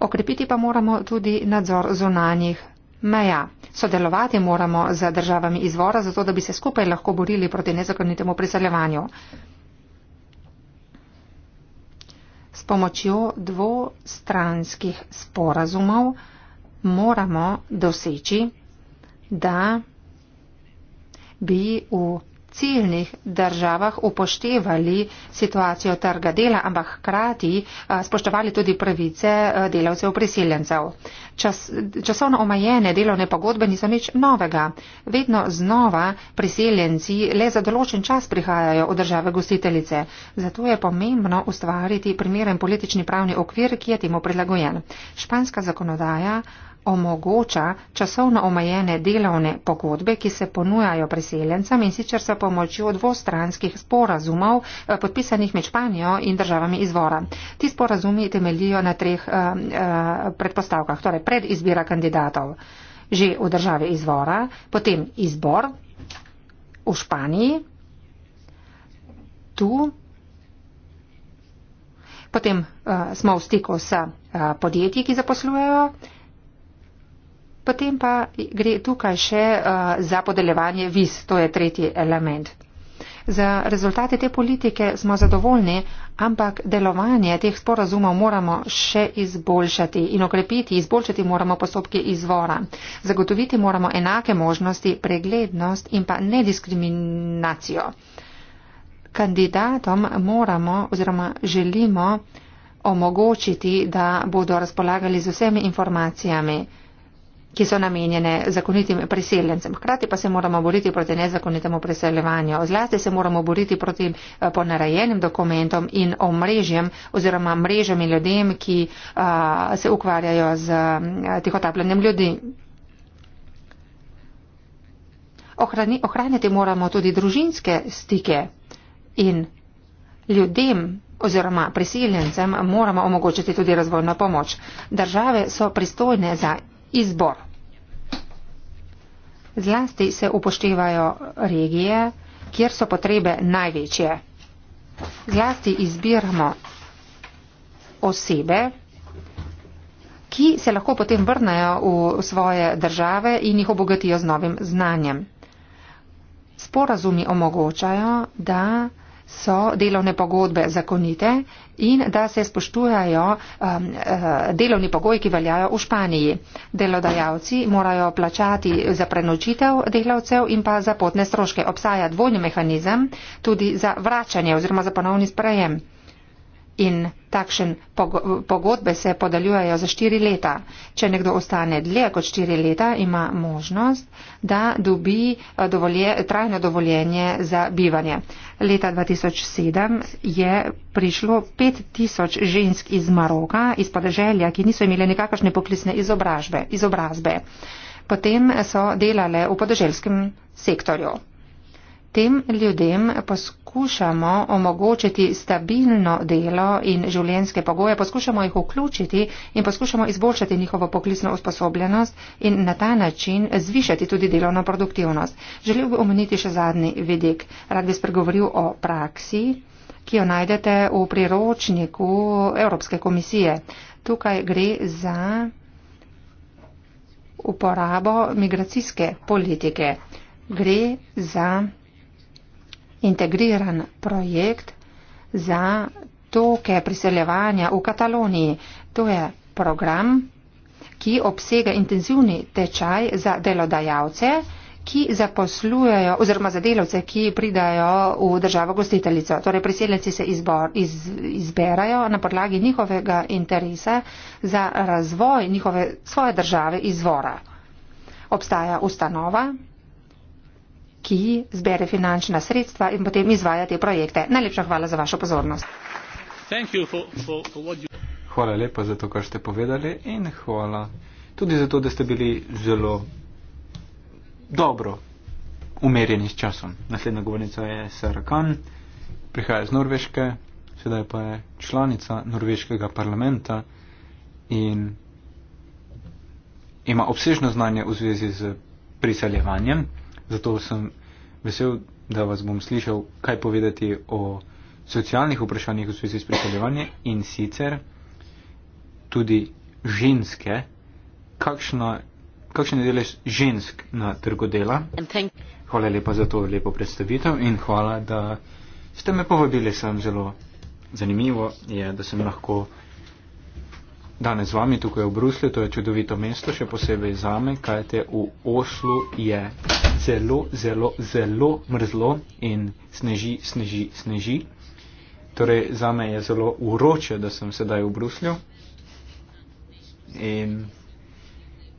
Okrepiti pa moramo tudi nadzor zunanjih meja. Sodelovati moramo z državami izvora, zato da bi se skupaj lahko borili proti nezakonitemu priseljevanju. S pomočjo dvostranskih sporazumov moramo doseči, da bi v ciljnih državah upoštevali situacijo trga dela, ampak hkrati spoštovali tudi pravice delavcev priseljencev. Čas, časovno omajene delovne pogodbe niso nič novega. Vedno znova priseljenci le za določen čas prihajajo v države gostiteljice. Zato je pomembno ustvariti primeren politični pravni okvir, ki je temu prilagojen. Španska zakonodaja omogoča časovno omejene delovne pogodbe, ki se ponujajo priseljencem in sicer s pomočjo dvostranskih sporazumov, eh, podpisanih med Španijo in državami izvora. Ti sporazumi temeljijo na treh eh, eh, predpostavkah, torej pred izbira kandidatov že v državi izvora, potem izbor v Španiji, tu, potem uh, smo v stiku s uh, podjetji, ki zaposlujejo, Potem pa gre tukaj še uh, za podeljevanje viz, to je tretji element. Za rezultate te politike smo zadovoljni, ampak delovanje teh sporazumov moramo še izboljšati in okrepiti, izboljšati moramo postopke izvora. Zagotoviti moramo enake možnosti, preglednost in pa nediskriminacijo. Kandidatom moramo oziroma želimo omogočiti, da bodo razpolagali z vsemi informacijami ki so namenjene zakonitim priseljencem. Hkrati pa se moramo boriti proti nezakonitemu priseljevanju. Zlasti se moramo boriti proti eh, ponarejenim dokumentom in omrežjem oziroma mrežami ljudem, ki a, eh, se ukvarjajo z eh, tihotapljenjem ljudi. Ohrani, ohranjati moramo tudi družinske stike in ljudem oziroma priseljencem moramo omogočiti tudi razvojno pomoč. Države so pristojne za izbor. Zlasti se upoštevajo regije, kjer so potrebe največje. Zlasti izbiramo osebe, ki se lahko potem vrnejo v svoje države in jih obogatijo z novim znanjem. Sporazumi omogočajo, da so delovne pogodbe zakonite in da se spoštujajo um, eh, delovni pogoji, ki veljajo v Španiji. Delodajalci morajo plačati za prenočitev delavcev in pa za potne stroške. Obstaja dvojni mehanizem tudi za vračanje oziroma za ponovni sprejem in takšen pogodbe se podaljujejo za štiri leta. Če nekdo ostane dlje kot štiri leta, ima možnost, da dobi eh, dovolje, trajno dovoljenje za bivanje. Leta 2007 je prišlo 5000 žensk iz Maroka, iz podeželja, ki niso imeli nekakšne poklicne izobrazbe. Potem so delale v podeželskem sektorju. Tem ljudem poskušamo omogočiti stabilno delo in življenjske pogoje, poskušamo jih vključiti in poskušamo izboljšati njihovo poklicno usposobljenost in na ta način zvišati tudi delovno produktivnost. Želel bi omeniti še zadnji vidik. Rad bi spregovoril o praksi, ki jo najdete v priročniku Evropske komisije. Tukaj gre za uporabo migracijske politike. Gre za integriran projekt za toke priseljevanja v Kataloniji. To je program, ki obsega intenzivni tečaj za delodajalce, ki zaposlujejo oziroma za delavce, ki pridajo v državo gostiteljico. Torej, priseljenci se izbor, iz, izberajo na podlagi njihovega interesa za razvoj njihove svoje države izvora. Obstaja ustanova, ki zbere finančna sredstva in potem izvaja te projekte. Najlepša hvala za vašo pozornost. Hvala lepa za to, kar ste povedali in hvala tudi za to, da ste bili zelo dobro umerjeni s časom. Naslednja govornica je Sarah Kahn, prihaja iz Norveške, sedaj pa je članica norveškega parlamenta in ima obsežno znanje v zvezi z priseljevanjem. Zato sem vesel, da vas bom slišal, kaj povedati o socialnih vprašanjih v svezi s priseljevanjem in sicer tudi ženske, kakšna, kakšen je delež žensk na trgu dela. Hvala lepa za to lepo predstavitev in hvala, da ste me povabili sem zelo. Zanimivo je, da sem lahko danes z vami tukaj v Bruslju, to je čudovito mesto, še posebej za me, kajte v Oslu je zelo, zelo, zelo mrzlo in sneži, sneži, sneži. Torej, za me je zelo uroče, da sem sedaj v Bruslju. In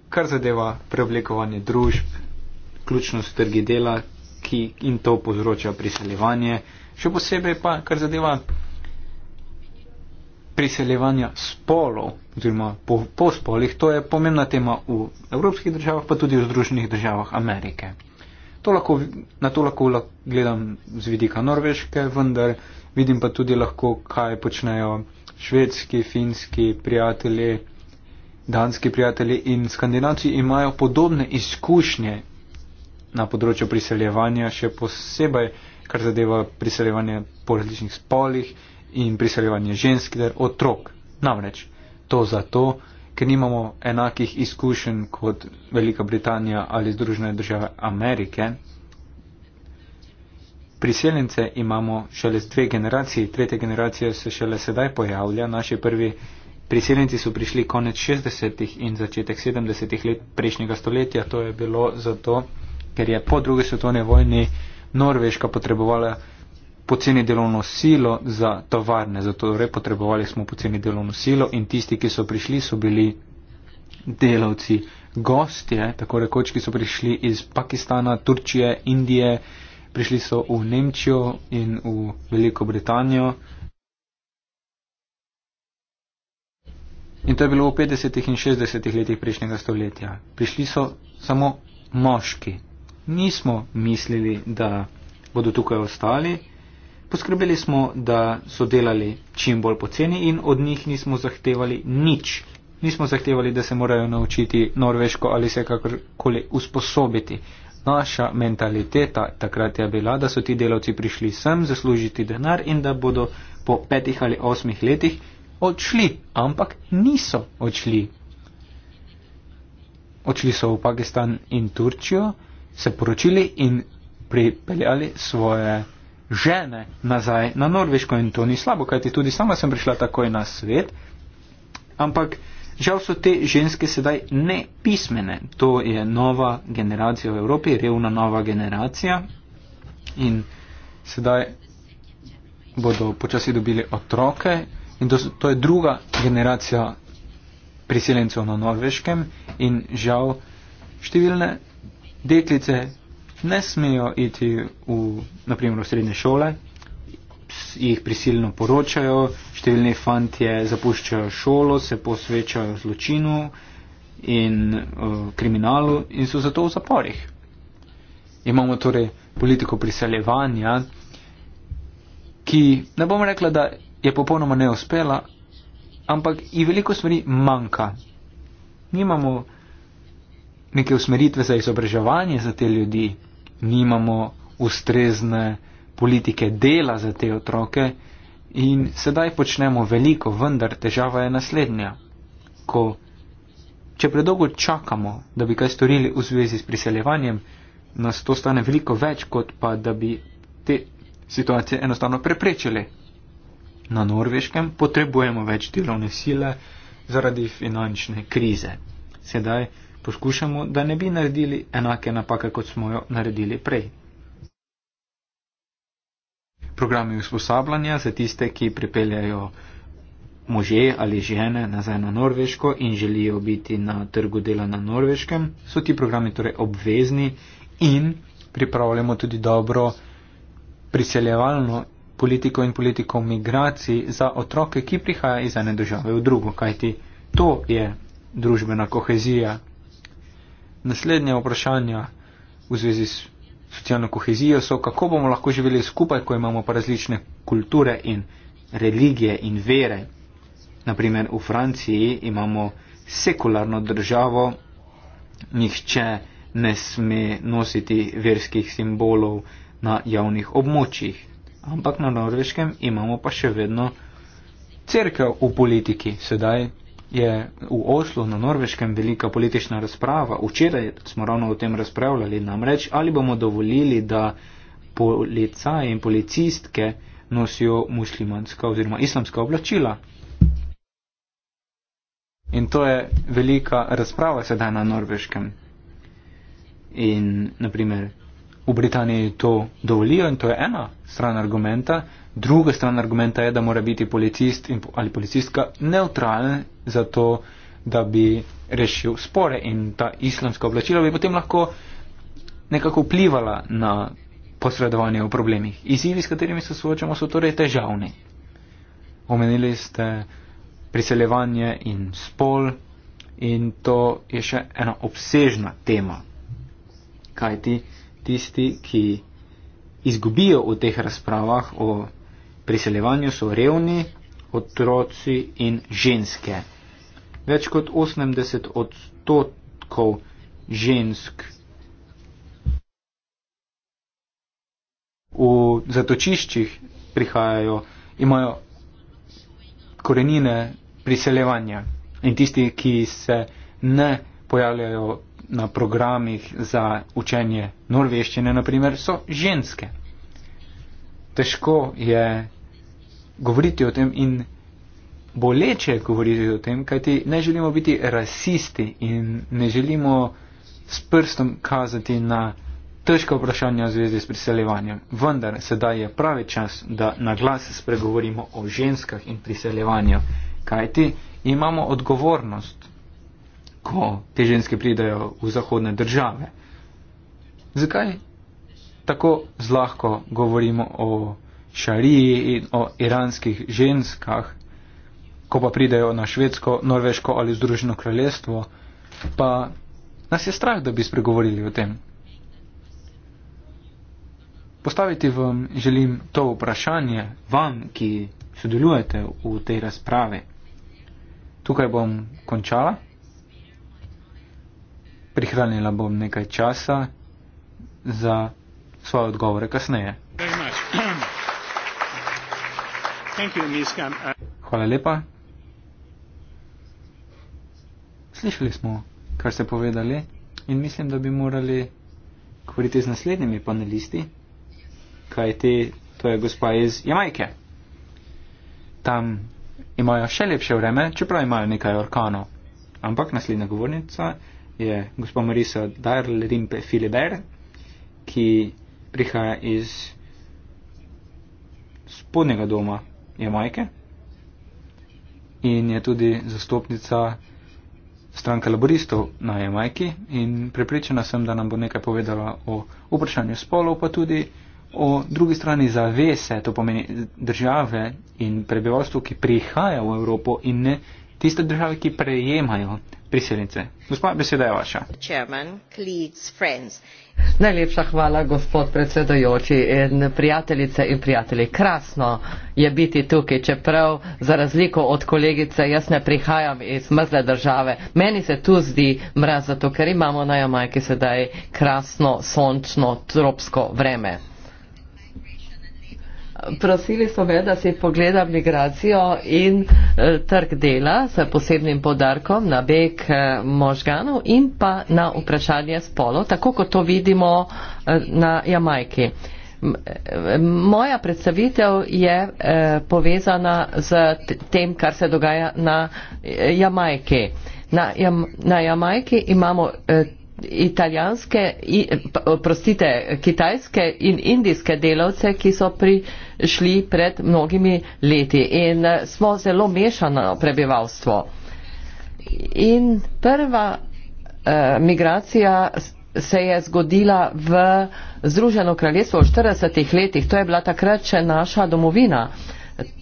kar zadeva preoblikovanje družb, ključnost trgi dela, ki in to povzroča priseljevanje, še posebej pa kar zadeva priseljevanja spolov oziroma po, po spolih, to je pomembna tema v evropskih državah, pa tudi v združenih državah Amerike. To lahko, na to lahko gledam z vidika norveške, vendar vidim pa tudi lahko, kaj počnejo švedski, finski prijatelji, danski prijatelji in skandinavci imajo podobne izkušnje na področju priseljevanja, še posebej, kar zadeva priseljevanje po različnih spolih in priseljevanje žensk ter otrok. Namreč to zato, ker nimamo enakih izkušenj kot Velika Britanija ali Združene države Amerike. Priseljence imamo šele z dve generaciji, tretja generacija se šele sedaj pojavlja, naši prvi priseljenci so prišli konec 60-ih in začetek 70-ih let prejšnjega stoletja. To je bilo zato, ker je po drugi svetovni vojni Norveška potrebovala poceni delovno silo za tovarne, zato torej potrebovali smo poceni delovno silo in tisti, ki so prišli, so bili delavci, gostje, tako rekoč, ki so prišli iz Pakistana, Turčije, Indije, prišli so v Nemčijo in v Veliko Britanijo. In to je bilo v 50. in 60. letih prejšnjega stoletja. Prišli so samo moški. Nismo mislili, da bodo tukaj ostali. Poskrbeli smo, da so delali čim bolj poceni in od njih nismo zahtevali nič. Nismo zahtevali, da se morajo naučiti norveško ali se kakorkoli usposobiti. Naša mentaliteta takrat je bila, da so ti delavci prišli sem zaslužiti denar in da bodo po petih ali osmih letih odšli, ampak niso odšli. Odšli so v Pakistan in Turčijo, se poročili in pripeljali svoje žene nazaj na Norveško in to ni slabo, kajti tudi sama sem prišla takoj na svet, ampak žal so te ženske sedaj nepismene. To je nova generacija v Evropi, revna nova generacija in sedaj bodo počasi dobili otroke in to, to je druga generacija priseljencev na Norveškem in žal številne deklice ne smejo iti v, naprimer, v srednje šole, jih prisilno poročajo, številni fantje zapuščajo šolo, se posvečajo zločinu in uh, kriminalu in so zato v zaporih. Imamo torej politiko priseljevanja, ki ne bom rekla, da je popolnoma neuspela, ampak ji veliko stvari manjka. Nimamo neke usmeritve za izobraževanje za te ljudi nimamo ustrezne politike dela za te otroke in sedaj počnemo veliko, vendar težava je naslednja. Ko, če predolgo čakamo, da bi kaj storili v zvezi s priseljevanjem, nas to stane veliko več, kot pa da bi te situacije enostavno preprečili. Na norveškem potrebujemo več delovne sile zaradi finančne krize. Sedaj poskušamo, da ne bi naredili enake napake, kot smo jo naredili prej. Programi usposabljanja za tiste, ki pripeljajo može ali žene nazaj na Norveško in želijo biti na trgu dela na Norveškem, so ti programi torej obvezni in pripravljamo tudi dobro priseljevalno politiko in politiko migracij za otroke, ki prihajajo iz ene države v drugo, kajti to je družbena kohezija, naslednje vprašanja v zvezi s socialno kohezijo so, kako bomo lahko živeli skupaj, ko imamo pa različne kulture in religije in vere. Naprimer, v Franciji imamo sekularno državo, nihče ne sme nositi verskih simbolov na javnih območjih. Ampak na norveškem imamo pa še vedno crkve v politiki. Sedaj je v Oslu na Norveškem velika politična razprava. Včeraj smo ravno o tem razpravljali namreč, ali bomo dovolili, da policaje in policistke nosijo muslimanska oziroma islamska oblačila. In to je velika razprava sedaj na Norveškem. In, naprimer, v Britaniji to dovolijo in to je ena stran argumenta, Druga stran argumenta je, da mora biti policist in, ali policistka neutralen za to, da bi rešil spore in ta islamska oblačila bi potem lahko nekako vplivala na posredovanje v problemih. Izivi, s katerimi se soočamo, so torej težavni. Omenili ste priseljevanje in spol in to je še ena obsežna tema. Kaj ti tisti, ki izgubijo v teh razpravah o priseljevanju so revni, otroci in ženske. Več kot 80 odstotkov žensk v zatočiščih prihajajo, imajo korenine priseljevanja in tisti, ki se ne pojavljajo na programih za učenje norveščine, naprimer, so ženske težko je govoriti o tem in boleče govoriti o tem, kajti ne želimo biti rasisti in ne želimo s prstom kazati na težko vprašanje v zvezi s priseljevanjem. Vendar sedaj je pravi čas, da na glas spregovorimo o ženskah in priseljevanju, kajti imamo odgovornost, ko te ženske pridajo v zahodne države. Zakaj tako zlahko govorimo o šariji in o iranskih ženskah, ko pa pridejo na švedsko, norveško ali združeno kraljestvo, pa nas je strah, da bi spregovorili o tem. Postaviti vam želim to vprašanje vam, ki sodelujete v tej razpravi. Tukaj bom končala. Prihranila bom nekaj časa za svoje odgovore kasneje. Uh, Hvala lepa. Slišali smo, kar ste povedali in mislim, da bi morali govoriti z naslednjimi panelisti, kajti to je gospa iz Jamajke. Tam imajo še lepše vreme, čeprav imajo nekaj orkanov. Ampak naslednja govornica je gospa Marisa Dar Limpe Filiber, ki prihaja iz spodnjega doma Jamajke in je tudi zastopnica stranke laboristov na Jamajki in prepričana sem, da nam bo nekaj povedala o vprašanju spolov, pa tudi o drugi strani zavese, to pomeni države in prebivalstvo, ki prihaja v Evropo in ne tiste države, ki prejemajo priseljence. Gospa, beseda je vaša. Najlepša hvala, gospod predsedojoči in prijateljice in prijatelji. Krasno je biti tukaj, čeprav za razliko od kolegice jaz ne prihajam iz mrzle države. Meni se tu zdi mraz zato, ker imamo na Jamajki sedaj krasno, sončno, tropsko vreme. Prosili so me, da si pogledam migracijo in eh, trg dela s posebnim podarkom na beg eh, možganov in pa na vprašanje spolo, tako kot to vidimo eh, na Jamajki. E, moja predstavitev je eh, povezana z tem, kar se dogaja na eh, Jamajki. Na, jam, na Jamajki imamo eh, italijanske, i, pa, prostite, kitajske in indijske delavce, ki so pri eh, šli pred mnogimi leti in eh, smo zelo mešano prebivalstvo. In prva eh, migracija se je zgodila v Združeno kraljestvo v 40 letih. To je bila takrat še naša domovina.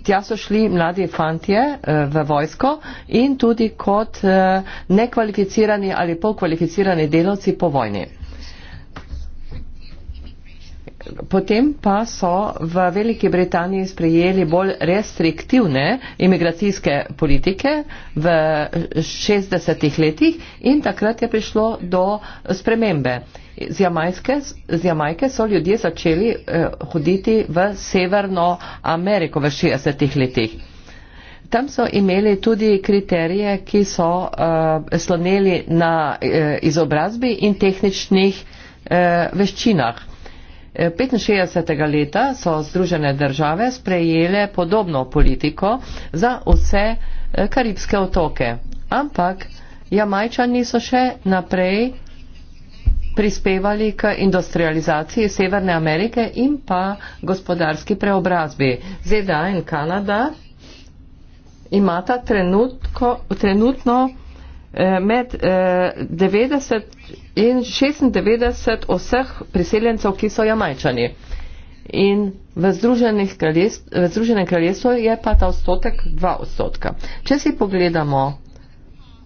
Tja so šli mladi fantje eh, v vojsko in tudi kot eh, nekvalificirani ali polkvalificirani delovci po vojni potem pa so v Veliki Britaniji sprejeli bolj restriktivne imigracijske politike v 60-ih letih in takrat je prišlo do spremembe. Z Jamajke, z Jamajke so ljudje začeli eh, hoditi v Severno Ameriko v 60-ih letih. Tam so imeli tudi kriterije, ki so eh, sloneli na eh, izobrazbi in tehničnih eh, veščinah. 65. leta so Združene države sprejele podobno politiko za vse eh, karibske otoke, ampak jamajčani so še naprej prispevali k industrializaciji Severne Amerike in pa gospodarski preobrazbi. ZDA in Kanada imata trenutko, trenutno Eh, med 90 eh, in 96 vseh priseljencev, ki so jamajčani. In v, v Združenem kraljestvu je pa ta odstotek 2 odstotka. Če si pogledamo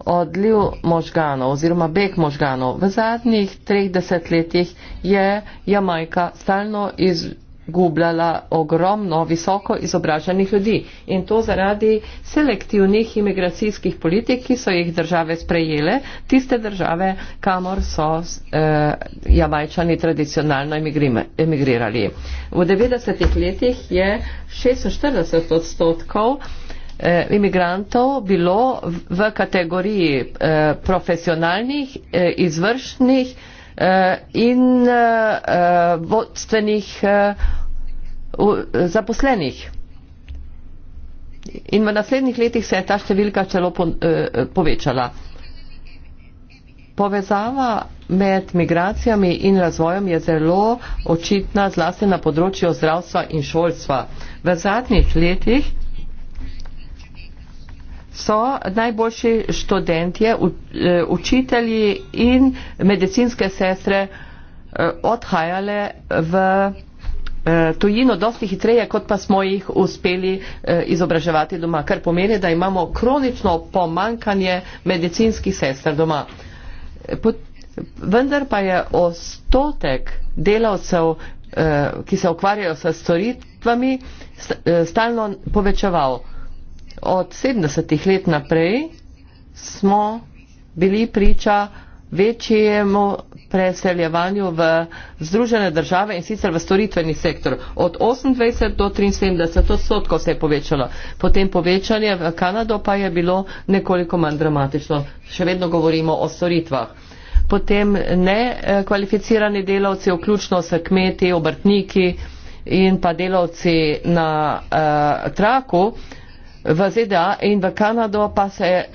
odliv možganov oziroma beg možganov, v zadnjih treh desetletjih je Jamajka stalno iz, gubljala ogromno visoko izobraženih ljudi in to zaradi selektivnih imigracijskih politik, ki so jih države sprejele, tiste države, kamor so eh, jamajčani tradicionalno emigrirali. V 90-ih letih je 46 odstotkov eh, imigrantov bilo v kategoriji eh, profesionalnih, eh, izvršnih, Eh, in eh, vodstvenih eh, zaposlenih. In v naslednjih letih se je ta številka celo povečala. Povezava med migracijami in razvojem je zelo očitna zlasti na področju zdravstva in šolstva. V zadnjih letih so najboljši študentje, e, učitelji in medicinske sestre e, odhajale v e, tujino dosti hitreje, kot pa smo jih uspeli izobraževati doma, kar pomeni, da imamo kronično pomankanje medicinskih sester doma. Vendar pa je ostotek delavcev, ki se ukvarjajo s storitvami, stalno povečeval od 70-ih let naprej smo bili priča večjemu preseljevanju v Združene države in sicer v storitveni sektor. Od 28 do 73 odstotkov se je povečalo. Potem povečanje v Kanado pa je bilo nekoliko manj dramatično. Še vedno govorimo o storitvah. Potem ne kvalificirani delavci, vključno s kmeti, obrtniki in pa delavci na uh, traku, uh, v ZDA in v Kanado pa se eh,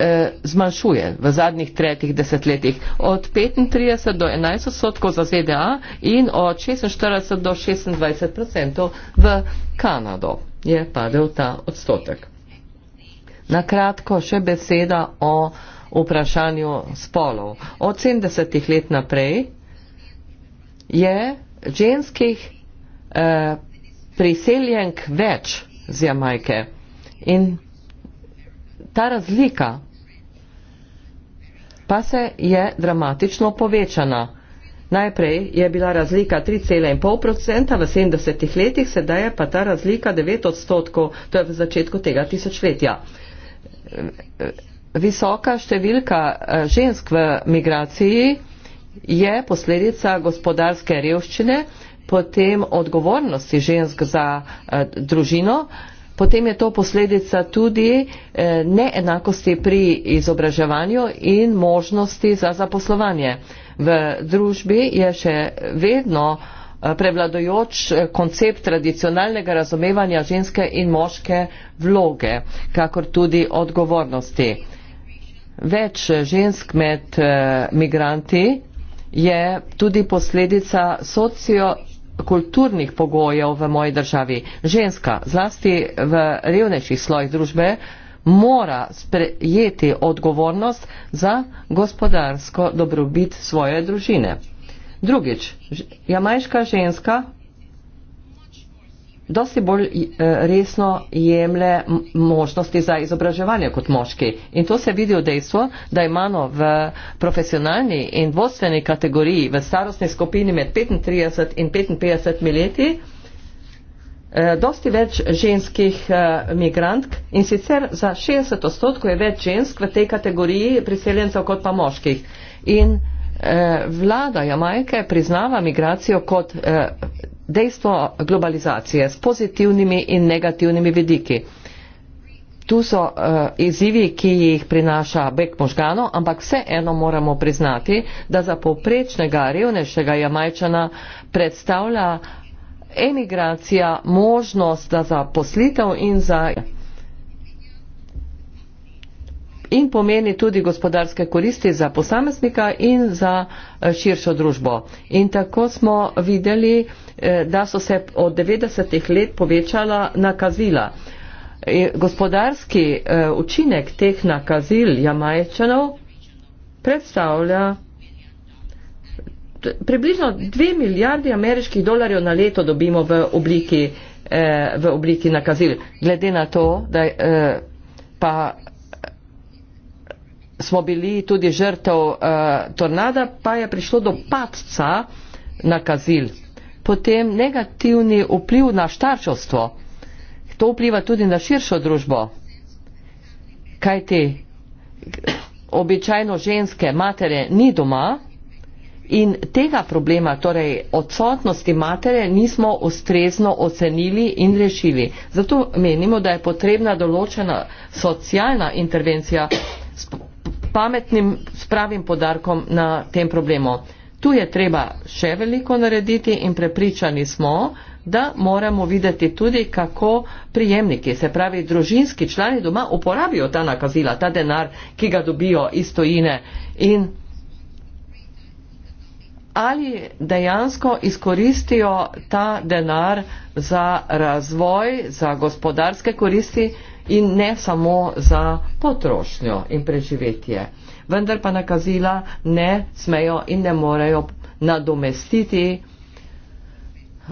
zmanjšuje v zadnjih tretjih desetletjih od 35 do 11 odstotkov za ZDA in od 46 do 26 odstotkov v Kanado je padel ta odstotek. Na kratko še beseda o vprašanju spolov. Od 70 let naprej je ženskih eh, priseljenk več z Jamajke. In ta razlika pa se je dramatično povečana. Najprej je bila razlika 3,5% v 70 letih, sedaj je pa ta razlika 9 odstotkov, to je v začetku tega tisočletja. Visoka številka eh, žensk v migraciji je posledica gospodarske revščine, potem odgovornosti žensk za eh, družino, potem je to posledica tudi eh, neenakosti pri izobraževanju in možnosti za zaposlovanje. V družbi je še vedno eh, prevladojoč eh, koncept tradicionalnega razumevanja ženske in moške vloge, kakor tudi odgovornosti. Več žensk med migranti je tudi posledica socio, kulturnih pogojev v moji državi. Ženska, zlasti v revnejših slojih družbe, mora sprejeti odgovornost za gospodarsko dobrobit svoje družine. Drugič, jamajška ženska dosti bolj eh, resno jemlje možnosti za izobraževanje kot moški. In to se vidi v dejstvu, da imamo v profesionalni in vodstveni kategoriji v starostni skupini med 35 in 55 leti eh, dosti več ženskih eh, migrantk in sicer za 60 odstotkov je več žensk v tej kategoriji priseljencev kot pa moških. In vlada Jamajke priznava migracijo kot dejstvo globalizacije s pozitivnimi in negativnimi vidiki. Tu so uh, izzivi, ki jih prinaša beg možgano, ampak vseeno moramo priznati, da za poprečnega revnejšega jamajčana predstavlja emigracija možnost za zaposlitev in za in pomeni tudi gospodarske koristi za posameznika in za eh, širšo družbo. In tako smo videli, eh, da so se od 90-ih let povečala nakazila. Eh, gospodarski učinek teh nakazil jamajčanov predstavlja približno 2 milijardi ameriških dolarjev na leto dobimo v obliki, v obliki nakazil. Glede na to, da pa smo bili tudi žrtev uh, tornada, pa je prišlo do padca na kazil. Potem negativni vpliv na starčovstvo. To vpliva tudi na širšo družbo. Kaj ti običajno ženske matere ni doma in tega problema, torej odsotnosti matere, nismo ustrezno ocenili in rešili. Zato menimo, da je potrebna določena socialna intervencija pametnim, s pravim podarkom na tem problemu. Tu je treba še veliko narediti in prepričani smo, da moramo videti tudi, kako prijemniki, se pravi družinski člani doma, uporabijo ta nakazila, ta denar, ki ga dobijo iz tojine in ali dejansko izkoristijo ta denar za razvoj, za gospodarske koristi, in ne samo za potrošnjo in preživetje. Vendar pa nakazila ne smejo in ne morejo nadomestiti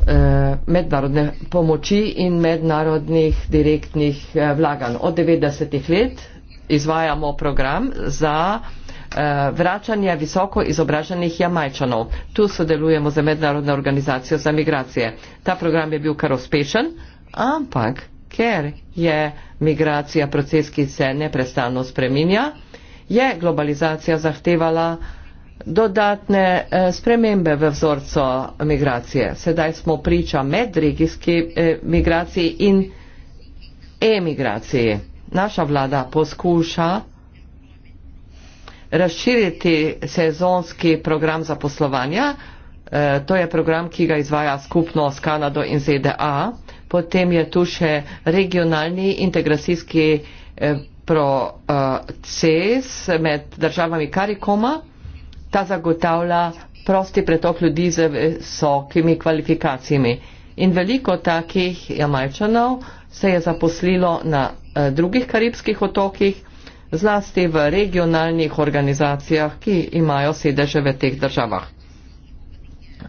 eh, mednarodne pomoči in mednarodnih direktnih eh, vlaganj. Od 90-ih let izvajamo program za eh, vračanje visoko izobraženih jamajčanov. Tu sodelujemo za Mednarodno organizacijo za migracije. Ta program je bil kar uspešen, ampak ker je migracija proces, ki se neprestano spreminja, je globalizacija zahtevala dodatne eh, spremembe v vzorcu migracije. Sedaj smo priča medregijski eh, migraciji in emigraciji. Naša vlada poskuša razširiti sezonski program zaposlovanja, eh, to je program, ki ga izvaja skupno s Kanado in ZDA. Potem je tu še regionalni integracijski eh, proces med državami Karikoma. Ta zagotavlja prosti pretok ljudi z visokimi kvalifikacijami. In veliko takih jamajčanov se je zaposlilo na eh, drugih karibskih otokih, zlasti v regionalnih organizacijah, ki imajo sedeže v teh državah.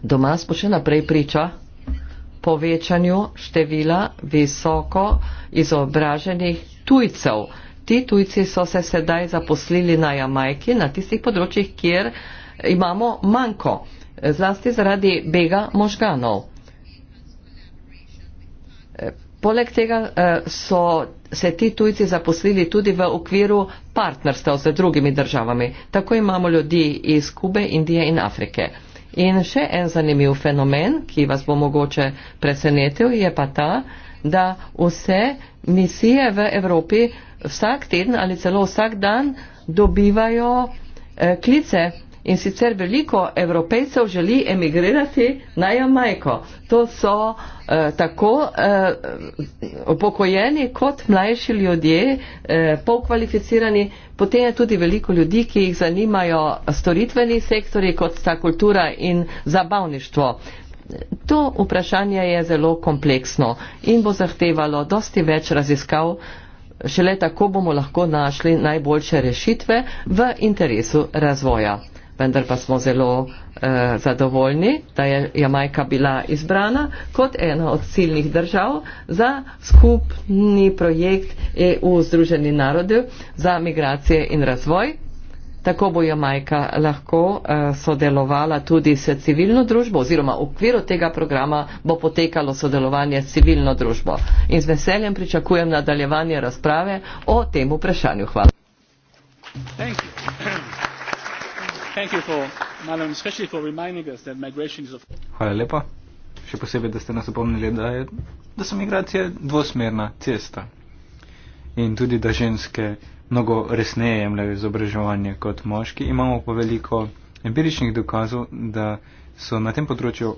Doma smo še naprej priča povečanju števila visoko izobraženih tujcev. Ti tujci so se sedaj zaposlili na Jamajki, na tistih področjih, kjer imamo manjko, zlasti zaradi bega možganov. Poleg tega eh, so se ti tujci zaposlili tudi v okviru partnerstva z drugimi državami. Tako imamo ljudi iz Kube, Indije in Afrike. In še en zanimiv fenomen, ki vas bo mogoče presenetil, je pa ta, da vse misije v Evropi vsak teden ali celo vsak dan dobivajo eh, klice In sicer veliko evropejcev želi emigrirati na Jamajko. To so eh, tako eh, upokojeni kot mlajši ljudje, eh, polkvalificirani. Potem je tudi veliko ljudi, ki jih zanimajo storitveni sektori, kot sta kultura in zabavništvo. To vprašanje je zelo kompleksno in bo zahtevalo dosti več raziskav. Šele tako bomo lahko našli najboljše rešitve v interesu razvoja vendar pa smo zelo eh, zadovoljni, da je Jamajka bila izbrana kot ena od ciljnih držav za skupni projekt EU Združeni narodi za migracije in razvoj. Tako bo Jamajka lahko eh, sodelovala tudi s civilno družbo oziroma v okviru tega programa bo potekalo sodelovanje s civilno družbo. In z veseljem pričakujem nadaljevanje razprave o tem vprašanju. Hvala. Thank you. Hvala lepa. Še posebej, da ste nas opomnili, da, je, da so migracije dvosmerna cesta. In tudi, da ženske mnogo resneje jemljajo izobraževanje kot moški. Imamo pa veliko empiričnih dokazov, da so na tem področju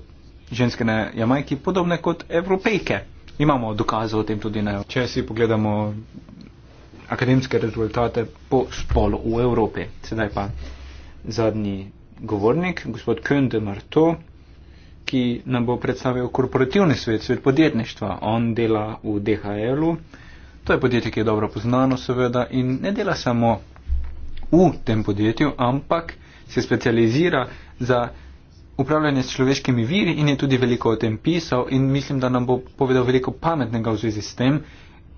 ženske na Jamajki podobne kot evropejke. Imamo dokaze o tem tudi na. Če si pogledamo akademske rezultate po spolu v Evropi. Sedaj pa zadnji govornik, gospod Kön de Marto, ki nam bo predstavil korporativni svet, svet podjetništva. On dela v DHL-u, to je podjetje, ki je dobro poznano seveda in ne dela samo v tem podjetju, ampak se specializira za upravljanje s človeškimi viri in je tudi veliko o tem pisal in mislim, da nam bo povedal veliko pametnega v zvezi s tem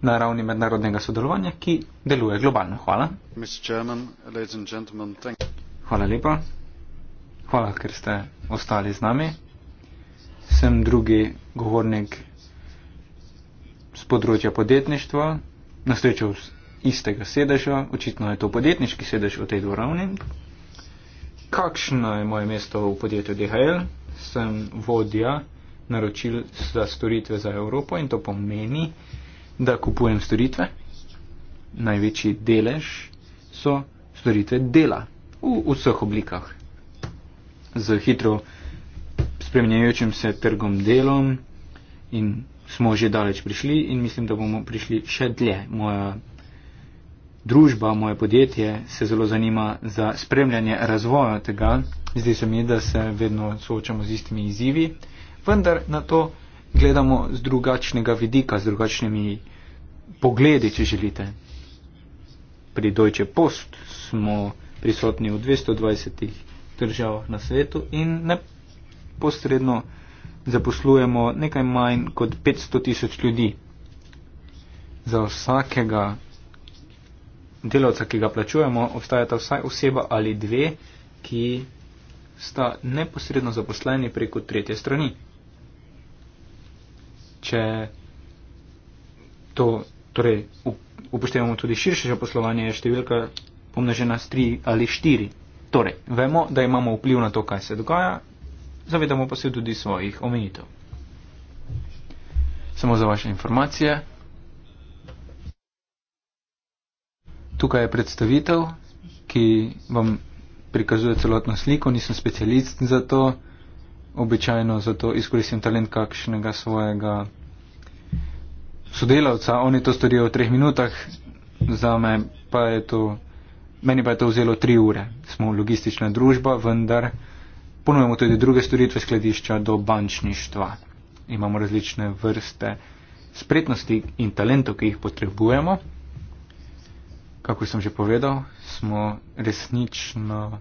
na ravni mednarodnega sodelovanja, ki deluje globalno. Hvala. Mr. Chairman, ladies and gentlemen, thank you. Hvala lepa. Hvala, ker ste ostali z nami. Sem drugi govornik z področja podjetništva, nasrečo z istega sedeža, očitno je to podjetniški sedež v tej dvorani. Kakšno je moje mesto v podjetju DHL? Sem vodja naročil za storitve za Evropo in to pomeni, da kupujem storitve. Največji delež so storitve dela v vseh oblikah. Z hitro spremenjajočim se trgom delom in smo že daleč prišli in mislim, da bomo prišli še dlje. Moja družba, moje podjetje se zelo zanima za spremljanje razvoja tega. Zdi se mi, da se vedno soočamo z istimi izzivi, vendar na to gledamo z drugačnega vidika, z drugačnimi pogledi, če želite. Pri Deutsche Post smo prisotni v 220 državah na svetu in neposredno zaposlujemo nekaj manj kot 500 tisoč ljudi. Za vsakega delavca, ki ga plačujemo, obstajata vsaj oseba ali dve, ki sta neposredno zaposleni preko tretje strani. Če to torej, upoštevamo tudi širše zaposlovanje, je številka pomnožena s 3 ali 4. Torej, vemo, da imamo vpliv na to, kaj se dogaja, zavedamo pa se tudi svojih omenitev. Samo za vaše informacije. Tukaj je predstavitev, ki vam prikazuje celotno sliko, nisem specialist za to, običajno za to izkoristim talent kakšnega svojega sodelavca, oni to storijo v treh minutah, za me pa je to. Meni pa je to vzelo tri ure. Smo logistična družba, vendar ponujemo tudi druge storitve skladišča do bančništva. Imamo različne vrste spretnosti in talentov, ki jih potrebujemo. Kako sem že povedal, smo resnično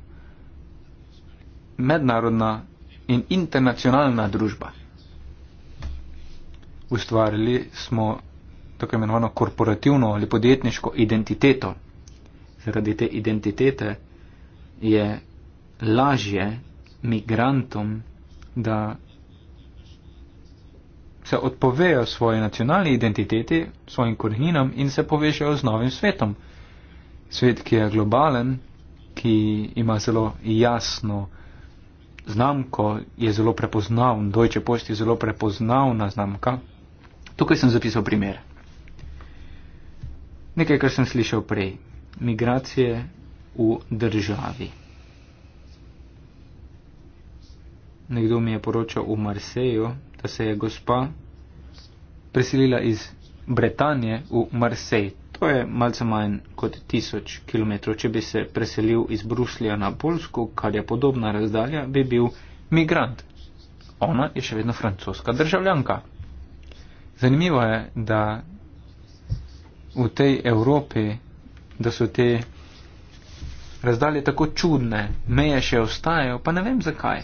mednarodna in internacionalna družba. Ustvarili smo tako imenovano korporativno ali podjetniško identiteto zaradi te identitete je lažje migrantom, da se odpovejo svoji nacionalni identiteti, svojim korninam in se povežejo z novim svetom. Svet, ki je globalen, ki ima zelo jasno znamko, je zelo prepoznavn, Deutsche Post je zelo prepoznavna znamka. Tukaj sem zapisal primer. Nekaj, kar sem slišal prej migracije v državi. Nekdo mi je poročal v Marseju, da se je gospa preselila iz Bretanje v Marsej. To je malce manj kot tisoč kilometrov. Če bi se preselil iz Bruslja na Polsko, kar je podobna razdalja, bi bil migrant. Ona je še vedno francoska državljanka. Zanimivo je, da v tej Evropi da so te razdalje tako čudne, meje še ostajajo, pa ne vem zakaj.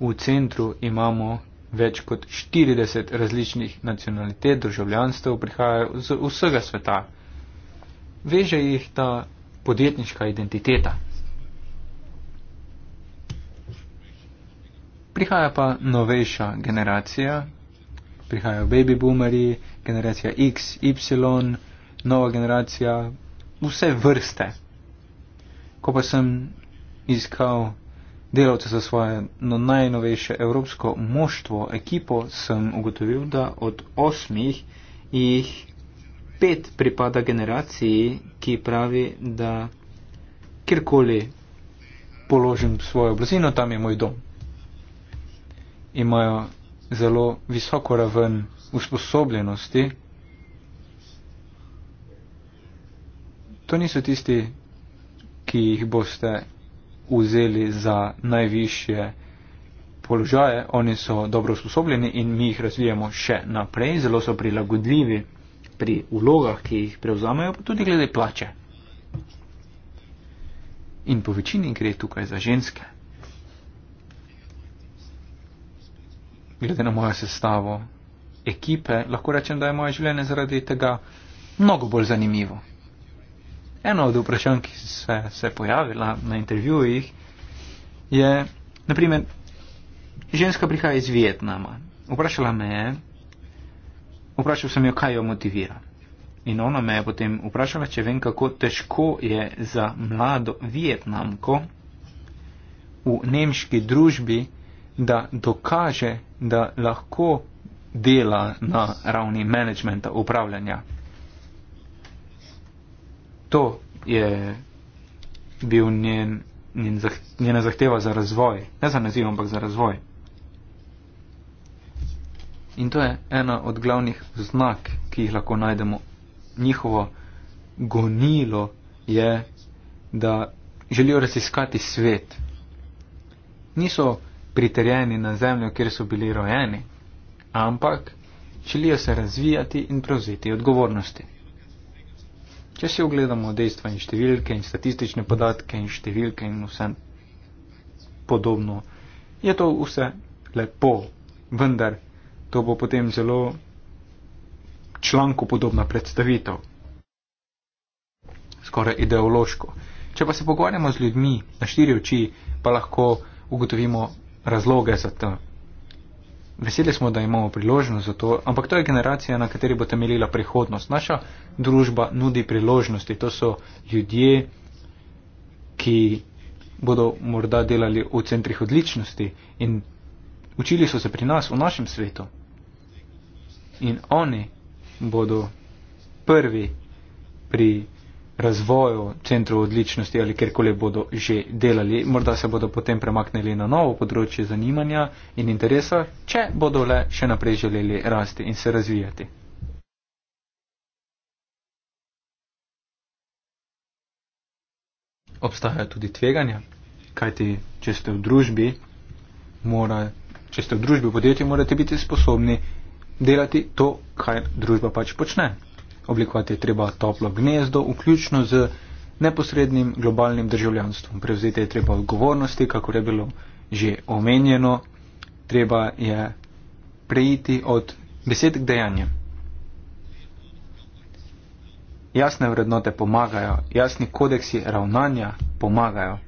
V centru imamo več kot 40 različnih nacionalitet, državljanstev prihajajo z vsega sveta. Veže jih ta podjetniška identiteta. Prihaja pa novejša generacija, prihajajo baby boomeri, generacija X, Y, nova generacija, vse vrste. Ko pa sem iskal delavce za svoje no najnovejše evropsko moštvo, ekipo, sem ugotovil, da od osmih jih pet pripada generaciji, ki pravi, da kjerkoli položim svojo blizino, tam je moj dom. Imajo zelo visoko raven usposobljenosti. to niso tisti, ki jih boste vzeli za najvišje položaje, oni so dobro usposobljeni in mi jih razvijamo še naprej, zelo so prilagodljivi pri vlogah, ki jih prevzamejo, pa tudi glede plače. In po večini gre tukaj za ženske. Glede na mojo sestavo ekipe, lahko rečem, da je moje življenje zaradi tega mnogo bolj zanimivo. Eno od vprašanj, ki se je pojavila na intervjujih, je, naprimer, ženska prihaja iz Vietnama. Vprašala me je, vprašal sem jo, kaj jo motivira. In ona me je potem vprašala, če vem, kako težko je za mlado Vietnamko v nemški družbi, da dokaže, da lahko dela na ravni menedžmenta upravljanja to je bil njen, njen zah, njena zahteva za razvoj, ne za naziv, ampak za razvoj. In to je ena od glavnih znak, ki jih lahko najdemo. Njihovo gonilo je, da želijo raziskati svet. Niso priterjeni na zemljo, kjer so bili rojeni, ampak želijo se razvijati in prevzeti odgovornosti. Če si ogledamo dejstva in številke in statistične podatke in številke in vse podobno, je to vse lepo, vendar to bo potem zelo članku podobna predstavitev, skoraj ideološko. Če pa se pogovarjamo z ljudmi na štiri oči, pa lahko ugotovimo razloge za to, Veseli smo, da imamo priložnost za to, ampak to je generacija, na kateri bo temeljila prihodnost. Naša družba nudi priložnosti. To so ljudje, ki bodo morda delali v centrih odličnosti in učili so se pri nas, v našem svetu. In oni bodo prvi pri razvoju centrov odličnosti ali kjerkoli bodo že delali. Morda se bodo potem premaknili na novo področje zanimanja in interesa, če bodo le še naprej želeli rasti in se razvijati. Obstajajo tudi tveganja, kajti če ste v družbi, mora, če ste v družbi v podjetju, morate biti sposobni delati to, kar družba pač počne. Oblikovati je treba toplo gnezdo, vključno z neposrednim globalnim državljanstvom. Prevzeti je treba odgovornosti, kako je bilo že omenjeno. Treba je prejiti od besed k dejanjem. Jasne vrednote pomagajo, jasni kodeksi ravnanja pomagajo.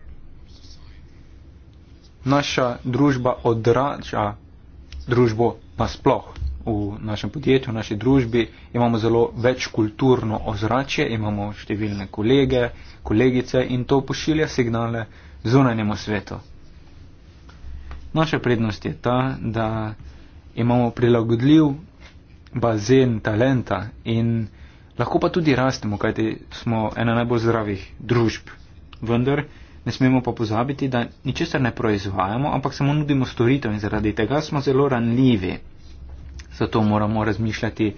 Naša družba odraža družbo nasploh v našem podjetju, v naši družbi, imamo zelo večkulturno ozračje, imamo številne kolege, kolegice in to pošilja signale zunanjemu svetu. Naša prednost je ta, da imamo prilagodljiv bazen talenta in lahko pa tudi rastemo, kajti smo ena najbolj zdravih družb. Vendar ne smemo pa pozabiti, da ničesar ne proizvajamo, ampak samo nudimo storitev in zaradi tega smo zelo ranljivi zato moramo razmišljati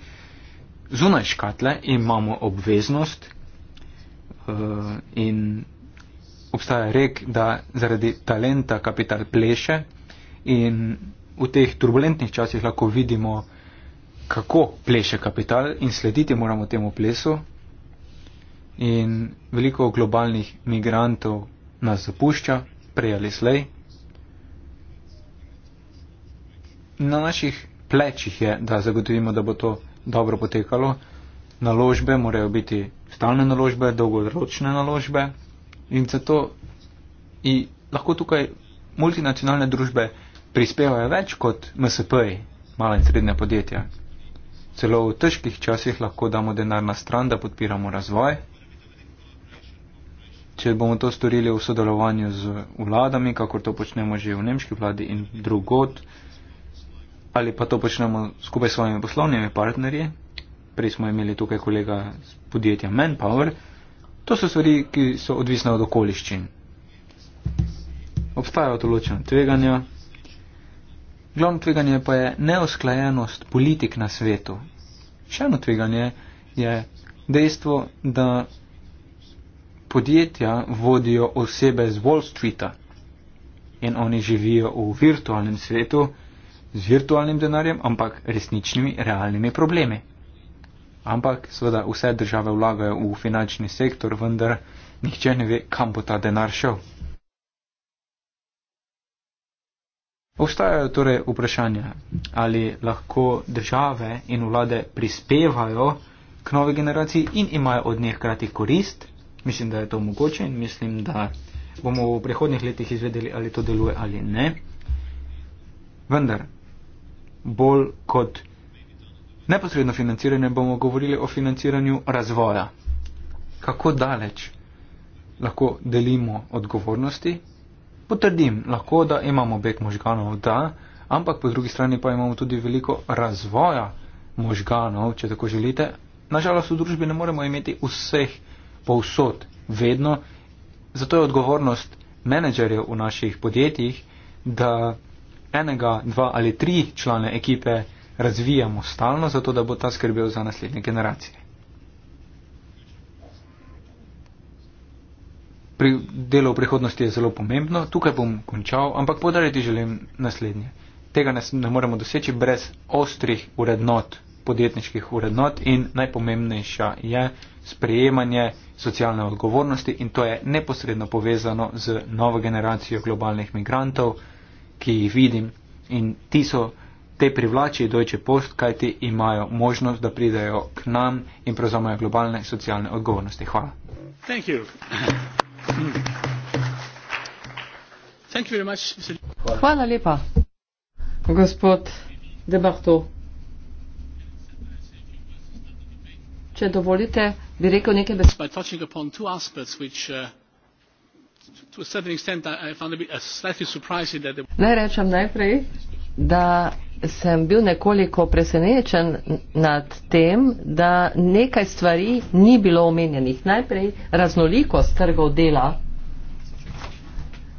zunaj škatle in imamo obveznost uh, in obstaja rek, da zaradi talenta kapital pleše in v teh turbulentnih časih lahko vidimo, kako pleše kapital in slediti moramo temu plesu in veliko globalnih migrantov nas zapušča, prej ali slej. Na naših plečih je, da zagotovimo, da bo to dobro potekalo. Naložbe morajo biti stalne naložbe, dolgoročne naložbe in zato in lahko tukaj multinacionalne družbe prispevajo več kot MSP, mala in srednja podjetja. Celo v težkih časih lahko damo denar na stran, da podpiramo razvoj. Če bomo to storili v sodelovanju z vladami, kakor to počnemo že v nemški vladi in drugod, ali pa to počnemo skupaj s svojimi poslovnimi partnerji. Prej smo imeli tukaj kolega z podjetja Manpower. To so stvari, ki so odvisne od okoliščin. Obstajajo določena tveganja. Glavno tveganje pa je neusklajenost politik na svetu. Še eno tveganje je dejstvo, da podjetja vodijo osebe z Wall Streeta in oni živijo v virtualnem svetu, z virtualnim denarjem, ampak resničnimi, realnimi problemi. Ampak, seveda, vse države vlagajo v finančni sektor, vendar nihče ne ve, kam bo ta denar šel. Obstajajo torej vprašanja, ali lahko države in vlade prispevajo k novi generaciji in imajo od njih krati korist. Mislim, da je to mogoče in mislim, da bomo v prihodnjih letih izvedeli, ali to deluje ali ne. Vendar, bolj kot neposredno financiranje, bomo govorili o financiranju razvoja. Kako daleč lahko delimo odgovornosti? Potrdim, lahko da imamo beg možganov, da, ampak po drugi strani pa imamo tudi veliko razvoja možganov, če tako želite. Nažalost v družbi ne moremo imeti vseh povsod, vedno. Zato je odgovornost menedžerjev v naših podjetjih, da enega, dva ali tri člane ekipe razvijamo stalno, zato da bo ta skrbel za naslednje generacije. Pri delu v prihodnosti je zelo pomembno, tukaj bom končal, ampak podariti želim naslednje. Tega nas ne moremo doseči brez ostrih urednot, podjetniških urednot in najpomembnejša je sprejemanje socialne odgovornosti in to je neposredno povezano z novo generacijo globalnih migrantov ki jih vidim in ti so te privlači Deutsche Post, kaj ti imajo možnost, da pridajo k nam in prevzamejo globalne socialne odgovornosti. Hvala. Thank you. Thank you very much. Hvala. Hvala lepa, gospod Debarto. Če dovolite, bi rekel nekaj besed. Uh, Naj rečem najprej, da sem bil nekoliko presenečen nad tem, da nekaj stvari ni bilo omenjenih. Najprej raznolikost trgov dela.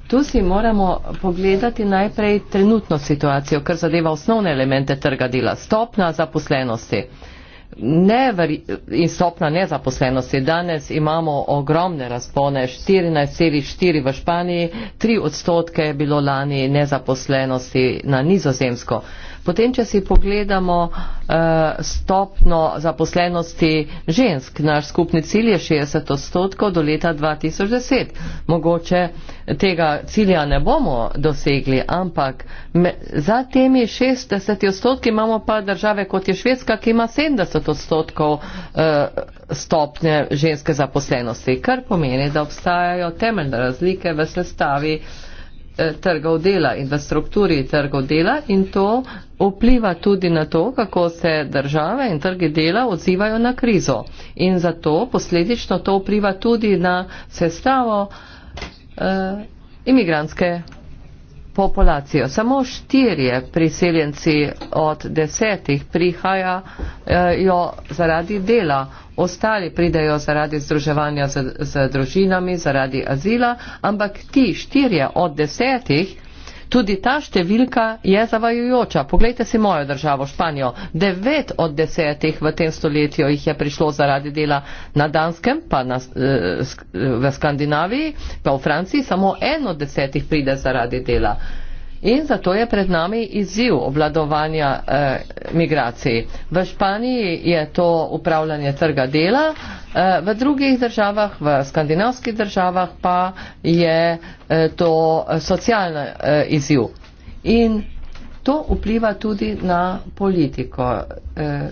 Tu si moramo pogledati najprej trenutno situacijo, kar zadeva osnovne elemente trga dela, stopna zaposlenosti in stopna nezaposlenosti. Danes imamo ogromne razpone, 14,4 v Španiji, 3 odstotke je bilo lani nezaposlenosti na nizozemsko. Uh, Potem, če si pogledamo uh, eh, stopno zaposlenosti žensk, naš skupni cilj je 60 odstotkov do leta 2010. Mogoče tega cilja ne bomo dosegli, ampak me, za temi 60 odstotki imamo pa države kot je Švedska, ki ima 70 odstotkov uh, eh, stopne ženske zaposlenosti, kar pomeni, da obstajajo temeljne razlike v sestavi uh, Eh, trgov dela in v strukturi trgov dela in to vpliva tudi na to, kako se države in trgi dela odzivajo na krizo. In zato posledično to vpliva tudi na sestavo eh, imigranske populacijo. Samo štirje priseljenci od desetih prihajajo zaradi dela. Ostali pridejo zaradi združevanja z, z družinami, zaradi azila, ampak ti štirje od desetih Tudi ta številka je zavajujoča. Poglejte si mojo državo, Španijo. 9 od 10 v tem stoletju jih je prišlo zaradi dela na Danskem, pa na, eh, v Skandinaviji, pa v Franciji. Samo 1 od 10 pride zaradi dela. In zato je pred nami izziv obladovanja eh, migracij. V Španiji je to upravljanje trga dela, eh, v drugih državah, v skandinavskih državah pa je eh, to socialni eh, izziv. In to vpliva tudi na politiko. Eh,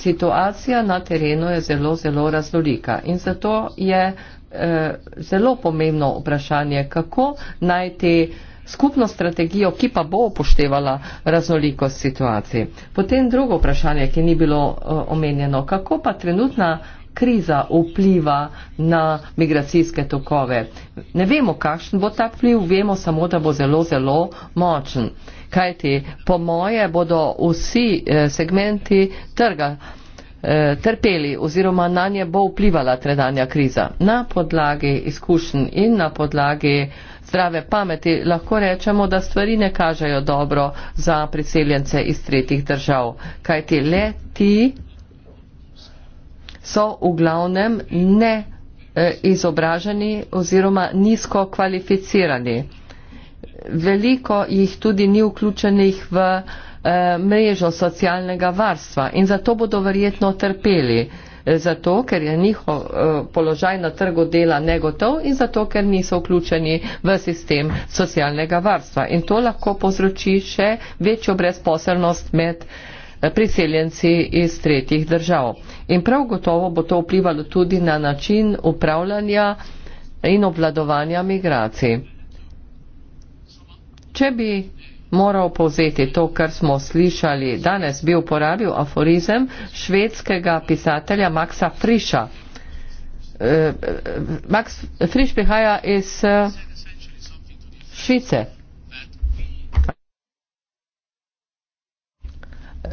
situacija na terenu je zelo, zelo raznolika in zato je eh, zelo pomembno vprašanje, kako najti skupno strategijo, ki pa bo upoštevala raznolikost situacij. Potem drugo vprašanje, ki ni bilo eh, omenjeno, kako pa trenutna kriza vpliva na migracijske tokove. Ne vemo, kakšen bo ta vpliv, vemo samo, da bo zelo, zelo močen. Kajti, po moje, bodo vsi eh, segmenti trga Eh, trpeli oziroma na nje bo vplivala tredanja kriza. Na podlagi izkušenj in na podlagi zdrave pameti lahko rečemo, da stvari ne kažejo dobro za priseljence iz tretjih držav, kajti le ti so v glavnem ne eh, izobraženi oziroma nizko kvalificirani. Veliko jih tudi ni vključenih v Eh, mrežo socialnega varstva in zato bodo verjetno trpeli. Eh, zato, ker je njihov eh, položaj na trgu dela negotov in zato, ker niso vključeni v sistem socialnega varstva. In to lahko povzroči še večjo brezposelnost med priseljenci iz tretjih držav. In prav gotovo bo to vplivalo tudi na način upravljanja in obvladovanja migracij. Če bi moral povzeti to, kar smo slišali danes, bi uporabil aforizem švedskega pisatelja Maxa Friša. E, Max Friš prihaja iz e, Švice.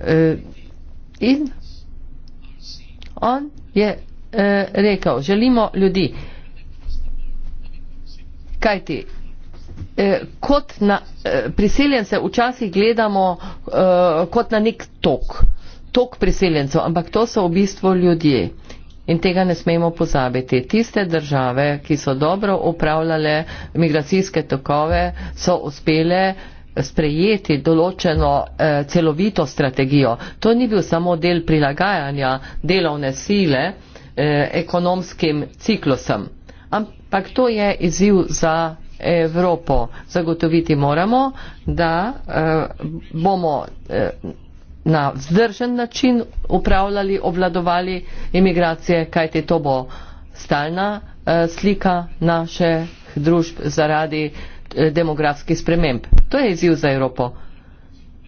E, in on je rekel, želimo ljudi. Kajti, eh, kot na eh, priseljence včasih gledamo eh, kot na nek tok, tok priseljencev, ampak to so v bistvu ljudje. In tega ne smemo pozabiti. Tiste države, ki so dobro upravljale migracijske tokove, so uspele sprejeti določeno eh, celovito strategijo. To ni bil samo del prilagajanja delovne sile eh, ekonomskim ciklusom, ampak to je izziv za Evropo. Zagotoviti moramo, da eh, bomo eh, na vzdržen način upravljali, obladovali imigracije, kajti to bo stalna eh, slika naše družb zaradi demografskih sprememb. To je izziv za Evropo.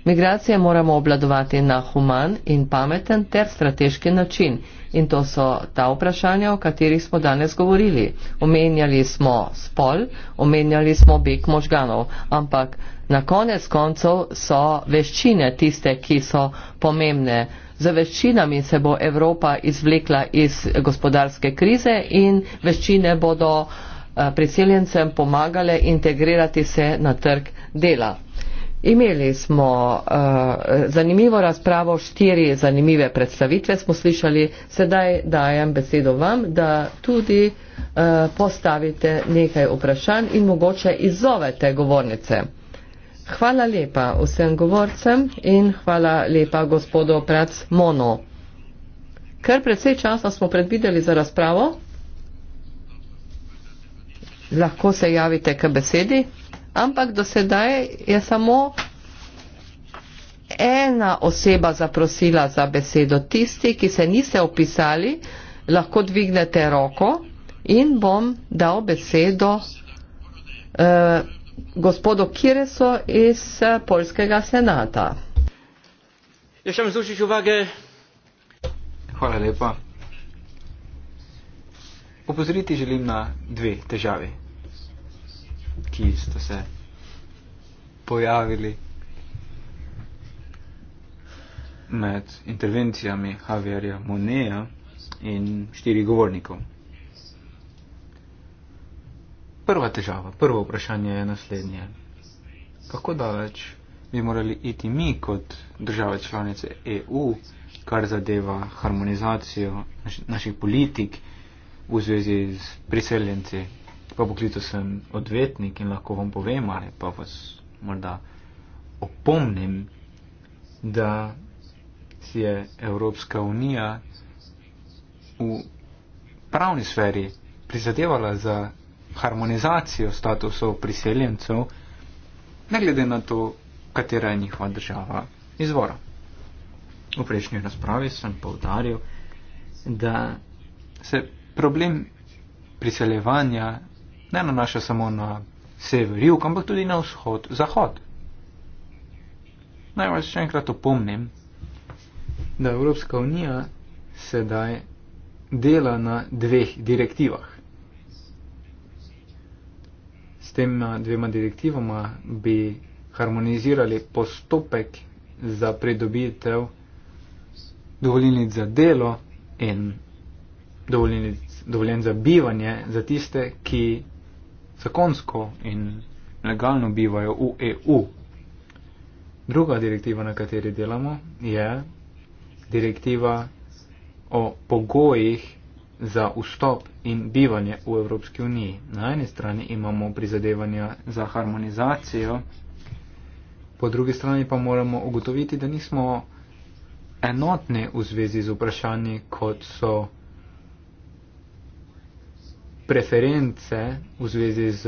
Migracije moramo obladovati na human in pameten ter strateški način. In to so ta vprašanja, o katerih smo danes govorili. Omenjali smo spol, omenjali smo beg možganov, ampak na konec koncev so veščine tiste, ki so pomembne. Za veščinami se bo Evropa izvlekla iz gospodarske krize in veščine bodo eh, priseljencem pomagale integrirati se na trg dela. Imeli smo uh, zanimivo razpravo, štiri zanimive predstavitve smo slišali. Sedaj dajem besedo vam, da tudi uh, postavite nekaj vprašanj in mogoče izzovete govornice. Hvala lepa vsem govorcem in hvala lepa gospodu Prac Mono. Ker predvsej časa smo predvideli za razpravo, lahko se javite k besedi ampak do sedaj je samo ena oseba zaprosila za besedo. Tisti, ki se niste opisali, lahko dvignete roko in bom dal besedo eh, gospodu Kireso iz eh, Polskega senata. Hvala lepa. Opozoriti želim na dve težavi ki sta se pojavili med intervencijami Javierja Moneja in štiri govornikov. Prva težava, prvo vprašanje je naslednje. Kako daleč bi morali iti mi kot države članice EU, kar zadeva harmonizacijo naš, naših politik v zvezi z priseljenci Po poklicu sem odvetnik in lahko vam povem, ali pa vas morda opomnim, da si je Evropska unija v pravni sferi prizadevala za harmonizacijo statusov priseljencev, ne glede na to, katera je njihova država izvora. V prejšnji razpravi sem poudaril, da se problem priseljevanja ne nanaša samo na sever jug, ampak tudi na vzhod, zahod. Naj vas še enkrat opomnim, da Evropska unija sedaj dela na dveh direktivah. S tema dvema direktivama bi harmonizirali postopek za pridobitev dovoljenic za delo in dovoljenic za bivanje za tiste, ki zakonsko in legalno bivajo v EU. Druga direktiva, na kateri delamo, je direktiva o pogojih za vstop in bivanje v Evropski uniji. Na eni strani imamo prizadevanja za harmonizacijo, po drugi strani pa moramo ugotoviti, da nismo enotni v zvezi z vprašanji, kot so preference v zvezi z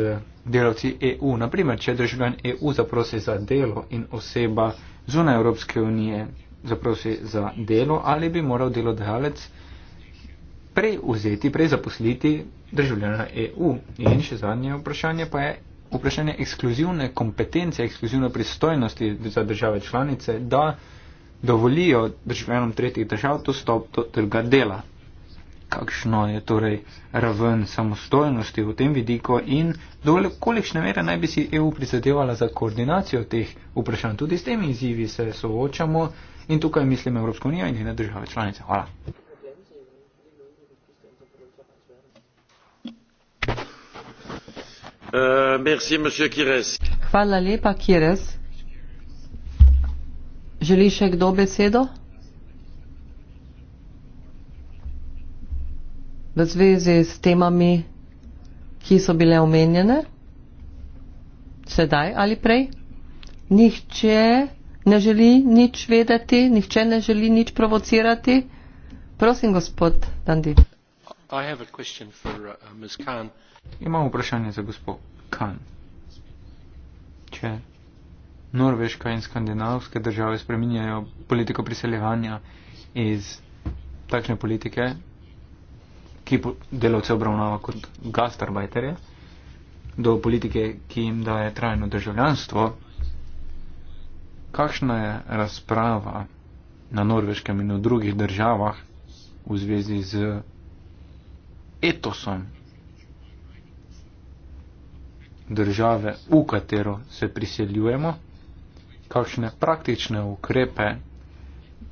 delavci EU. Naprimer, če državljan EU zaprosi za delo in oseba zunaj Evropske unije zaprosi za delo, ali bi moral delodajalec prej vzeti, prej zaposliti državljana EU. In še zadnje vprašanje pa je vprašanje ekskluzivne kompetence, ekskluzivne pristojnosti za države članice, da dovolijo državljanom tretjih držav dostop do trga dela kakšno je torej raven samostojnosti v tem vidiku in do kolikšne mere naj bi si EU prizadevala za koordinacijo teh vprašanj. Tudi s temi izzivi se soočamo in tukaj mislim Evropsko unijo in njene države članice. Hvala. Uh, merci, Hvala lepa, Kires. Želi še kdo besedo? v zvezi s temami, ki so bile omenjene sedaj ali prej. Nihče ne želi nič vedeti, nihče ne želi nič provocirati. Prosim, gospod Dandi. I have a question for uh, Ms. Khan. Imam vprašanje za gospod Khan. Če Norveška in skandinavske države spreminjajo politiko priseljevanja iz takšne politike, ki delavce obravnava kot gastarbajterje, do politike, ki jim daje trajno državljanstvo. Kakšna je razprava na norveškem in v drugih državah v zvezi z etosom države, v katero se priseljujemo, kakšne praktične ukrepe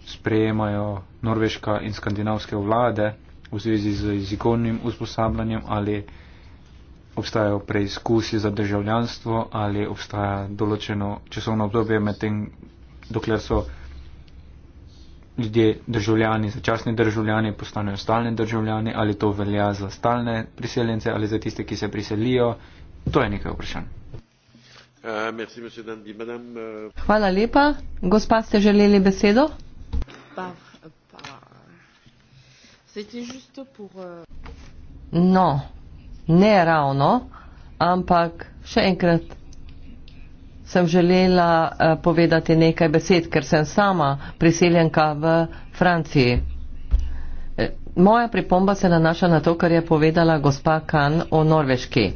sprejemajo norveška in skandinavske vlade, v zvezi z jezikovnim usposabljanjem, ali obstajajo preizkusi za državljanstvo, ali obstaja določeno časovno obdobje med tem, dokler so ljudje državljani, začasni državljani, postanejo stalni državljani, ali to velja za stalne priseljence ali za tiste, ki se priselijo. To je nekaj vprašanj. Eh, eh, Hvala lepa. Gospa ste želeli besedo? Pa. C'était juste pour... Euh... Non, ne ravno, ampak še enkrat sem želela uh, povedati nekaj besed, ker sem sama priseljenka v Franciji. Eh, moja pripomba se nanaša na to, kar je povedala gospa Kan o Norveški.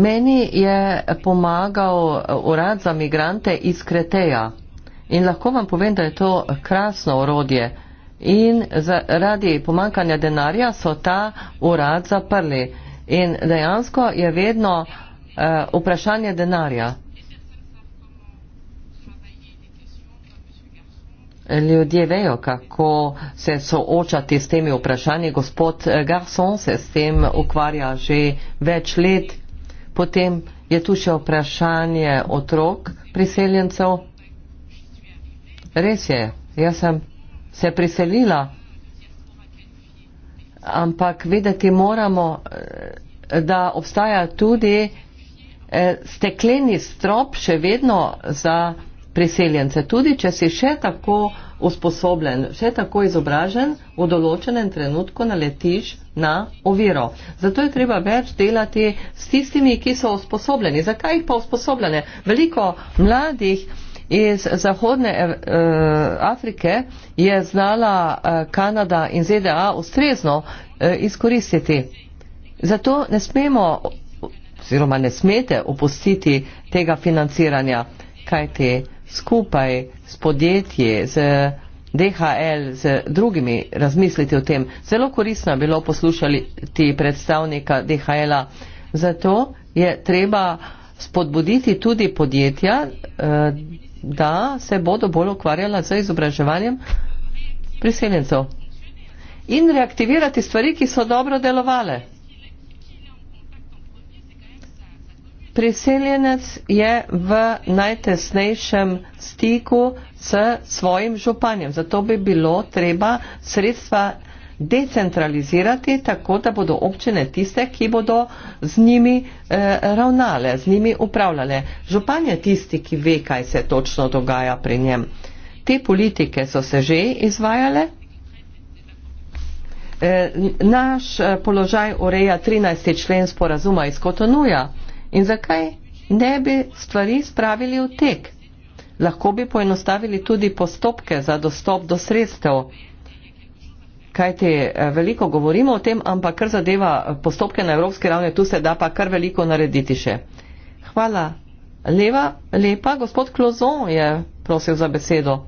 Meni je pomagal eh, urad za migrante iz Kreteja in lahko vam povem, da je to krasno orodje in zaradi pomankanja denarja so ta urad zaprli. In dejansko je vedno uh, vprašanje denarja. Ljudje vejo, kako se soočati s temi vprašanji. Gospod eh, Garson se s tem ukvarja že več let. Potem je tu še vprašanje otrok priseljencev. Res je, jaz sem se je priselila. Ampak vedeti moramo, eh, da obstaja tudi eh, stekleni strop še vedno za priseljence. Tudi, če si še tako usposobljen, še tako izobražen, v določenem trenutku naletiš na oviro. Zato je treba več delati s tistimi, ki so usposobljeni. Zakaj jih pa usposobljene? Veliko mladih iz Zahodne uh, Afrike je znala uh, Kanada in ZDA ustrezno uh, izkoristiti. Zato ne smemo, oziroma ne smete opustiti tega financiranja, kajti skupaj s podjetji, z DHL, z drugimi razmisliti o tem. Zelo koristno je bilo poslušati predstavnika DHL-a. Zato je treba spodbuditi tudi podjetja, da se bodo bolj ukvarjala z izobraževanjem priseljencev in reaktivirati stvari, ki so dobro delovale. Priseljenec je v najtesnejšem stiku s svojim županjem, zato bi bilo treba sredstva decentralizirati, tako da bodo občine tiste, ki bodo z njimi eh, ravnale, z njimi upravljale. Župan je tisti, ki ve, kaj se točno dogaja pri njem. Te politike so se že izvajale. Eh, naš eh, položaj ureja 13. člen sporazuma iz Kotonuja. In zakaj ne bi stvari spravili v tek? Lahko bi poenostavili tudi postopke za dostop do sredstev kajti eh, veliko govorimo o tem, ampak kar zadeva postopke na evropski ravni, tu se da pa kar veliko narediti še. Hvala. Leva, lepa, gospod Klozon je prosil za besedo.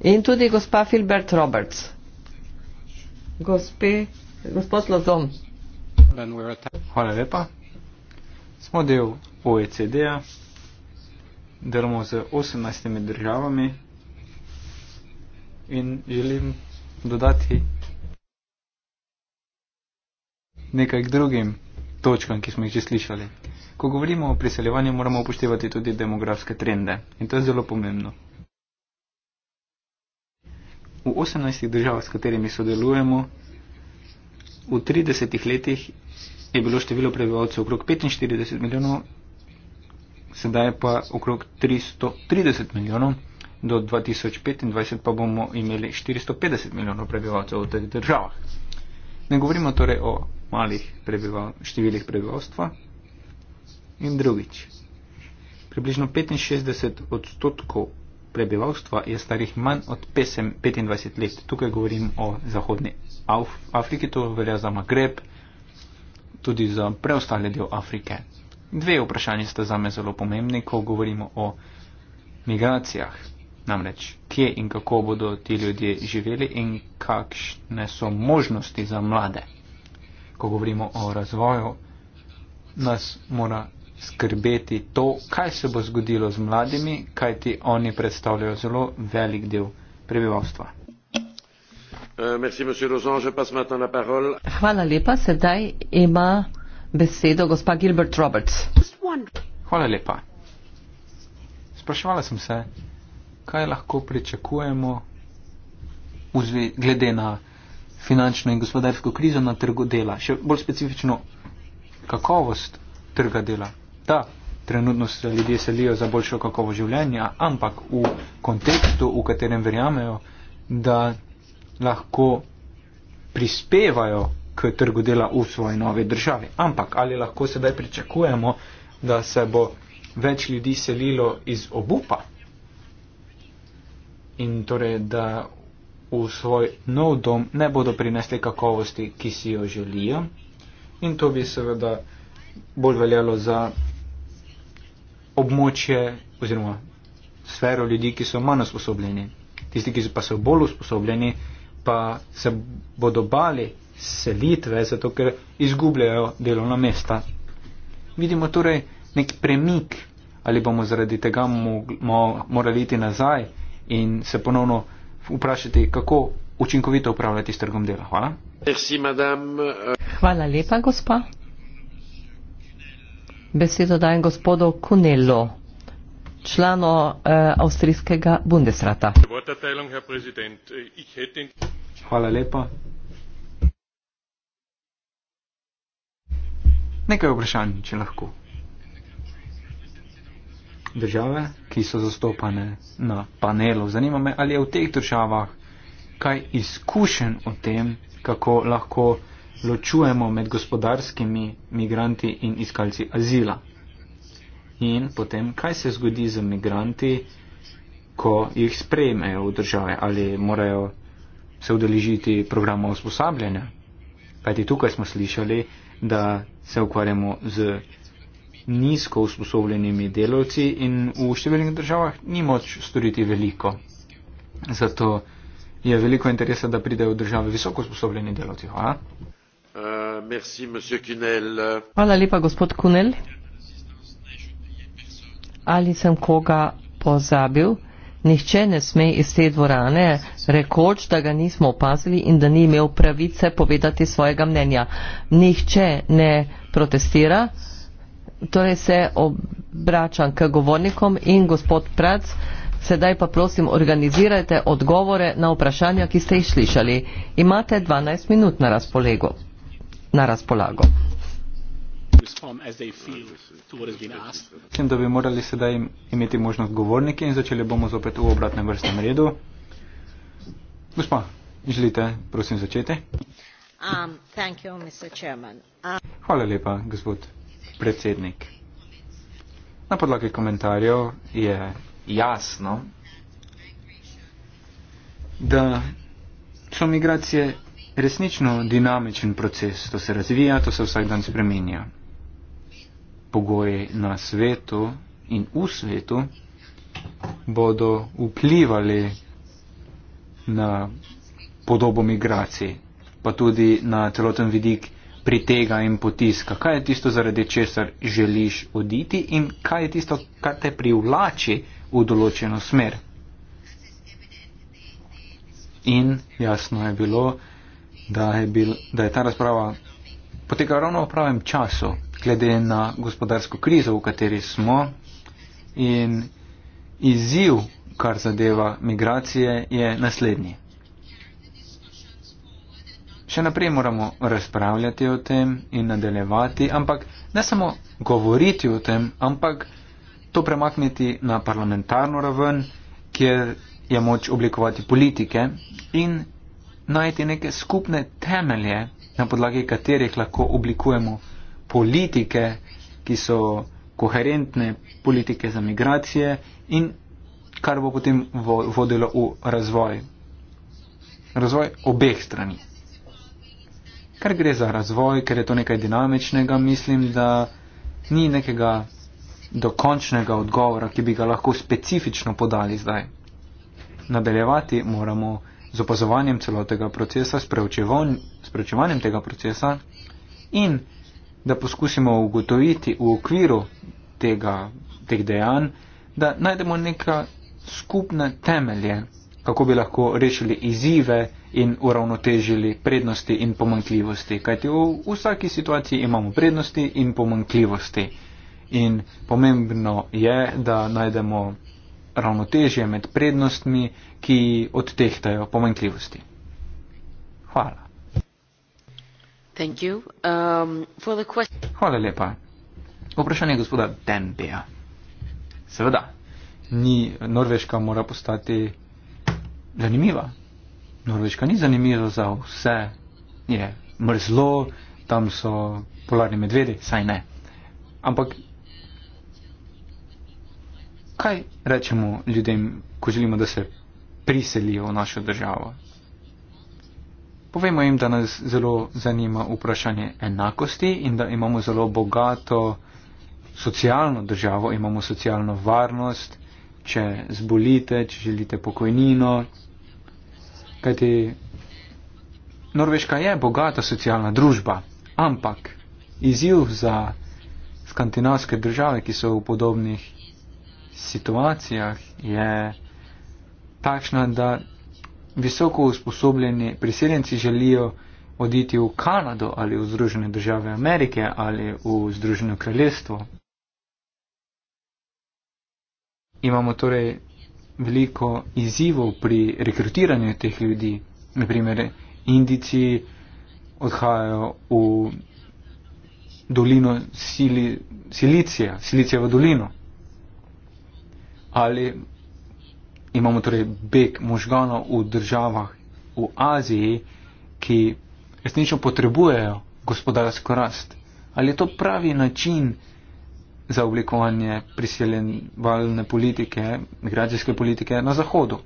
In tudi gospa Filbert Roberts. Gospe, gospod Klozon. Hvala lepa. Smo del OECD-a, delamo z 18 državami in želim dodati nekaj k drugim točkam, ki smo jih že slišali. Ko govorimo o priseljevanju, moramo upoštevati tudi demografske trende in to je zelo pomembno. V 18 državah, s katerimi sodelujemo, v 30 letih je bilo število prebivalcev okrog 45 milijonov, sedaj pa okrog 330 milijonov do 2025 pa bomo imeli 450 milijonov prebivalcev v teh državah. Ne govorimo torej o malih prebival, številih prebivalstva. In drugič, približno 65 odstotkov prebivalstva je starih manj od 25 let. Tukaj govorim o Zahodni Afriki, to velja za Magreb, tudi za preostale del Afrike. Dve vprašanje sta za me zelo pomembni, ko govorimo o migracijah. Namreč, kje in kako bodo ti ljudje živeli in kakšne so možnosti za mlade. Ko govorimo o razvoju, nas mora skrbeti to, kaj se bo zgodilo z mladimi, kaj ti oni predstavljajo zelo velik del prebivalstva. Euh, Hvala lepa, sedaj ima besedo gospa Gilbert Roberts. Hvala lepa. Sprašvala sem se, kaj lahko pričakujemo vzve, glede na finančno in gospodarsko krizo na trgu dela, še bolj specifično kakovost trga dela. Da, trenutno se ljudje selijo za boljšo kakovo življenja, ampak v kontekstu, v katerem verjamejo, da lahko prispevajo k trgu dela v svoji nove državi. Ampak ali lahko sedaj pričakujemo, da se bo več ljudi selilo iz obupa in torej, da v svoj nov dom ne bodo prinesli kakovosti, ki si jo želijo. In to bi seveda bolj veljalo za območje oziroma sfero ljudi, ki so manj usposobljeni. Tisti, ki pa so bolj usposobljeni, pa se bodo bali selitve, zato ker izgubljajo delovna mesta. Vidimo torej nek premik, ali bomo zaradi tega mo mo morali iti nazaj in se ponovno vprašati, kako učinkovito upravljati s trgom dela. Hvala. Merci, Hvala lepa, gospa. Besedo dajem gospodu Kunelo, člano eh, avstrijskega Bundesrata. Hvala lepa. Nekaj vprašanj, če lahko države, ki so zastopane na panelu. Zanima me, ali je v teh državah kaj izkušen o tem, kako lahko ločujemo med gospodarskimi migranti in iskalci azila. In potem, kaj se zgodi z migranti, ko jih sprejmejo v države, ali morajo se udeležiti programa usposabljanja. Kajti tukaj smo slišali, da se ukvarjamo z nizko usposobljenimi delavci in v številnih državah ni moč storiti veliko. Zato je veliko interesa, da pridejo v države visoko usposobljeni delavci. Hvala. Eh, Hvala lepa, gospod Kunel. Ali sem koga pozabil? Nihče ne sme iz te dvorane rekoč, da ga nismo opazili in da ni imel pravice povedati svojega mnenja. Nihče ne protestira torej se obračam k govornikom in gospod Prac, sedaj pa prosim organizirajte odgovore na vprašanja, ki ste jih slišali. Imate 12 minut na, razpolego, na razpolago. Mislim, da bi morali sedaj imeti možnost govorniki in začeli bomo zopet v obratnem vrstnem redu. Gospa, želite, prosim, začeti? Um, thank you, Mr. Chairman. Um, Hvala lepa, gospod predsednik. Na podlagi komentarjev je jasno, da so migracije resnično dinamičen proces, to se razvija, to se vsak dan spremenja. Pogoji na svetu in v svetu bodo vplivali na podobo migracij, pa tudi na celoten vidik pritega in potiska, kaj je tisto, zaradi česar želiš oditi in kaj je tisto, kar te privlači v določeno smer. In jasno je bilo, da je, bil, da je ta razprava potekala ravno v pravem času, glede na gospodarsko krizo, v kateri smo. In izziv, kar zadeva migracije, je naslednji. Še naprej moramo razpravljati o tem in nadaljevati, ampak ne samo govoriti o tem, ampak to premakniti na parlamentarno raven, kjer je moč oblikovati politike in najti neke skupne temelje, na podlagi katerih lahko oblikujemo politike, ki so koherentne politike za migracije in kar bo potem vodilo v razvoj. Razvoj obeh strani ker gre za razvoj, ker je to nekaj dinamičnega, mislim, da ni nekega dokončnega odgovora, ki bi ga lahko specifično podali zdaj. Nadaljevati moramo z opazovanjem celotega procesa, s preučevanjem tega procesa in da poskusimo ugotoviti v okviru tega, teh dejanj, da najdemo neka skupna temelje, kako bi lahko rešili izzive, in uravnotežili prednosti in pomankljivosti. Kajti v vsaki situaciji imamo prednosti in pomankljivosti. In pomembno je, da najdemo ravnotežje med prednostmi, ki odtehtajo pomankljivosti. Hvala. Um, Hvala lepa. Vprašanje gospoda Denbija. Seveda, ni Norveška mora postati zanimiva. Norveška ni zanimiva za vse, je mrzlo, tam so polarni medvedi, saj ne. Ampak kaj rečemo ljudem, ko želimo, da se priselijo v našo državo? Povejmo jim, da nas zelo zanima vprašanje enakosti in da imamo zelo bogato socialno državo, imamo socialno varnost, če zbolite, če želite pokojnino, kajti Norveška je bogata socialna družba, ampak izjiv za skandinavske države, ki so v podobnih situacijah, je takšna, da visoko usposobljeni priseljenci želijo oditi v Kanado ali v Združene države Amerike ali v Združeno kraljestvo. Imamo torej veliko izzivov pri rekrutiranju teh ljudi. Naprimer, Indici odhajajo v dolino Sili, Silicija, Silicijevo dolino. Ali imamo torej beg možganov v državah v Aziji, ki resnično potrebujejo gospodarsko rast. Ali je to pravi način, za oblikovanje priseljevalne politike, migracijske politike na Zahodu.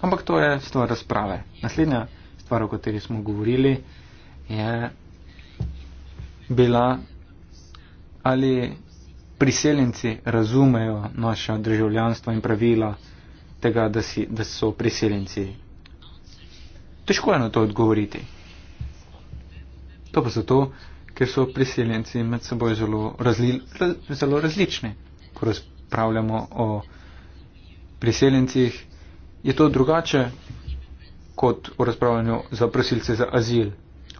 Ampak to je stvar razprave. Naslednja stvar, o kateri smo govorili, je bila, ali priseljenci razumejo naša državljanstva in pravila tega, da, si, da so priseljenci. Težko je na to odgovoriti. To pa zato, ker so priseljenci med seboj zelo, razli, raz, zelo različni. Ko razpravljamo o priseljencih, je to drugače kot o razpravljanju za prosilce za azil.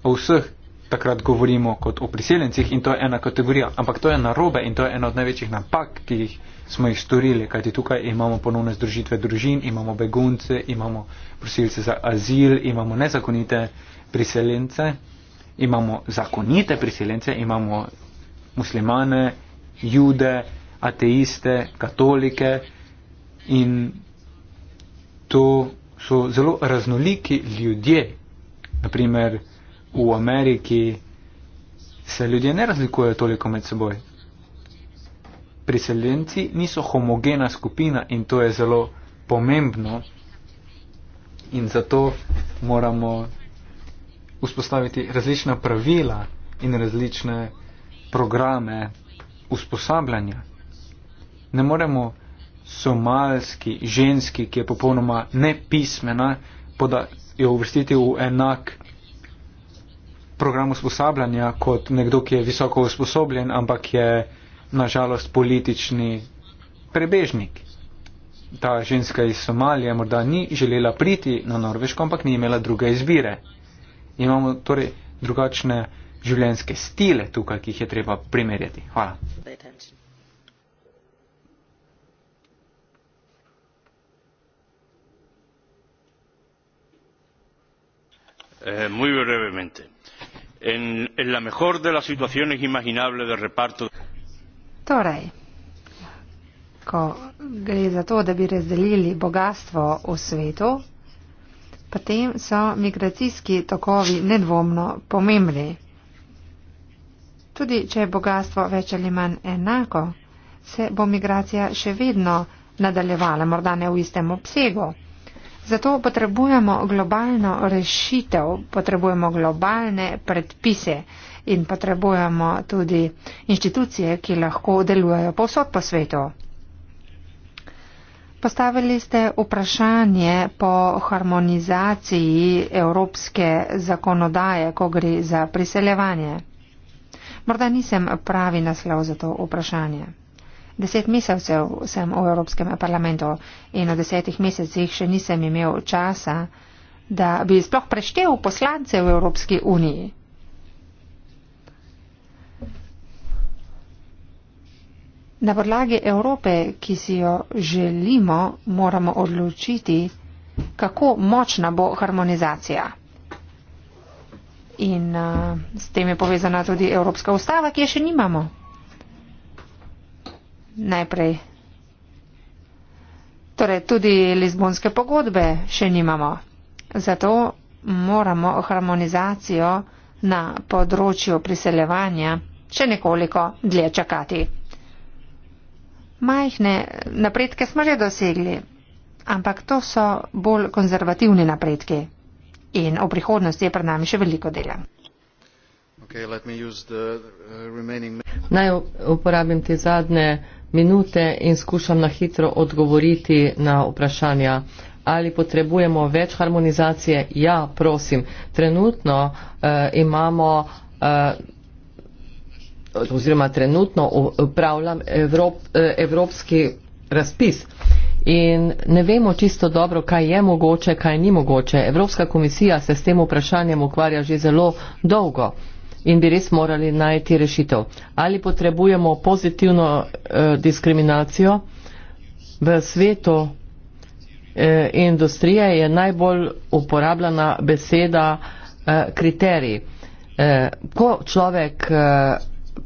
O vseh takrat govorimo kot o priseljencih in to je ena kategorija, ampak to je narobe in to je ena od največjih napak, ki jih smo jih storili, kajti tukaj imamo ponovne združitve družin, imamo begunce, imamo prosilce za azil, imamo nezakonite priseljence imamo zakonite priseljence, imamo muslimane, jude, ateiste, katolike in to so zelo raznoliki ljudje. Naprimer, v Ameriki se ljudje ne razlikujejo toliko med seboj. Priseljenci niso homogena skupina in to je zelo pomembno. In zato moramo vzpostaviti različna pravila in različne programe usposabljanja. Ne moremo somalski ženski, ki je popolnoma nepismena, poda jo uvrstiti v enak program usposabljanja kot nekdo, ki je visoko usposobljen, ampak je nažalost politični prebežnik. Ta ženska iz Somalije morda ni želela priti na Norveško, ampak ni imela druge izbire imamo torej drugačne življenjske stile tukaj, ki jih je treba primerjati. Hvala. Eh, muy brevemente. En, en la mejor de las situaciones imaginables de reparto. Torej, ko gre za to, da bi razdelili bogatstvo v svetu, Potem so migracijski tokovi nedvomno pomembni. Tudi če je bogatstvo več ali manj enako, se bo migracija še vedno nadaljevala, morda ne v istem obsegu. Zato potrebujemo globalno rešitev, potrebujemo globalne predpise in potrebujemo tudi inštitucije, ki lahko delujejo povsod po svetu. Postavili ste vprašanje po harmonizaciji evropske zakonodaje, ko gre za priseljevanje. Morda nisem pravi naslov za to vprašanje. Deset mesecev sem v Evropskem parlamentu in v desetih mesecih še nisem imel časa, da bi sploh preštel poslance v Evropski uniji. Na podlagi Evrope, ki si jo želimo, moramo odločiti, kako močna bo harmonizacija. In a, uh, s tem je povezana tudi Evropska ustava, ki je še nimamo. Najprej. Torej, tudi Lizbonske pogodbe še nimamo. Zato moramo harmonizacijo na področju priseljevanja še nekoliko dlje čakati majhne napredke smo že dosegli, ampak to so bolj konzervativni napredki in v prihodnosti je pred nami še veliko dela. Okay, uh, remaining... Naj uporabim te zadnje minute in skušam na hitro odgovoriti na vprašanja. Ali potrebujemo več harmonizacije? Ja, prosim. Trenutno uh, imamo. Uh, oziroma trenutno upravljam Evrop, eh, evropski razpis. In ne vemo čisto dobro, kaj je mogoče, kaj ni mogoče. Evropska komisija se s tem vprašanjem ukvarja že zelo dolgo in bi res morali najti rešitev. Ali potrebujemo pozitivno eh, diskriminacijo v svetu eh, industrije, je najbolj uporabljena beseda eh, kriterij. Eh, ko človek. Eh,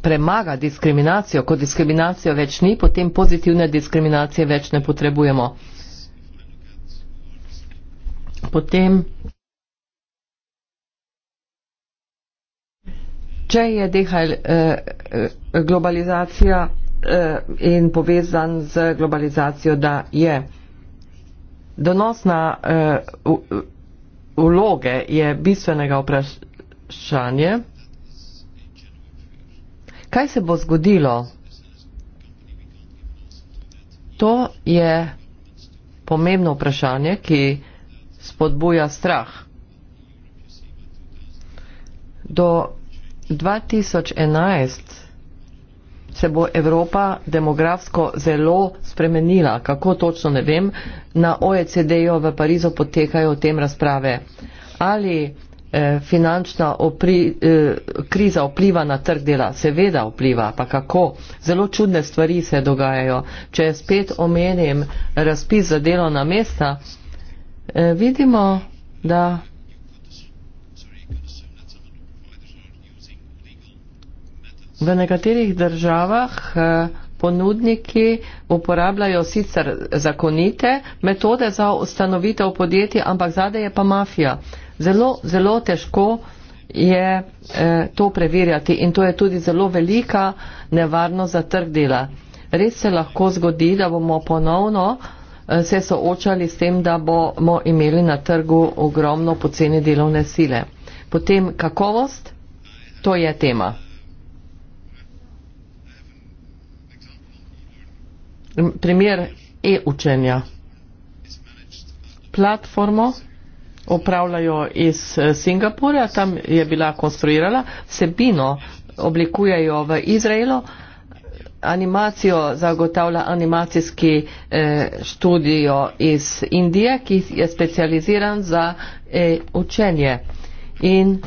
premaga diskriminacijo, ko diskriminacijo več ni, potem pozitivne diskriminacije več ne potrebujemo. Potem, če je DHL eh, globalizacija eh, in povezan z globalizacijo, da je donosna eh, vloge je bistvenega vprašanja. Kaj se bo zgodilo? To je pomembno vprašanje, ki spodbuja strah. Do 2011 se bo Evropa demografsko zelo spremenila, kako točno ne vem, na OECD-ju v Parizu potekajo o tem razprave. Ali Eh, finančna opri, eh, kriza vpliva na trg dela. Seveda vpliva, pa kako. Zelo čudne stvari se dogajajo. Če spet omenim razpis za delo na mesta, eh, vidimo, da v nekaterih državah ponudniki uporabljajo sicer zakonite metode za ustanovitev podjetij, ampak zadej je pa mafija. Zelo, zelo težko je eh, to preverjati in to je tudi zelo velika nevarnost za trg dela. Res se lahko zgodi, da bomo ponovno eh, se soočali s tem, da bomo imeli na trgu ogromno poceni delovne sile. Potem kakovost, to je tema. Primer e-učenja. Platformo upravljajo iz eh, Singapurja, tam je bila konstruirala, sebino oblikujejo v Izraelu, animacijo zagotavlja animacijski eh, študijo iz Indije, ki je specializiran za eh, učenje. In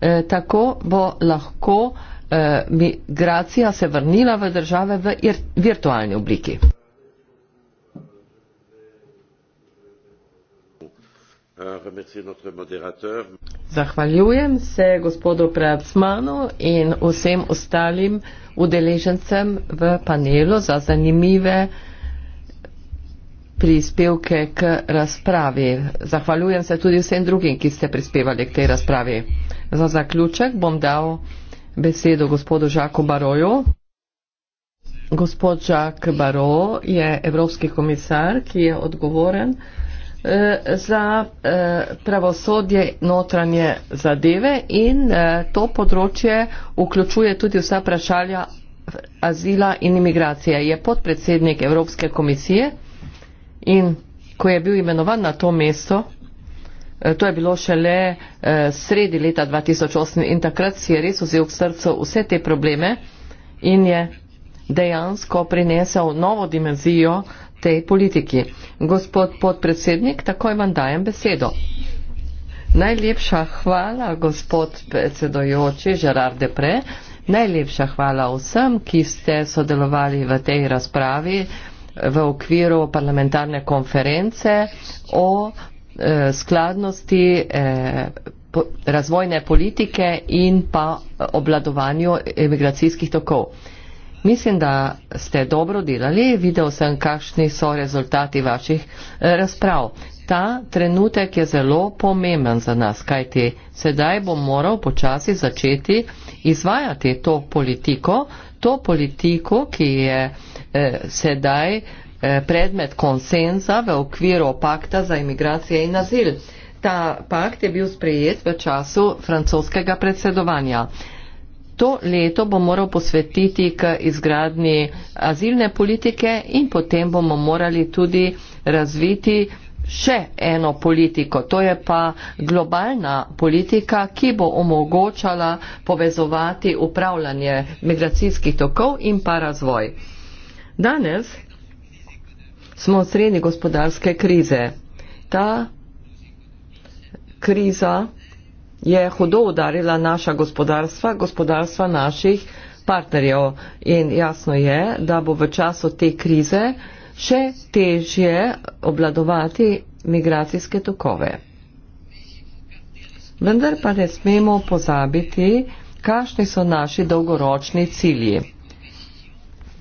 eh, tako bo lahko eh, migracija se vrnila v države v virtualni obliki. Zahvaljujem se gospodu Pratsmanu in vsem ostalim udeležencem v panelu za zanimive prispevke k razpravi. Zahvaljujem se tudi vsem drugim, ki ste prispevali k tej razpravi. Za zaključek bom dal besedo gospodu Žaku Baroju. Gospod Žak Baro je evropski komisar, ki je odgovoren Eh, za eh, pravosodje notranje zadeve in eh, to področje vključuje tudi vsa vprašanja azila in imigracije. Je podpredsednik Evropske komisije in ko je bil imenovan na to mesto, to je bilo šele sredi leta 2008 in takrat si je res vzel k srcu vse te probleme in je dejansko prinesel novo dimenzijo tej politiki. Gospod podpredsednik, takoj vam dajem besedo. Najlepša hvala, gospod predsedojoči Žerar Depre. Najlepša hvala vsem, ki ste sodelovali v tej razpravi v okviru parlamentarne konference o eh, skladnosti eh, razvojne politike in pa eh, obladovanju imigracijskih tokov. Mislim, da ste dobro delali. Videl sem, kakšni so rezultati vaših eh, razprav. Ta trenutek je zelo pomemben za nas, kajti sedaj bom moral počasi začeti izvajati to politiko, to politiko, ki je eh, sedaj eh, predmet konsenza v okviru pakta za imigracije in azil. Ta pakt je bil sprejet v času francoskega predsedovanja. Eh, To leto bo moral posvetiti k izgradni azilne politike in potem bomo morali tudi razviti še eno politiko. To je pa globalna politika, ki bo omogočala povezovati upravljanje migracijskih tokov in pa razvoj. Danes smo sredi gospodarske krize. Ta kriza je hudo udarila naša gospodarstva, gospodarstva naših partnerjev. In jasno je, da bo v času te krize še težje obladovati migracijske tokove. Vendar pa ne smemo pozabiti, kakšni so naši dolgoročni cilji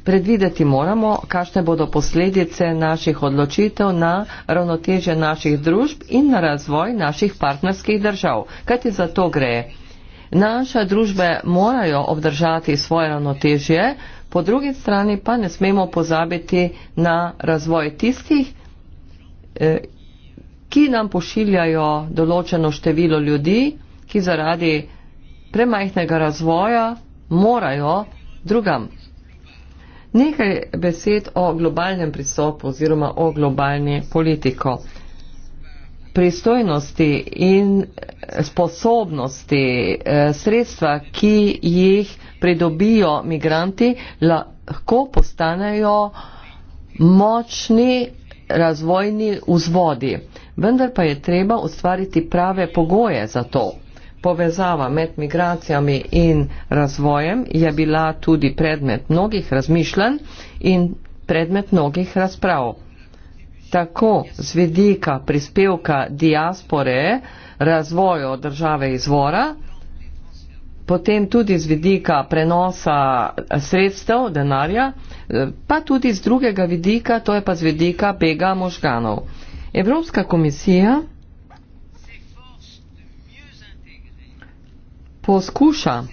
predvideti moramo, kakšne bodo posledice naših odločitev na ravnoteže naših družb in na razvoj naših partnerskih držav. Kaj ti za to gre? Naša družbe morajo obdržati svoje ravnotežje, po drugi strani pa ne smemo pozabiti na razvoj tistih, eh, ki nam pošiljajo določeno število ljudi, ki zaradi premajhnega razvoja morajo drugam Nekaj besed o globalnem pristopu oziroma o globalni politiko. Pristojnosti in sposobnosti, eh, sredstva, ki jih pridobijo migranti, lahko postanejo močni razvojni vzvodi. Vendar pa je treba ustvariti prave pogoje za to. Povezava med migracijami in razvojem je bila tudi predmet mnogih razmišljanj in predmet mnogih razprav. Tako z vidika prispevka diaspore razvoju države izvora, potem tudi z vidika prenosa sredstev, denarja, pa tudi z drugega vidika, to je pa z vidika bega možganov. Evropska komisija poskuša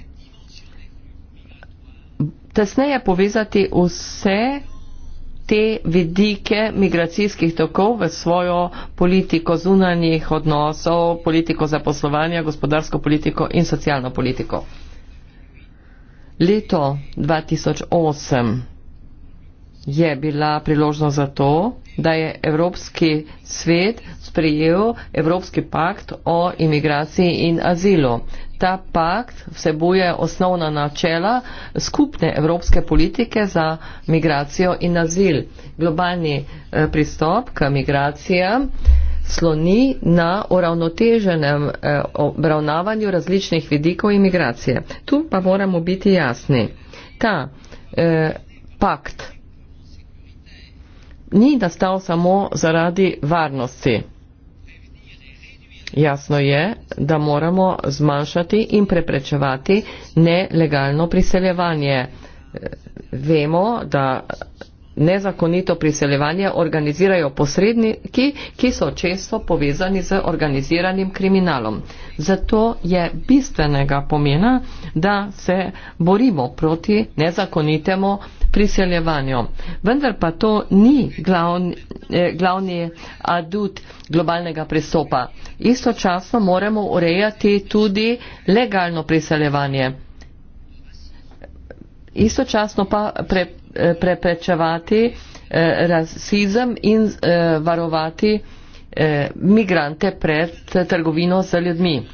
tesneje povezati vse te vidike migracijskih tokov v svojo politiko zunanjih odnosov, politiko zaposlovanja, gospodarsko politiko in socialno politiko. Leto 2008 je bila priložnost za to, da je Evropski svet sprejel Evropski pakt o imigraciji in azilu. Ta pakt vsebuje osnovna načela skupne evropske politike za migracijo in azil. Globalni eh, pristop k migracijam sloni na uravnoteženem eh, obravnavanju različnih vidikov imigracije. Tu pa moramo biti jasni. Ta eh, pakt ni nastal samo zaradi varnosti. Jasno je, da moramo zmanjšati in preprečevati nelegalno priseljevanje. Vemo, da nezakonito priseljevanje organizirajo posredniki, ki so često povezani z organiziranim kriminalom. Zato je bistvenega pomena, da se borimo proti nezakonitemu priseljevanju. Vendar pa to ni glavni, eh, glavni adut globalnega pristopa. Istočasno moramo urejati tudi legalno priseljevanje. Istočasno pa pre, preprečevati eh, rasizem in eh, varovati eh, migrante pred trgovino z ljudmi.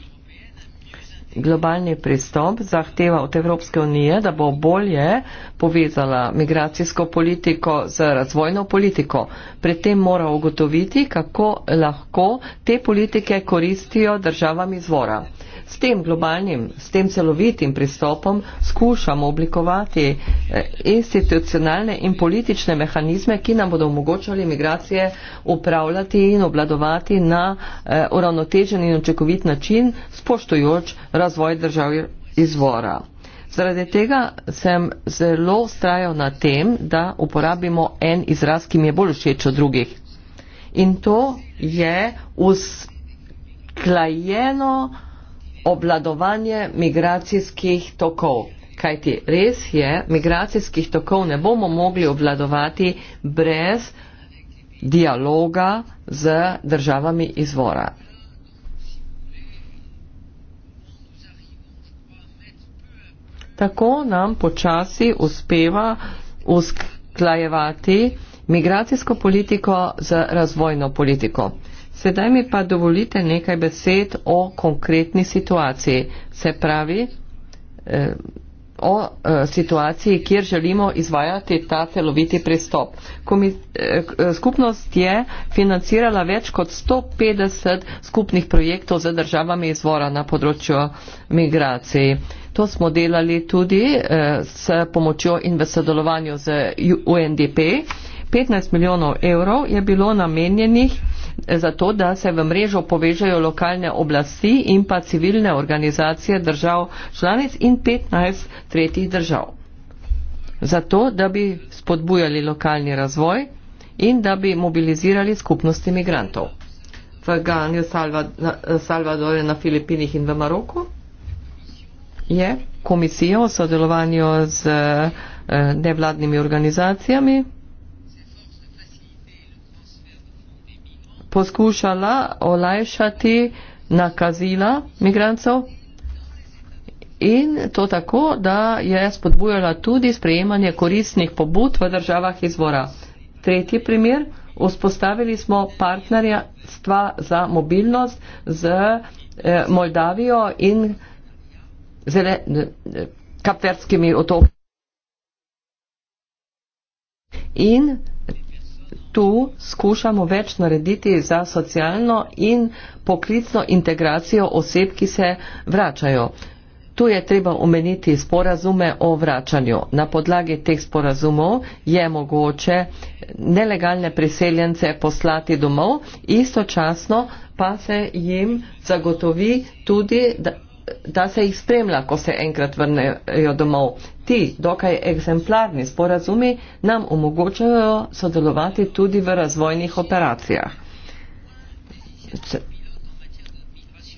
Globalni pristop zahteva od Evropske unije, da bo bolje povezala migracijsko politiko z razvojno politiko. Pred tem mora ugotoviti, kako lahko te politike koristijo državam izvora. S tem globalnim, s tem celovitim pristopom skušamo oblikovati eh, institucionalne in politične mehanizme, ki nam bodo omogočali migracije upravljati in obladovati na eh, uravnotežen in očekovit način, spoštojoč razvoj držav izvora. Zaradi tega sem zelo ustrajal na tem, da uporabimo en izraz, ki mi je bolj všeč od drugih. In to je usklajeno uh, obladovanje migracijskih tokov. Kajti res je, migracijskih tokov ne bomo mogli obladovati brez dialoga z državami izvora. Tako nam počasi uspeva usklajevati migracijsko politiko z razvojno politiko. Sedaj mi pa dovolite nekaj besed o konkretni situaciji, se pravi eh, o eh, situaciji, kjer želimo izvajati ta celoviti pristop. Eh, skupnost je financirala več kot 150 skupnih projektov z državami izvora na področju migracij. To smo delali tudi s pomočjo in v sodelovanju z UNDP. 15 milijonov evrov je bilo namenjenih zato, da se v mrežo povežejo lokalne oblasti in pa civilne organizacije držav članic in 15 tretjih držav. Zato, da bi spodbujali lokalni razvoj in da bi mobilizirali skupnosti migrantov. V Ganju, Salvadorju, na Filipinih in v Maroku je komisija o sodelovanju z eh, nevladnimi organizacijami poskušala olajšati nakazila migrancov in to tako, da je spodbujala tudi sprejemanje koristnih pobud v državah izvora. Tretji primer, vzpostavili smo partnerstva za mobilnost z eh, Moldavijo in zele, eh, kapverskimi otoki. In tu skušamo več narediti za socialno in poklicno integracijo oseb, ki se vračajo. Tu je treba omeniti sporazume o vračanju. Na podlagi teh sporazumov je mogoče nelegalne priseljence poslati domov, istočasno pa se jim zagotovi tudi da se jih spremlja, ko se enkrat vrnejo domov. Ti dokaj eksemplarni sporazumi nam omogočajo sodelovati tudi v razvojnih operacijah.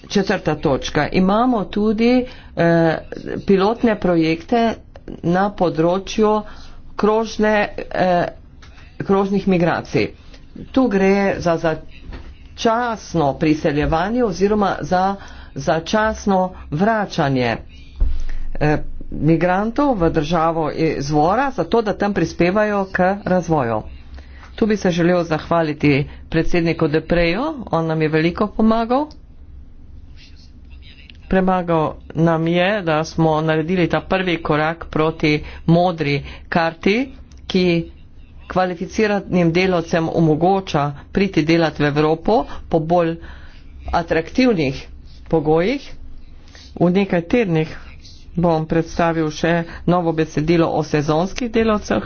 Četrta točka. Imamo tudi eh, pilotne projekte na področju krožne, eh, krožnih migracij. Tu gre za začasno priseljevanje oziroma za eh, začasno vračanje eh, migrantov v državo izvora, zato da tam prispevajo k razvoju. Tu bi se želel zahvaliti predsedniku Depreju, on nam je veliko pomagal. Premagal nam je, da smo naredili ta prvi korak proti modri karti, ki kvalificiranim delovcem omogoča priti delati v Evropo po bolj atraktivnih pogojih. V nekaj tednih bom predstavil še novo besedilo o sezonskih delavcih,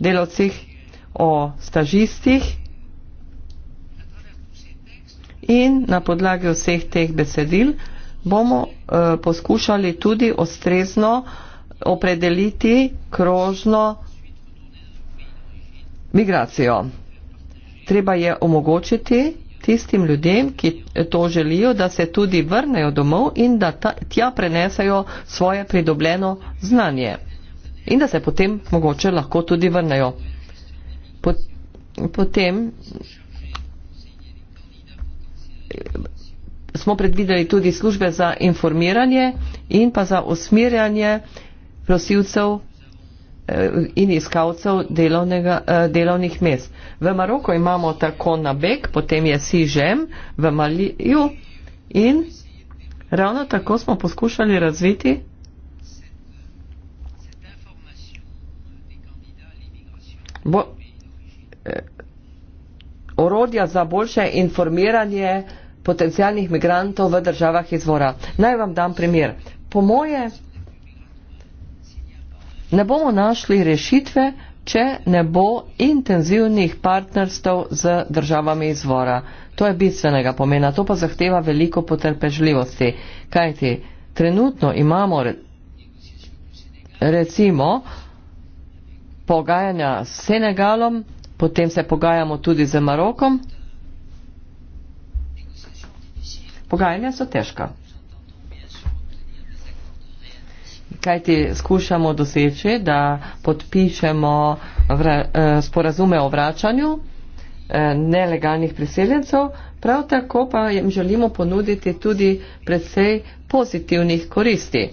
delavcih o stažistih in na podlagi vseh teh besedil bomo eh, poskušali tudi ostrezno opredeliti krožno migracijo. Treba je omogočiti tistim ljudem, ki to želijo, da se tudi vrnejo domov in da ta, tja prenesejo svoje pridobljeno znanje. In da se potem mogoče lahko tudi vrnejo. Pot, potem smo predvideli tudi službe za informiranje in pa za usmirjanje prosilcev Eh, in iskalcev eh, delovnih mest. V Maroku imamo tako na Bek, potem je Sižem v Maliju in ravno tako smo poskušali razviti bo, eh, orodja za boljše informiranje potencijalnih migrantov v državah izvora. Naj vam dam primer. Po moje ne bomo našli rešitve, če ne bo intenzivnih partnerstv z državami izvora. To je bistvenega pomena, to pa zahteva veliko potrpežljivosti. Kajti, trenutno imamo recimo pogajanja s Senegalom, potem se pogajamo tudi z Marokom. Pogajanja so težka. kaj ti skušamo doseči, da podpišemo vra, eh, sporazume o vračanju eh, nelegalnih priseljencev, prav tako pa jim želimo ponuditi tudi predvsej pozitivnih koristi.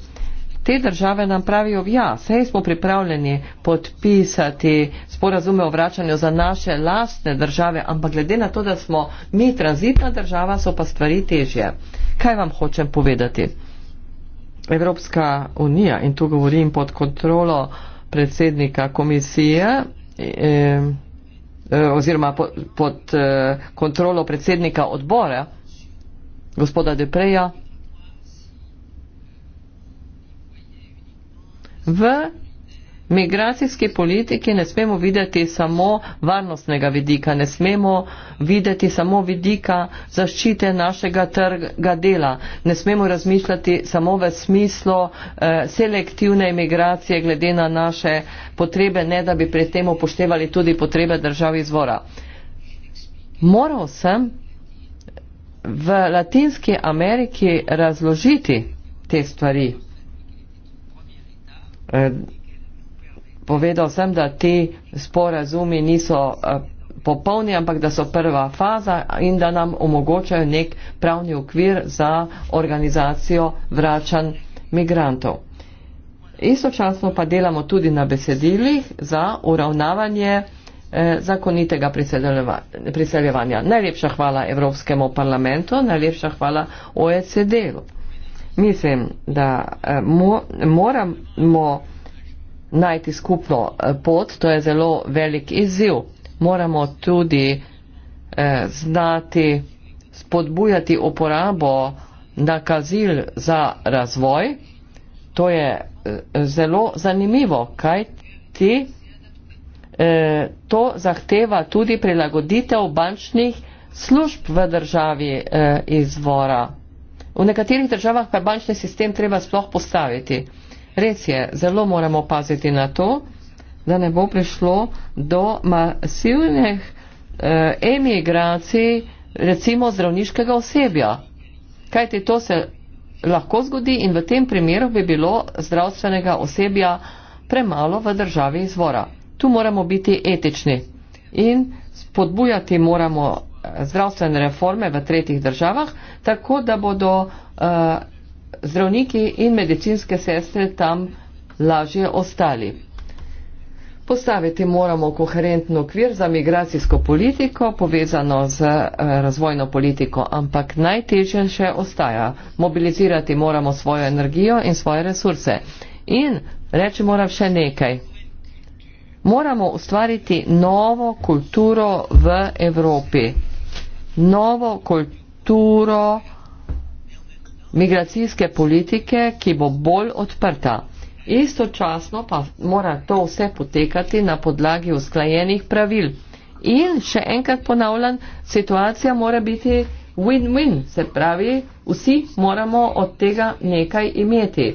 Te države nam pravijo, ja, sej smo pripravljeni podpisati sporazume o vračanju za naše lastne države, ampak glede na to, da smo mi tranzitna država, so pa stvari težje. Kaj vam hočem povedati? Evropska unija in tu govorim pod kontrolo predsednika komisije eh, eh, oziroma pod eh, kontrolo predsednika odbora gospoda Depreja v Migracijski politiki ne smemo videti samo varnostnega vidika, ne smemo videti samo vidika zaščite našega trga dela, ne smemo razmišljati samo v smislu eh, selektivne imigracije glede na naše potrebe, ne da bi pri tem upoštevali tudi potrebe držav izvora. Moral sem v Latinski Ameriki razložiti te stvari. Eh, povedal sem, da ti sporazumi niso eh, popolni, ampak da so prva faza in da nam omogočajo nek pravni okvir za organizacijo vračanj migrantov. Istočasno pa delamo tudi na besedilih za uravnavanje eh, zakonitega priseljevanja. Najlepša hvala Evropskemu parlamentu, najlepša hvala OECD-u. Mislim, da eh, mo, moramo najti skupno eh, pot, to je zelo velik izziv. Moramo tudi eh, znati spodbujati uporabo nakazil za razvoj. To je eh, zelo zanimivo, kaj ti eh, to zahteva tudi prilagoditev bančnih služb v državi eh, izvora. V nekaterih državah pa bančni sistem treba sploh postaviti. Res je, zelo moramo paziti na to, da ne bo prišlo do masivnih eh, emigracij recimo zdravniškega osebja. Kajti to se lahko zgodi in v tem primeru bi bilo zdravstvenega osebja premalo v državi izvora. Tu moramo biti etični in spodbujati moramo eh, zdravstvene reforme v tretjih državah, tako da bodo eh, zdravniki in medicinske sestre tam lažje ostali. Postaviti moramo koherentno okvir za migracijsko politiko, povezano z eh, razvojno politiko, ampak najtežje še ostaja. Mobilizirati moramo svojo energijo in svoje resurse. In reči moram še nekaj. Moramo ustvariti novo kulturo v Evropi. Novo kulturo migracijske politike, ki bo bolj odprta. Istočasno pa mora to vse potekati na podlagi usklajenih pravil. In še enkrat ponavljam, situacija mora biti win-win, se pravi, vsi moramo od tega nekaj imeti.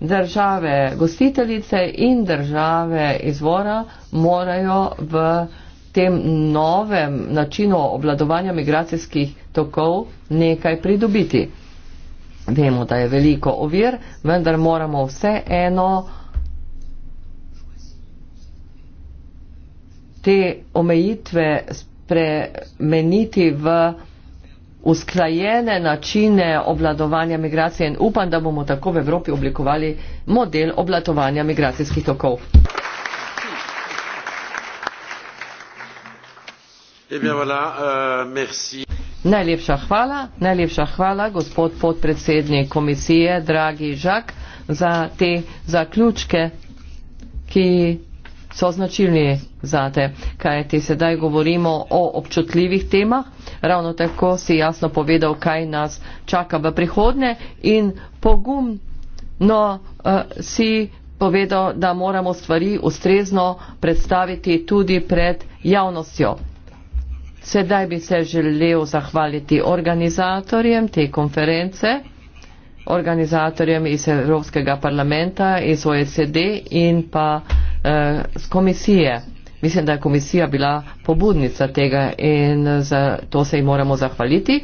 Države gostiteljice in države izvora morajo v tem novem načinu obladovanja migracijskih tokov nekaj pridobiti. Vemo, da je veliko ovir, vendar moramo vse eno te omejitve spremeniti v usklajene načine obladovanja migracije in upam, da bomo tako v Evropi oblikovali model obladovanja migracijskih tokov. Eh bien, voilà, euh, merci. Najlepša hvala, najlepša hvala, gospod podpredsednik komisije, dragi Žak, za te zaključke, ki so značilni za te, kaj ti sedaj govorimo o občutljivih temah. Ravno tako si jasno povedal, kaj nas čaka v prihodne in pogumno uh, si povedal, da moramo stvari ustrezno predstaviti tudi pred javnostjo. Sedaj bi se želel zahvaliti organizatorjem te konference, organizatorjem iz Evropskega parlamenta, iz OECD in pa eh, z komisije. Mislim, da je komisija bila pobudnica tega in eh, za to se ji moramo zahvaliti.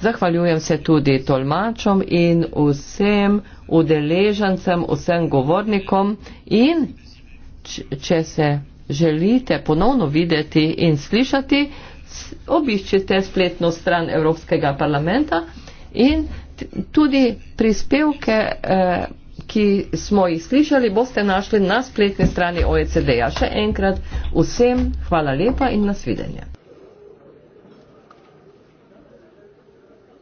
Zahvaljujem se tudi tolmačom in vsem udeležencem, vsem govornikom in če se želite ponovno videti in slišati, obiščite spletno stran Evropskega parlamenta in tudi prispevke, eh, ki smo jih slišali, boste našli na spletni strani OECD-ja. Še enkrat vsem hvala lepa in nasvidenje.